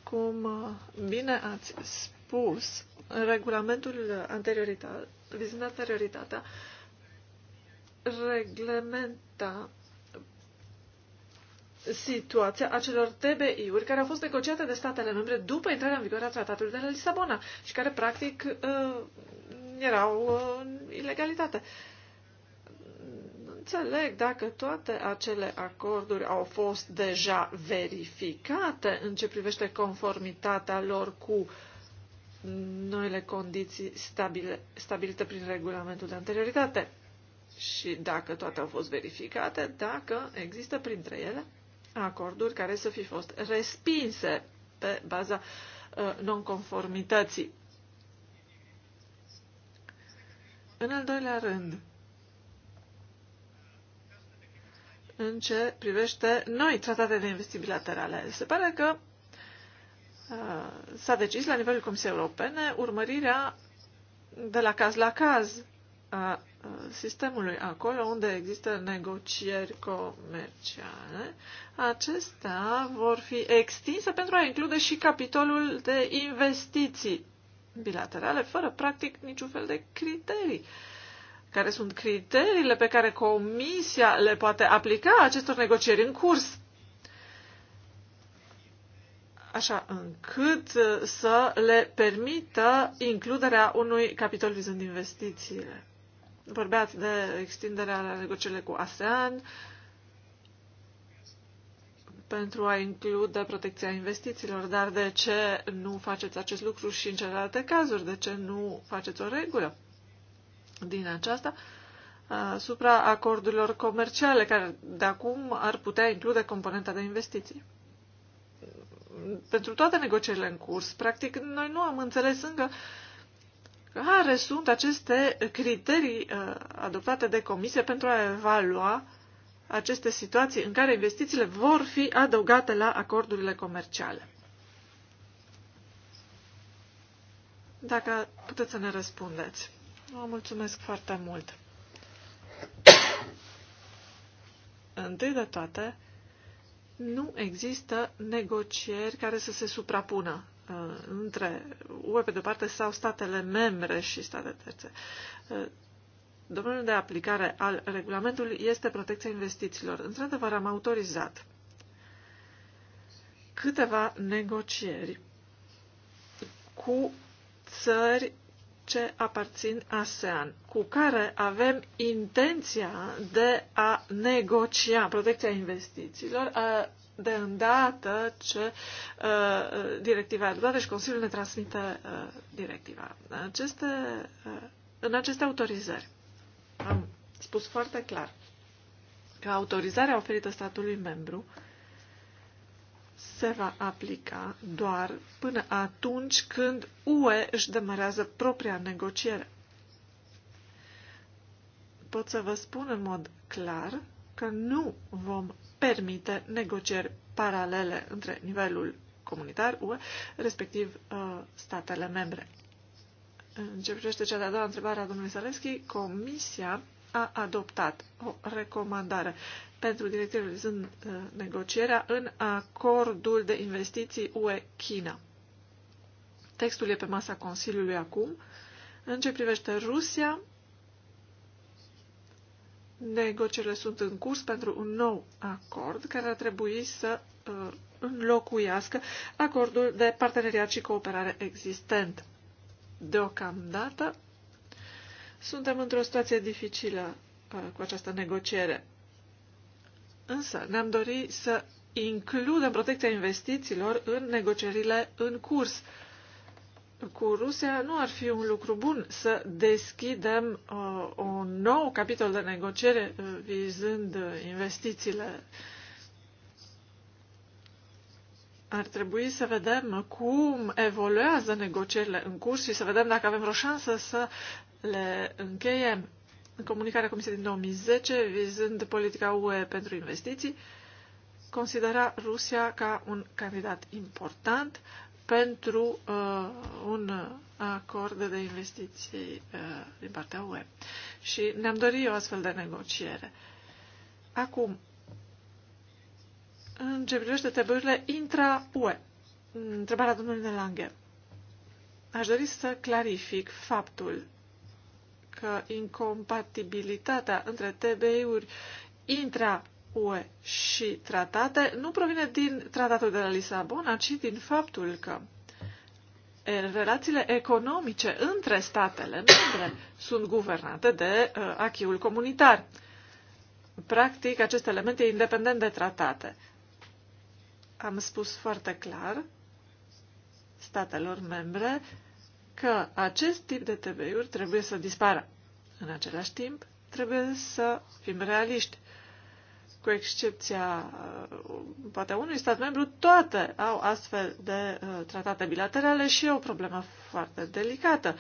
Cum uh, bine ați spus, regulamentul anterioritate, vizând anterioritatea, reglementa situația acelor TBI-uri care au fost negociate de statele membre după intrarea în vigoare a tratatului de la Lisabona și care practic uh, erau uh, în ilegalitate. Înțeleg dacă toate acele acorduri au fost deja verificate în ce privește conformitatea lor cu noile condiții stabile, stabilite prin regulamentul de anterioritate. Și dacă toate au fost verificate, dacă există printre ele acorduri care să fi fost respinse pe baza uh, nonconformității. În al doilea rând, în ce privește noi tratate de investiții bilaterale. Se pare că uh, s-a decis la nivelul Comisiei Europene urmărirea de la caz la caz a sistemului acolo unde există negocieri comerciale, acestea vor fi extinse pentru a include și capitolul de investiții bilaterale, fără practic niciun fel de criterii. Care sunt criteriile pe care Comisia le poate aplica acestor negocieri în curs? așa încât uh, să le permită includerea unui capitol vizând investițiile. Vorbeați de extinderea la negocierile cu ASEAN pentru a include protecția investițiilor, dar de ce nu faceți acest lucru și în celelalte cazuri? De ce nu faceți o regulă din aceasta uh, asupra acordurilor comerciale, care de acum ar putea include componenta de investiții? Pentru toate negocierile în curs, practic, noi nu am înțeles încă uh, care sunt aceste criterii uh, adoptate de comisie pentru a evalua aceste situații în care investițiile vor fi adăugate la acordurile comerciale. Dacă puteți să ne răspundeți. Vă mulțumesc foarte mult. Întâi de toate, nu există negocieri care să se suprapună Uh, între UE pe de-o parte sau statele membre și state terțe. Uh, domeniul de aplicare al regulamentului este protecția investițiilor. Într-adevăr, am autorizat câteva negocieri cu țări ce aparțin ASEAN, cu care avem intenția de a negocia protecția investițiilor, uh, de îndată ce uh, directiva adoptată și Consiliul ne transmite uh, directiva. Aceste, uh, în aceste autorizări am spus foarte clar că autorizarea oferită statului membru se va aplica doar până atunci când UE își demarează propria negociere. Pot să vă spun în mod clar că nu vom permite negocieri paralele între nivelul comunitar UE, respectiv uh, statele membre. În ce privește cea de-a doua întrebare a domnului Zaleschi, Comisia a adoptat o recomandare pentru directivele în uh, negocierea în acordul de investiții UE-China. Textul e pe masa Consiliului acum. În ce privește Rusia, Negocierile sunt în curs pentru un nou acord care ar trebui să uh, înlocuiască acordul de parteneriat și cooperare existent. Deocamdată suntem într-o situație dificilă uh, cu această negociere. Însă ne-am dorit să includem protecția investițiilor în negocierile în curs. Uh, cu Rusia nu ar fi un lucru bun să deschidem uh, un nou capitol de negociere uh, vizând uh, investițiile. Ar trebui să vedem cum evoluează negocierile în curs și să vedem dacă avem vreo șansă să le încheiem. În comunicarea Comisiei din 2010, vizând politica UE pentru investiții, considera Rusia ca un candidat important pentru uh, un acord de investiții uh, din partea UE. Și ne-am dorit o astfel de negociere. Acum, în ce privește treburile intra-UE, întrebarea domnului Lange. aș dori să clarific faptul că incompatibilitatea între TBI-uri intra UE și tratate nu provine din tratatul de la Lisabona, ci din faptul că relațiile economice între statele membre sunt guvernate de uh, achiul comunitar. Practic, acest element e independent de tratate. Am spus foarte clar statelor membre că acest tip de TBI-uri trebuie să dispară. În același timp, trebuie să fim realiști cu excepția uh, poate unui stat membru, toate au astfel de uh, tratate bilaterale și e o problemă foarte delicată.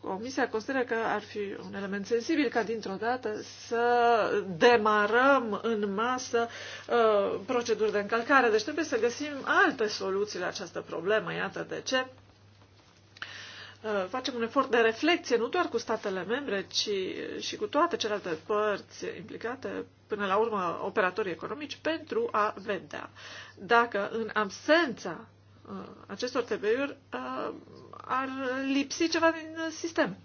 Comisia consideră că ar fi un element sensibil ca dintr-o dată să demarăm în masă uh, proceduri de încălcare. Deci trebuie să găsim alte soluții la această problemă. Iată de ce Uh, facem un efort de reflexie nu doar cu statele membre, ci și cu toate celelalte părți implicate, până la urmă operatorii economici, pentru a vedea dacă în absența uh, acestor TBI-uri uh, ar lipsi ceva din sistem.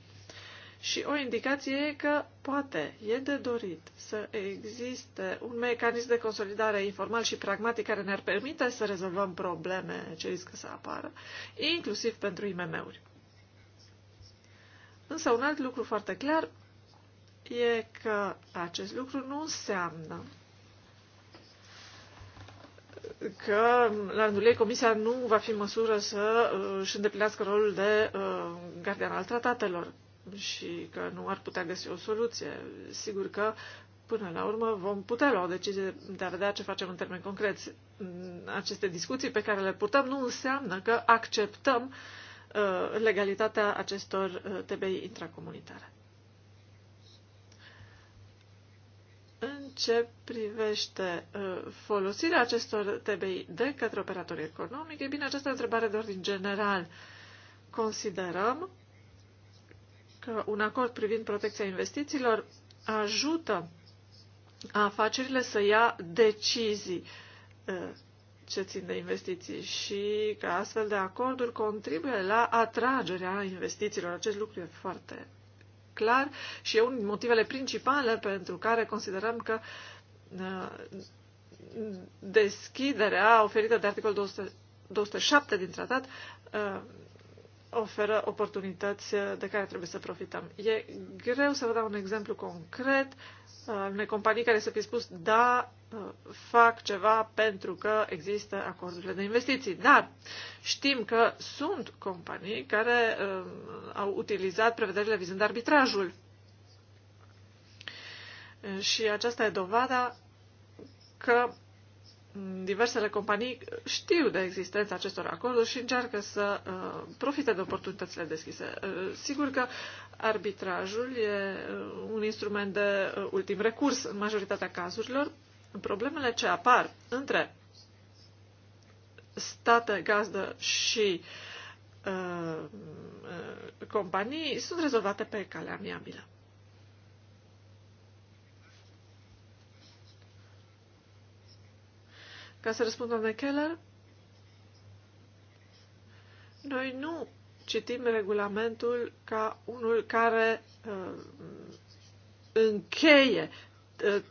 Și o indicație e că poate e de dorit să existe un mecanism de consolidare informal și pragmatic care ne-ar permite să rezolvăm probleme ce riscă să apară, inclusiv pentru IMM-uri. Însă un alt lucru foarte clar e că acest lucru nu înseamnă că, la rândul ei, Comisia nu va fi în măsură să uh, își îndeplinească rolul de uh, gardian al tratatelor și că nu ar putea găsi o soluție. Sigur că, până la urmă, vom putea lua o decizie de a vedea ce facem în termeni concreți. Aceste discuții pe care le purtăm nu înseamnă că acceptăm uh, Uh, legalitatea acestor uh, TBI intracomunitare. În ce privește uh, folosirea acestor TBI de către operatorii economici, e bine, această întrebare de ordin general. Considerăm că un acord privind protecția investițiilor ajută afacerile să ia decizii ce țin de investiții și că astfel de acorduri contribuie la atragerea investițiilor. Acest lucru e foarte clar și e unul din motivele principale pentru care considerăm că uh, deschiderea oferită de articolul 207 din tratat uh, oferă oportunități de care trebuie să profităm. E greu să vă dau un exemplu concret unei companii care să fi spus, da, uh, fac ceva pentru că există acordurile de investiții. Dar știm că sunt companii care uh, au utilizat prevederile vizând arbitrajul. Și aceasta e dovada că diversele companii știu de existența acestor acorduri și încearcă să uh, profite de oportunitățile deschise. Uh, sigur că Arbitrajul e uh, un instrument de uh, ultim recurs în majoritatea cazurilor. Problemele ce apar între state gazdă și uh, uh companii sunt rezolvate pe calea amiabilă. Ca să răspund, doamne Keller, noi nu citim regulamentul ca unul care uh, încheie, uh,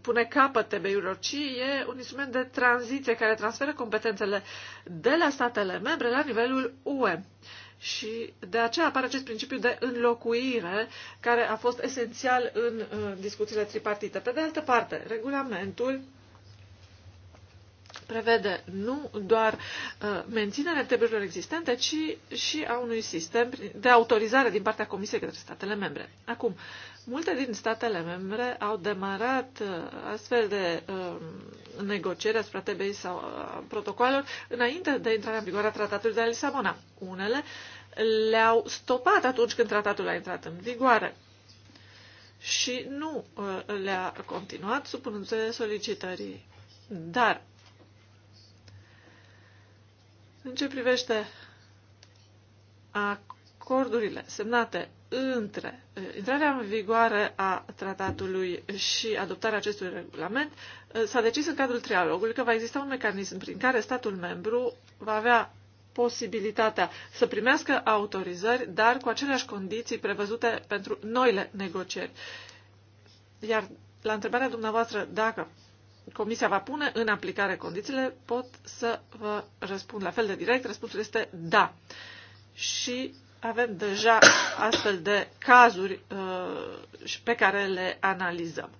pune capăt temeiurilor, ci e un instrument de tranziție care transferă competențele de la statele membre la nivelul UE. Și de aceea apare acest principiu de înlocuire, care a fost esențial în, în uh, discuțiile tripartite. Pe de altă parte, regulamentul uh, prevede nu doar uh, menținerea treburilor existente, ci și a unui sistem de autorizare din partea Comisiei către statele membre. Acum, multe din statele membre au demarat uh, astfel de uh, negocieri asupra TBI sau uh, protocolelor înainte de intrarea în vigoare a tratatului de la Lisabona. Unele le-au stopat atunci când tratatul a intrat în vigoare și nu uh, le-a continuat supunându-se solicitării. Dar în ce privește acordurile semnate între eh, intrarea în vigoare a tratatului și adoptarea acestui regulament, eh, s-a decis în cadrul trialogului că va exista un mecanism prin care statul membru va avea posibilitatea să primească autorizări, dar cu aceleași condiții prevăzute pentru noile negocieri. Iar la întrebarea dumneavoastră dacă Comisia va pune în aplicare condițiile, pot să vă răspund la fel de direct. Răspunsul este da. Și avem deja astfel de cazuri uh, pe care le analizăm.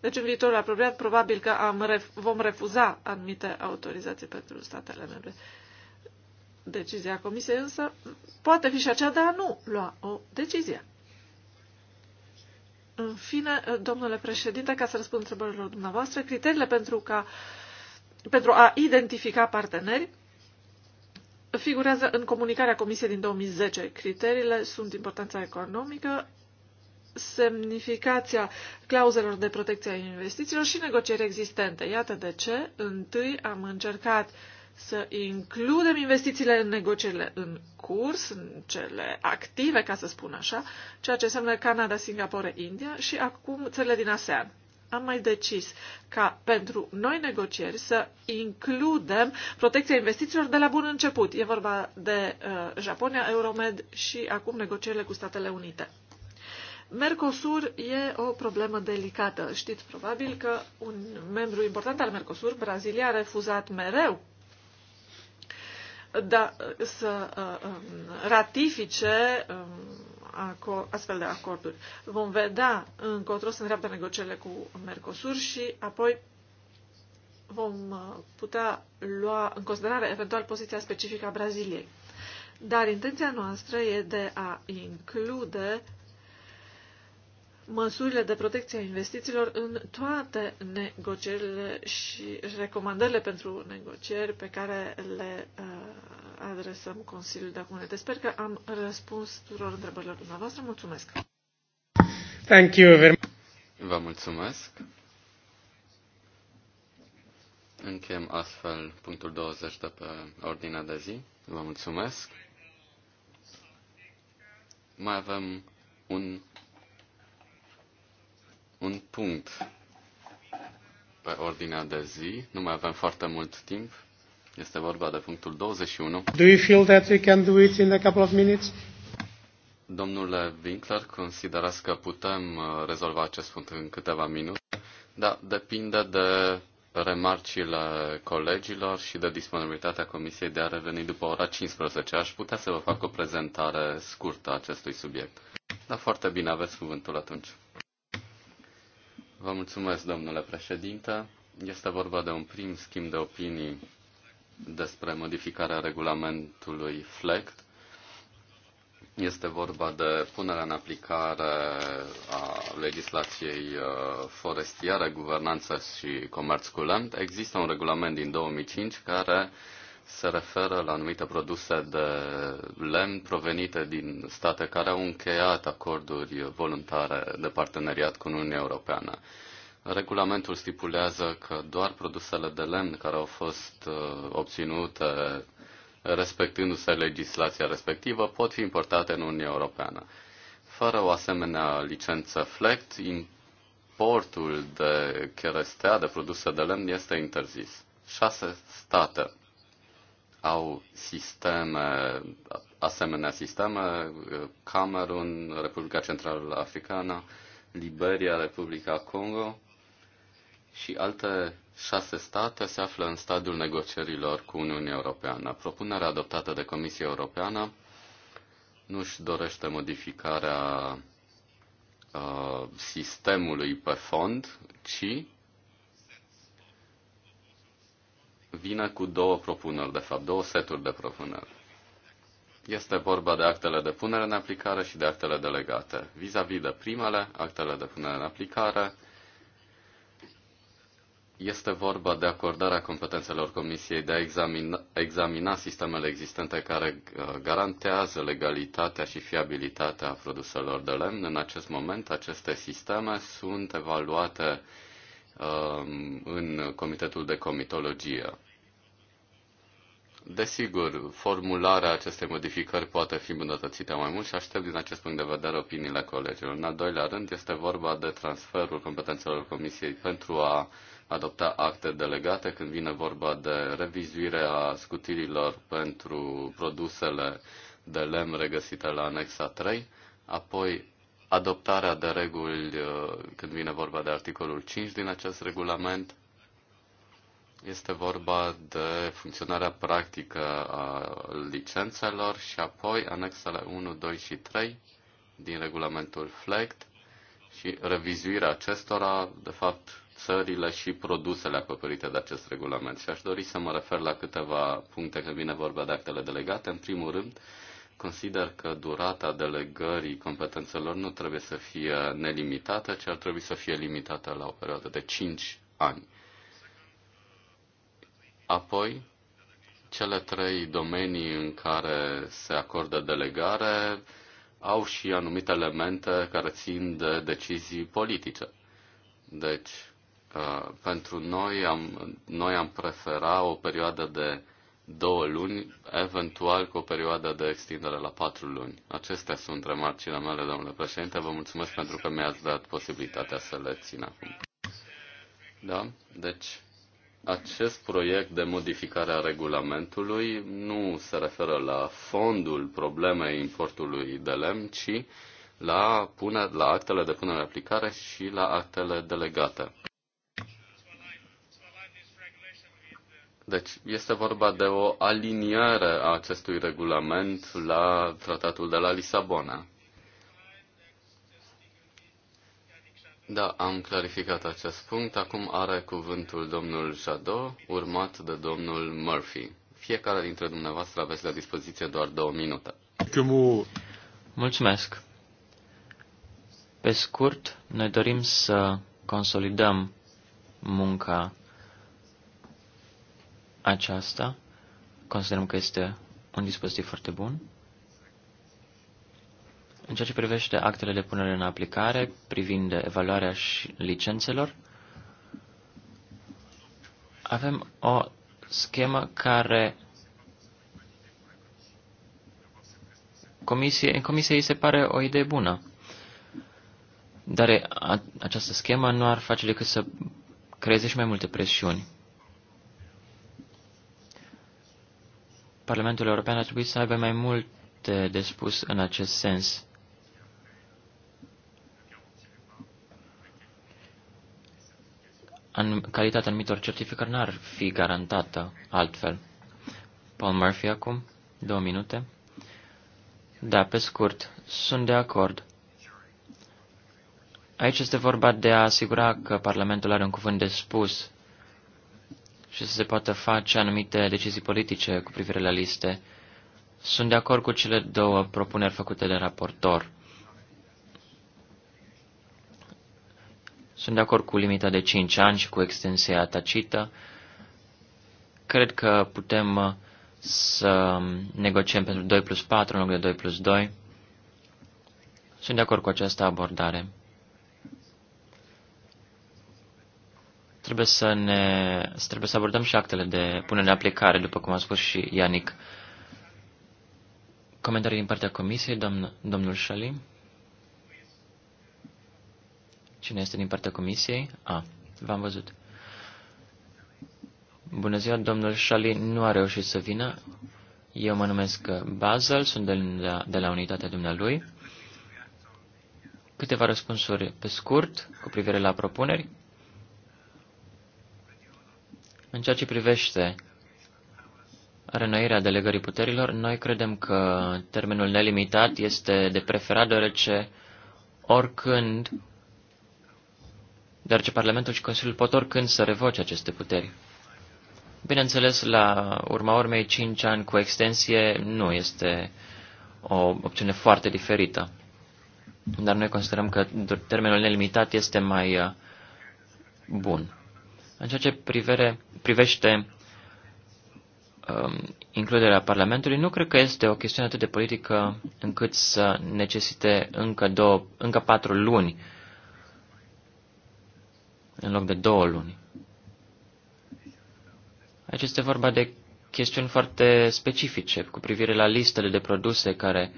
Deci în viitorul apropiat probabil că am ref- vom refuza anumite autorizații pentru statele membre. Decizia Comisiei însă poate fi și aceea de a nu lua o decizie. În fine, domnule președinte, ca să răspund întrebărilor dumneavoastră, criteriile pentru, ca, pentru a identifica parteneri figurează în comunicarea Comisiei din 2010. Criteriile sunt importanța economică, semnificația clauzelor de protecție a investițiilor și negocieri existente. Iată de ce, întâi am încercat uh, să includem investițiile în negocierile în curs, în cele active, ca să spun așa, ceea ce înseamnă Canada, Singapore, India și acum țările din ASEAN. Am mai decis ca pentru noi negocieri să includem protecția investițiilor de la bun început. E vorba de uh, Japonia, Euromed și acum negocierile cu Statele Unite. Mercosur e o problemă delicată. Știți probabil că un membru important al Mercosur, Brazilia, a refuzat mereu da, să uh, um, ratifice um, astfel de acorduri. Vom vedea încotro se îndreaptă negocierile cu Mercosur și apoi vom uh, putea lua în considerare eventual poziția specifică a Braziliei. Dar intenția noastră e de a include măsurile de protecție a investițiilor în toate negocierile și recomandările pentru negocieri pe care le uh, adresăm Consiliului de acum. Sper că am răspuns tuturor întrebărilor dumneavoastră. Mulțumesc! Thank you very much. Vă mulțumesc! Încheiem astfel punctul 20 de pe ordinea de zi. Vă mulțumesc! Mai avem un un punct pe ordinea de zi. Nu mai avem foarte mult timp. Este vorba de punctul 21. Do you feel that we can do it in a couple of minutes? Domnule Winkler, considerați că putem uh, rezolva acest punct în câteva minute? Da, depinde de remarcile colegilor și de disponibilitatea Comisiei de a reveni după ora 15. Aș putea să vă fac o prezentare scurtă a acestui subiect. Da, foarte bine, aveți cuvântul atunci. Vă mulțumesc, domnule președinte. Este vorba de un prim schimb de opinii despre modificarea regulamentului FLECT. Este vorba de punerea în aplicare a legislației uh, forestiere, guvernanță și comerț cu lemn. Există un regulament din 2005 care se referă la anumite produse de lemn provenite din state care au încheiat acorduri voluntare de parteneriat cu Uniunea Europeană. Regulamentul stipulează că doar produsele de lemn care au fost uh, obținute respectându-se legislația respectivă pot fi importate în Uniunea Europeană. Fără o asemenea licență FLECT, importul de cherestea de produse de lemn este interzis. Șase state au sisteme, asemenea sisteme, Camerun, Republica Centrală Africană, Liberia, Republica Congo și alte șase state se află în stadiul negocierilor cu Uniunea Europeană. Propunerea adoptată de Comisia Europeană nu își dorește modificarea uh, sistemului pe fond, ci vine cu două propuneri, de fapt, două seturi de propuneri. Este vorba de actele de punere în aplicare și de actele delegate. Vis-a-vis -vis de primele, actele de punere în aplicare, este vorba de acordarea competențelor Comisiei de a examina, examina sistemele existente care uh, garantează legalitatea și fiabilitatea produselor de lemn. În acest moment, aceste sisteme sunt evaluate uh, Um, în Comitetul de Comitologie. Desigur, formularea acestei modificări poate fi îmbunătățită mai mult și aștept din acest punct de vedere opiniile colegilor. În al doilea rând este vorba de transferul competențelor Comisiei pentru a adopta acte delegate când vine vorba de revizuirea scutirilor pentru produsele de lemn regăsite la anexa 3, apoi adoptarea de reguli uh, când vine vorba de articolul 5 din acest regulament. Este vorba de funcționarea practică a licențelor și apoi anexele 1, 2 și 3 din regulamentul FLECT și revizuirea acestora, de fapt, țările și produsele acoperite de acest regulament. Și aș dori să mă refer la câteva puncte când vine vorba de actele delegate. În primul rând, Consider că durata delegării competențelor nu trebuie să fie nelimitată, ci ar trebui să fie limitată la o perioadă de 5 ani. Apoi, cele trei domenii în care se acordă delegare au și anumite elemente care țin de decizii politice. Deci, uh, pentru noi am, noi am prefera o perioadă de două luni, eventual cu o perioadă de extindere la patru luni. Acestea sunt remarcile mele, domnule președinte. Vă mulțumesc pentru că mi-ați dat posibilitatea să le țin acum. Da? Deci, acest proiect de modificare a regulamentului nu se referă la fondul problemei importului de lemn, ci la, pune, la actele de punere în aplicare și la actele delegate. Deci este vorba de o aliniere a acestui regulament la tratatul de la Lisabona. Da, am clarificat acest punct. Acum are cuvântul domnul Jadot, urmat de domnul Murphy. Fiecare dintre dumneavoastră aveți la dispoziție doar două minute. Mulțumesc. Pe scurt, noi dorim să consolidăm munca aceasta considerăm că este un dispozitiv foarte bun. În ceea ce privește actele de punere în aplicare, privind evaluarea și licențelor, avem o schemă care comisie, în comisie îi se pare o idee bună. Dar această schemă nu ar face decât să creeze și mai multe presiuni. Parlamentul European ar trebui să aibă mai multe de spus în acest sens. An calitatea anumitor certificări n-ar fi garantată altfel. Paul Murphy acum, două minute. Da, pe scurt, sunt de acord. Aici este vorba de a asigura că Parlamentul are un cuvânt de spus și să se poată face anumite decizii politice cu privire la liste. Sunt de acord cu cele două propuneri făcute de raportor. Sunt de acord cu limita de 5 ani și cu extensia tacită. Cred că putem uh, să negociem pentru 2 plus 4 în loc de 2 plus 2. Sunt de acord cu această abordare. Trebuie să, ne, trebuie să abordăm și actele de punere în aplicare, după cum a spus și Ianic. Comentarii din partea comisiei, domn, domnul Șali. Cine este din partea comisiei? A, v-am văzut. Bună ziua, domnul Șali nu a reușit să vină. Eu mă numesc Basel, sunt de la, de la unitatea dumnealui. Câteva răspunsuri pe scurt cu privire la propuneri. În ceea ce privește renoirea delegării puterilor, noi credem că termenul nelimitat este de preferat, deoarece oricând, deoarece Parlamentul și Consiliul pot oricând să revoce aceste puteri. Bineînțeles, la urma urmei, 5 ani cu extensie nu este o opțiune foarte diferită. Dar noi considerăm că termenul nelimitat este mai uh, bun. În ceea ce privere, privește um, includerea Parlamentului, nu cred că este o chestiune atât de politică încât să necesite încă, două, încă patru luni în loc de două luni. Aici este vorba de chestiuni foarte specifice cu privire la listele de produse care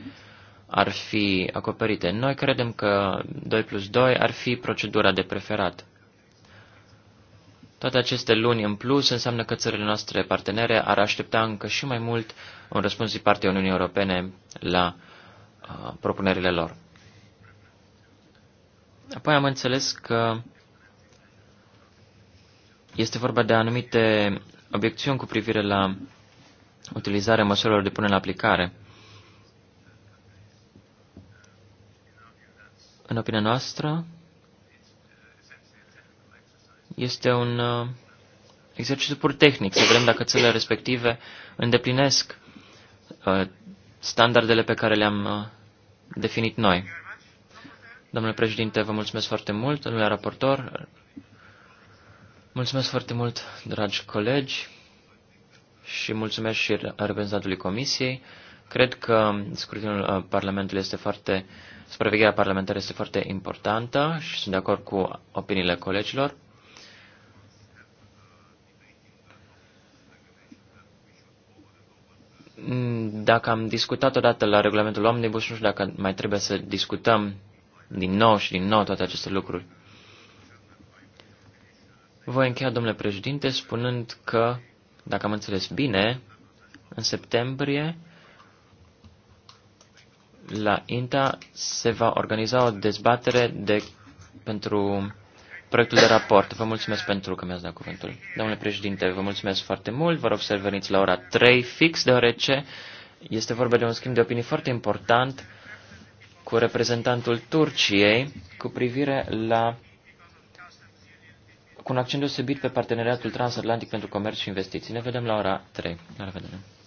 ar fi acoperite. Noi credem că 2 plus 2 ar fi procedura de preferat. Toate aceste luni în plus înseamnă că țările noastre partenere ar aștepta încă și mai mult un răspuns din partea Uniunii Europene la uh, propunerile lor. Apoi am înțeles că este vorba de anumite obiecțiuni cu privire la utilizarea măsurilor de pune în aplicare. În opinia noastră, este un uh, exercițiu pur tehnic, să vedem dacă țările respective îndeplinesc uh, standardele pe care le-am uh, definit noi. Domnule președinte, vă mulțumesc foarte mult, domnule raportor, mulțumesc foarte mult, dragi colegi, și mulțumesc și reprezentantului Comisiei. Cred că scrutinul uh, Parlamentului este foarte, supravegherea parlamentară este foarte importantă și sunt de acord cu opiniile colegilor. Mm, dacă am discutat odată la regulamentul Omnibus, nu știu dacă mai trebuie să discutăm din nou și din nou toate aceste lucruri. Voi încheia, domnule președinte, spunând că, dacă am înțeles bine, în septembrie la INTA se va organiza o dezbatere de, pentru proiectul de raport. Vă mulțumesc pentru că mi-ați dat cuvântul. Domnule președinte, vă mulțumesc foarte mult. Vă rog să veniți la ora 3 fix, deoarece este vorba de un schimb de opinii foarte important cu reprezentantul Turciei cu privire la cu un accent deosebit pe parteneriatul transatlantic pentru comerț și investiții. Ne vedem la ora 3. La revedere!